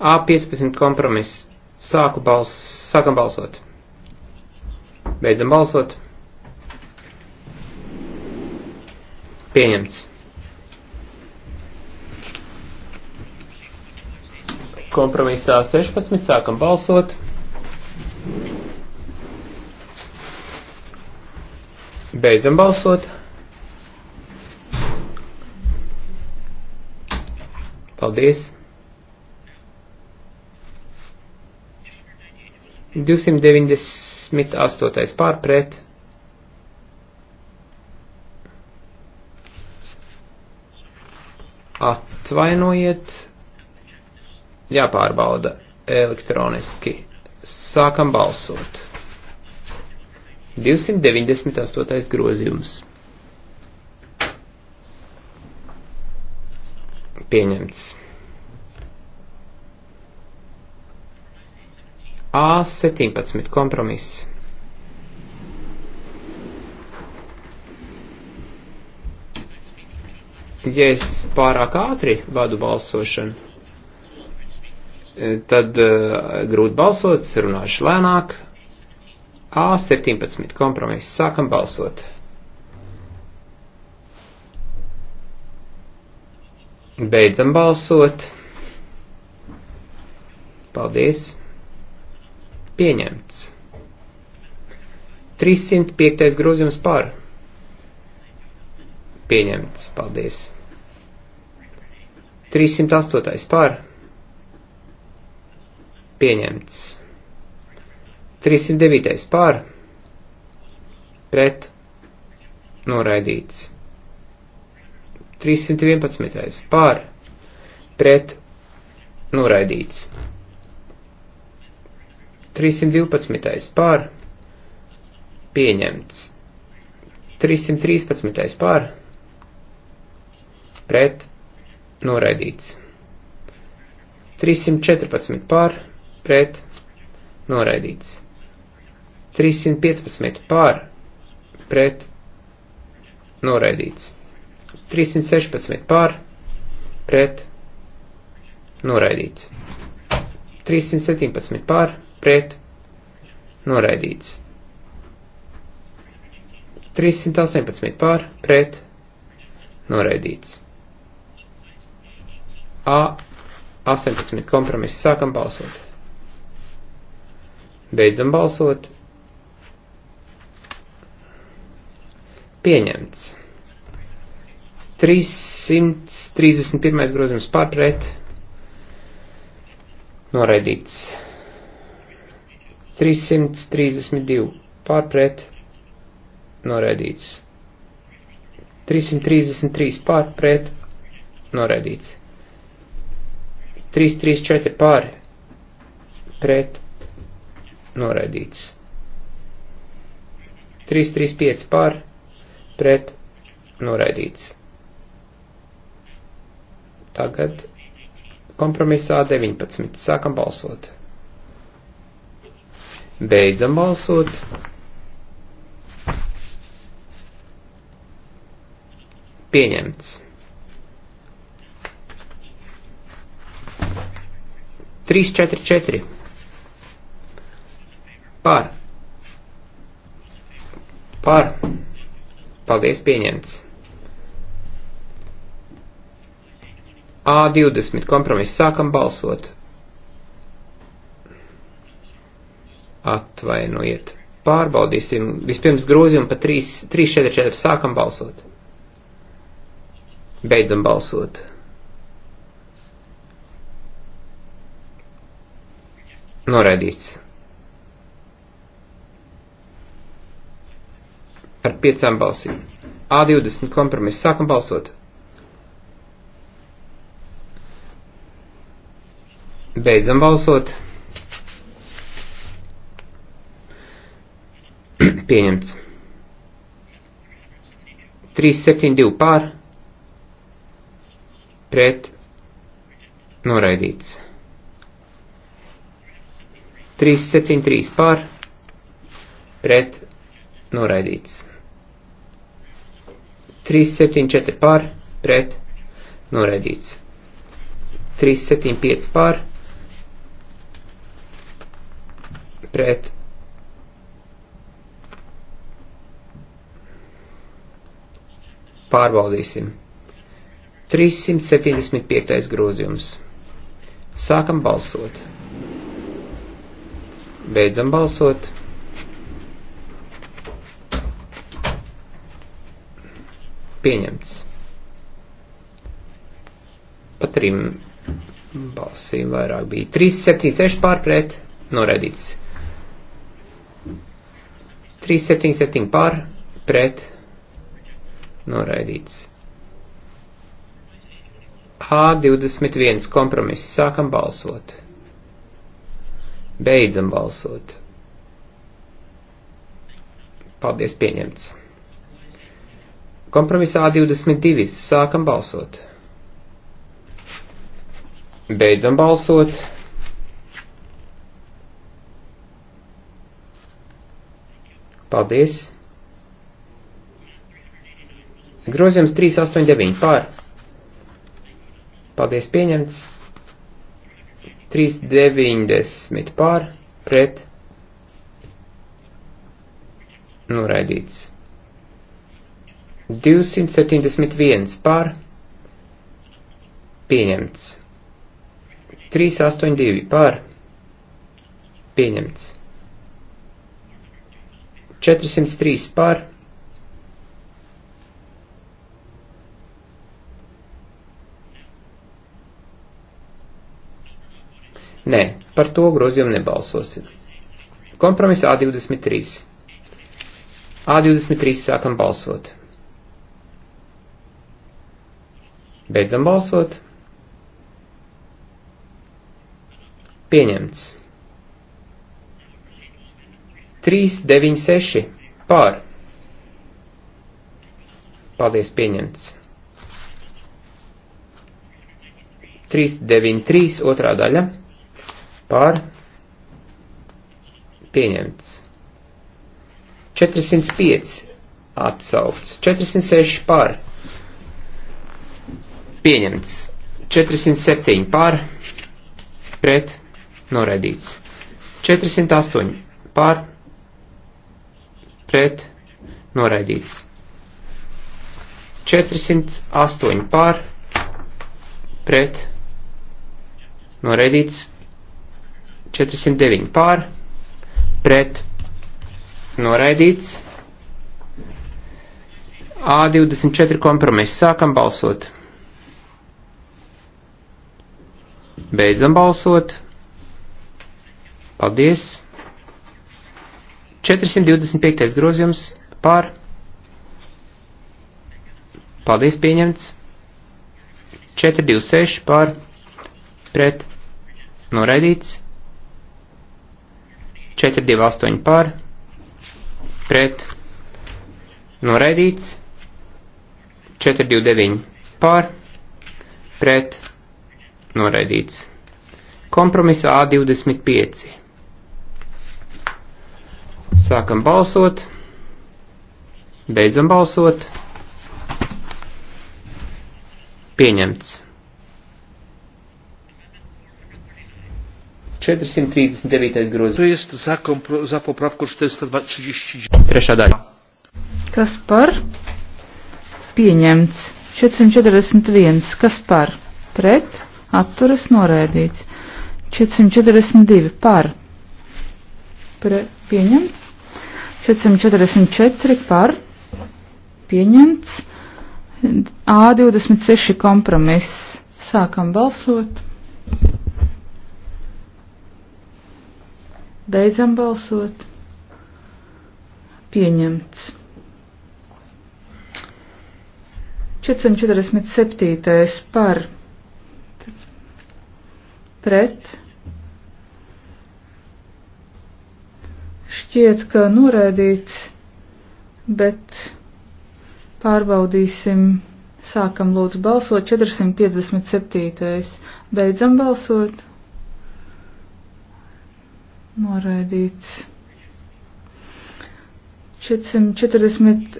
A15 kompromiss. Sāku bals, sākam balsot. Beidzam balsot. Pieņemts. Kompromisā 16. Sākam balsot. Beidzam balsot. Paldies! 298. pārpret. Atvainojiet, jāpārbauda elektroniski. Sākam balsot. 298. grozījums. pieņemts. A17 kompromiss. Ja es pārāk ātri vadu balsošanu, e, tad uh, grūti balsot, runāšu lēnāk. A17 kompromiss. Sākam balsot. Beidzam balsot. Paldies. Pieņemts. 305. grozījums par. Pieņemts. Paldies. 308. par. Pieņemts. 309. par. Pret. Noraidīts. 311. pār pret noraidīts. 312. pār pieņemts. 313. pār pret noraidīts. 314 pār pret noraidīts. 315 pār pret noraidīts. 316 pār, pret, noraidīts. 317 pār, pret, noraidīts. 318 pār, pret, noraidīts. A, 18 kompromiss, sākam balsot. Beidzam balsot. Pieņemts. 331. grozījums pārpret noraidīts. 332 pārpret noraidīts. 333 pārpret noraidīts. 334 pāri pret noraidīts. 335 pāri pret noraidīts. Tagad kompromisā 19. Sākam balsot. Beidzam balsot. Pieņemts. 3, 4, 4. Par. Par. Paldies, pieņemts. A20 kompromiss sākam balsot. Atvainojiet. Pārbaudīsim vispirms grozījumu pa 3.44 sākam balsot. Beidzam balsot. Noraidīts. Ar piecām balsīm. A20 kompromiss sākam balsot. Beidzam balsot. (clears throat) Pieņemts. 372 pār. Pret. Noraidīts. 373 pār. Pret. Noraidīts. 374 pār. Pret. Noraidīts. 375 pār. pret pārbaudīsim. 375. grozījums. Sākam balsot. Beidzam balsot. Pieņemts. Pa trim balsīm vairāk bija. 376 pārpret, noraidīts. 377 pār, pret, noraidīts. H21 kompromiss. Sākam balsot. Beidzam balsot. Paldies, pieņemts. Kompromiss A22. Sākam balsot. Beidzam balsot. Paldies. Grozījums 389 pār. Paldies pieņemts. 390 pār pret. Noraidīts. 271 pār. Pieņemts. 382 pār. Pieņemts. 403 par. Nē, par to grozījumu nebalsosim. Kompromiss A23. A23 sākam balsot. Beidzam balsot. Pieņemts. 396 pār. Paldies, pieņemts. 393 otrā daļa pār. Pieņemts. 405 atsaukts. 406 pār. Pieņemts. 407 pār. Pret. Noraidīts. 408 pār pret noraidīts. 408 pār pret noraidīts. 409 pār pret noraidīts. A24 kompromiss. Sākam balsot. Beidzam balsot. Paldies! 425. grozījums pār. Paldies, pieņemts. 426 pār. Pret. Noraidīts. 428 pār. Pret. Noraidīts. 429 pār. Pret. Noraidīts. Kompromiss A25 Sākam balsot. Beidzam balsot. Pieņemts. 439 grozījums. Trešā daļa. Kas par? Pieņemts. 441. Kas par? Pret? Atturas noraidīts. 442. Par? Pre, pieņemts. 444 par pieņemts. A26 kompromiss. Sākam balsot. Beidzam balsot. Pieņemts. 447. par pret Šķiet, ka noraidīts, bet pārbaudīsim. Sākam lūdzu balsot 457. Beidzam balsot. Noraidīts. 440,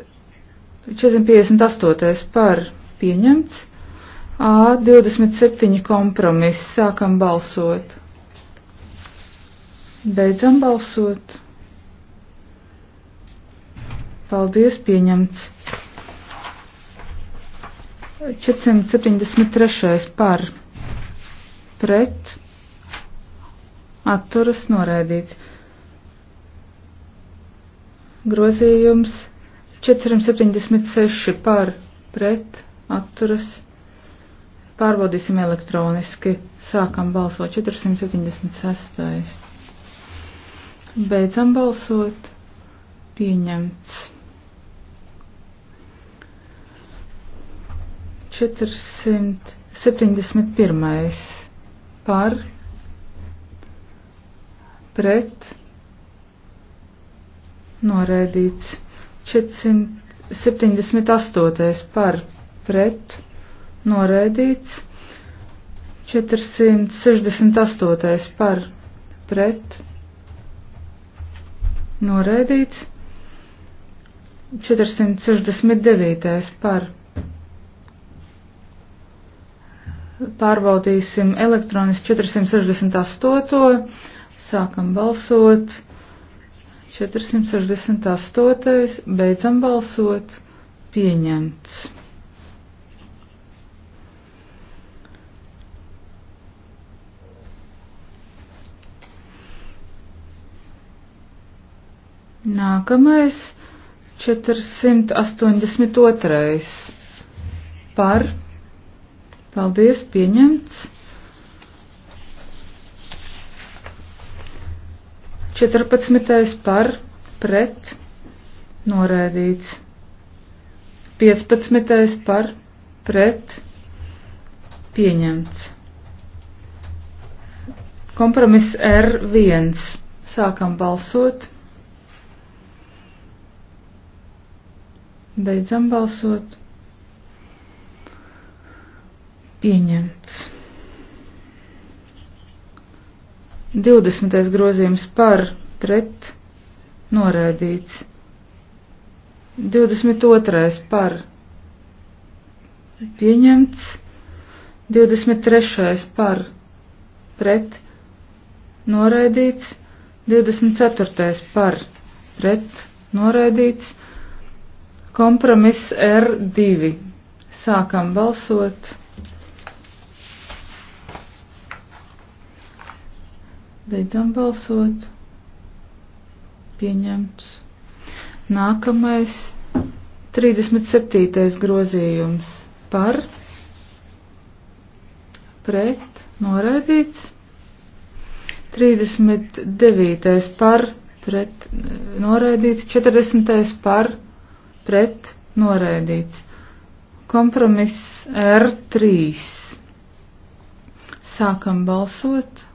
458. par pieņemts. A 27 kompromiss. Sākam balsot. Beidzam balsot. Paldies, pieņemts. 473. par pret atturas noraidīts. Grozījums 476 par pret atturas. Pārbaudīsim elektroniski. Sākam balsot 476. Beidzam balsot. Pieņemts. 471. par pret noraidīts 478. par pret noraidīts 468. par pret noraidīts 469. par pret Pārbaudīsim elektroniski 468. Sākam balsot. 468. Beidzam balsot. Pieņemts. Nākamais 482. par Paldies, pieņemts. 14. par pret noraidīts. 15. par pret pieņemts. Kompromiss R1. Sākam balsot. Beidzam balsot. Pieņemts. 20. grozījums par pret noraidīts. 22. par pieņemts. 23. par pret noraidīts. 24. par pret noraidīts. Kompromiss R2. Sākam balsot. Beidzam balsot. Pieņemts. Nākamais 37. grozījums par pret noraidīts. 39. par pret noraidīts. 40. par pret noraidīts. Kompromiss R3. Sākam balsot.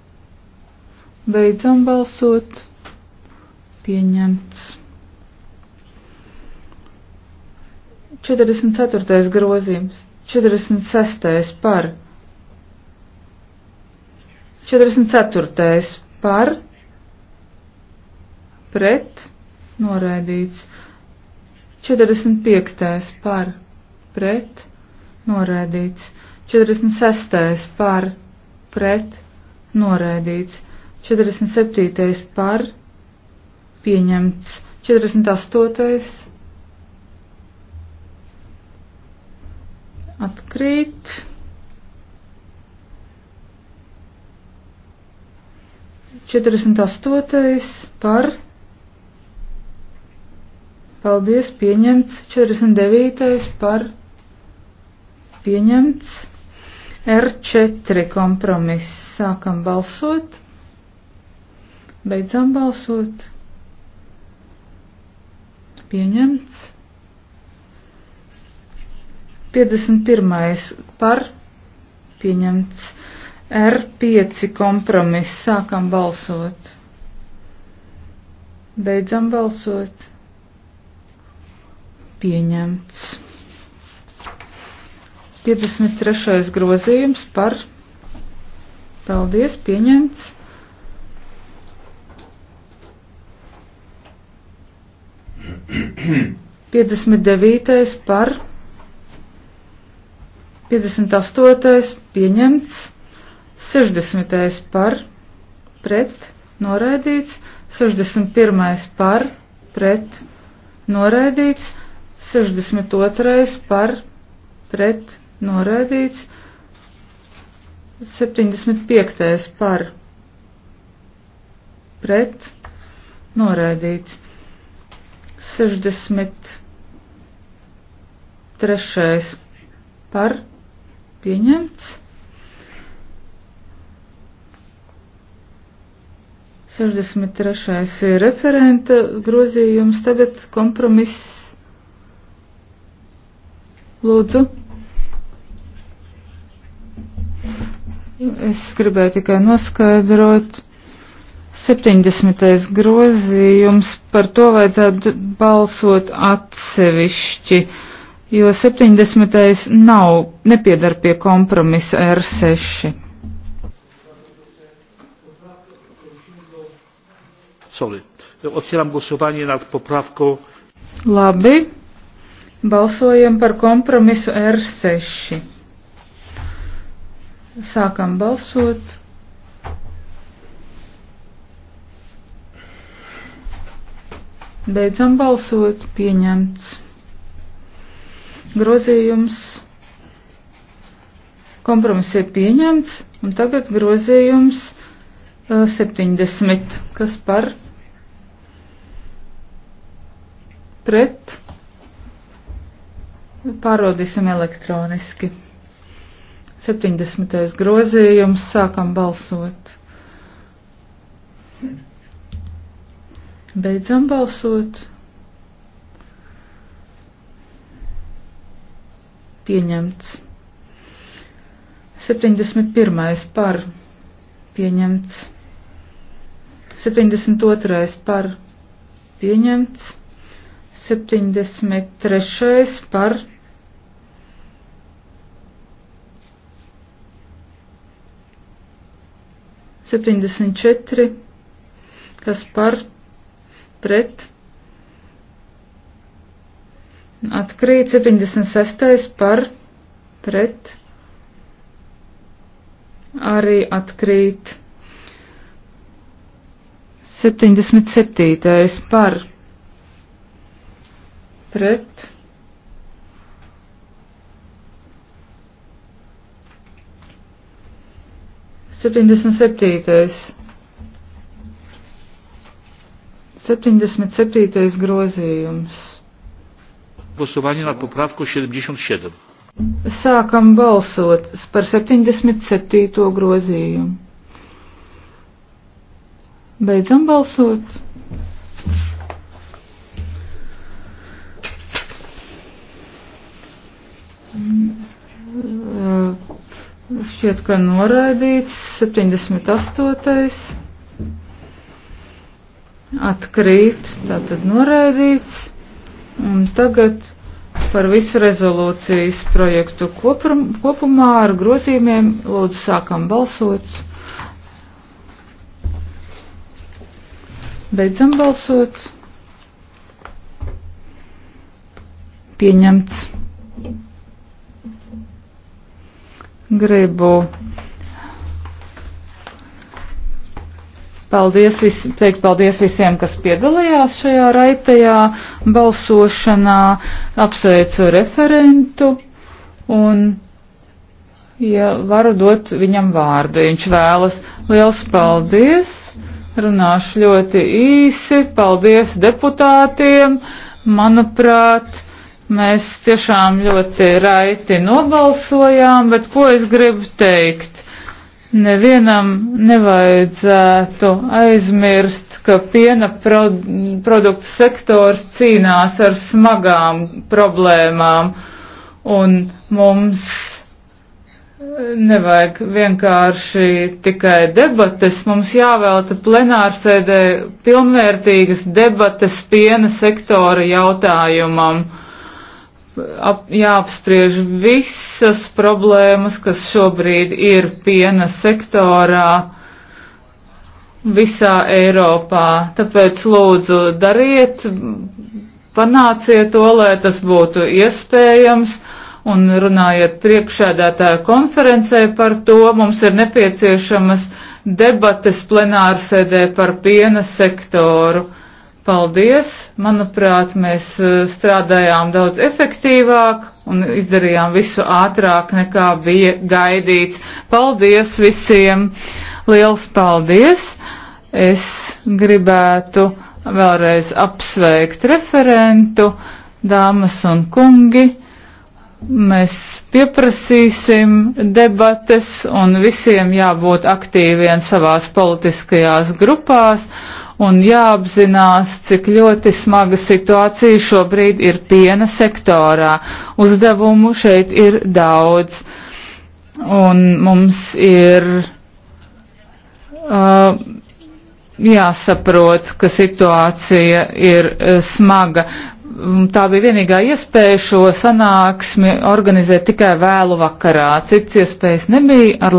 Beidzam balsot. Pieņemts. 44. grozījums. 46. par. 44. par. Pret. Noraidīts. 45. par. Pret. Noraidīts. 46. par. Pret. Noraidīts. 47. par pieņemts. 48. atkrīt. Četrdesmit astotais par. Paldies, pieņemts. Četrdesmit devītais par. Pieņemts. R4 kompromiss. Sākam balsot. Beidzam balsot. Pieņemts. 51. par pieņemts. R5 kompromiss. Sākam balsot. Beidzam balsot. Pieņemts. 53. grozījums par. Paldies, pieņemts. 59. par 58. pieņemts, 60. par pret noraidīts, 61. par pret noraidīts, 62. par pret noraidīts, 75. par pret noraidīts. 63. par pieņemts. 63. ir referenta grozījums, tagad kompromiss. Lūdzu. Es gribēju tikai noskaidrot 70. grozījums par to vajadzētu balsot atsevišķi, jo 70. nav, nepiedar pie kompromisa R6. Sorry. Otwieram głosowanie nad poprawką. Labi. Balsojam par kompromisu R6. Sākam balsot. Beidzam balsot. Pieņemts. Grozījums. Kompromiss ir pieņemts. Un tagad grozījums 70. Uh, Kas par? Pret. Pārbaudīsim elektroniski. 70. grozījums. Sākam balsot. Thank you. Beidzam balsot. Pieņemts. 71. par. Pieņemts. 72. par. Pieņemts. 73. par. Septiņdesmit četri, kas par pret atkrīt 76. par pret arī atkrīt 77. par pret Septiņdesmit septītais 77. grozījums. Balsovanie par poprawku 77. Sākam balsot par 77. grozījumu. Beidzam balsot. Šķiet, ka noraidīts 78 atkrīt, tātad noraidīts. Un tagad par visu rezolūcijas projektu kopram, kopumā ar grozījumiem lūdzu sākam balsot. Beidzam balsot. Pieņemts. Gribu Paldies, vis, teikt paldies visiem, kas piedalījās šajā raitajā balsošanā. Apsveicu referentu un, ja varu dot viņam vārdu, ja viņš vēlas. Liels paldies! Runāšu ļoti īsi. Paldies deputātiem. Manuprāt, mēs tiešām ļoti raiti nobalsojām, bet ko es gribu teikt? Nevienam nevajadzētu aizmirst, ka piena pro produktu sektors cīnās ar smagām problēmām, un mums nevajag vienkārši tikai debates, mums jāvelta plenārsēdē pilnvērtīgas debates piena sektora jautājumam ap, jāapspriež visas problēmas, kas šobrīd ir piena sektorā visā Eiropā. Tāpēc lūdzu dariet, panāciet to, lai tas būtu iespējams un runājiet priekšēdētāja konferencē par to. Mums ir nepieciešamas debates plenārsēdē par piena sektoru Paldies! Manuprāt, mēs uh, strādājām daudz efektīvāk un izdarījām visu ātrāk nekā bija gaidīts. Paldies visiem! Liels paldies! Es gribētu vēlreiz apsveikt referentu, dāmas un kungi. Mēs pieprasīsim debates un visiem jābūt aktīviem savās politiskajās grupās un jāapzinās, cik ļoti smaga situācija šobrīd ir piena sektorā. Uzdevumu šeit ir daudz, un mums ir uh, jāsaprot, ka situācija ir uh, smaga. Mm, tā bija vienīgā iespēja šo sanāksmi organizēt tikai vēlu vakarā. Cits iespējas nebija.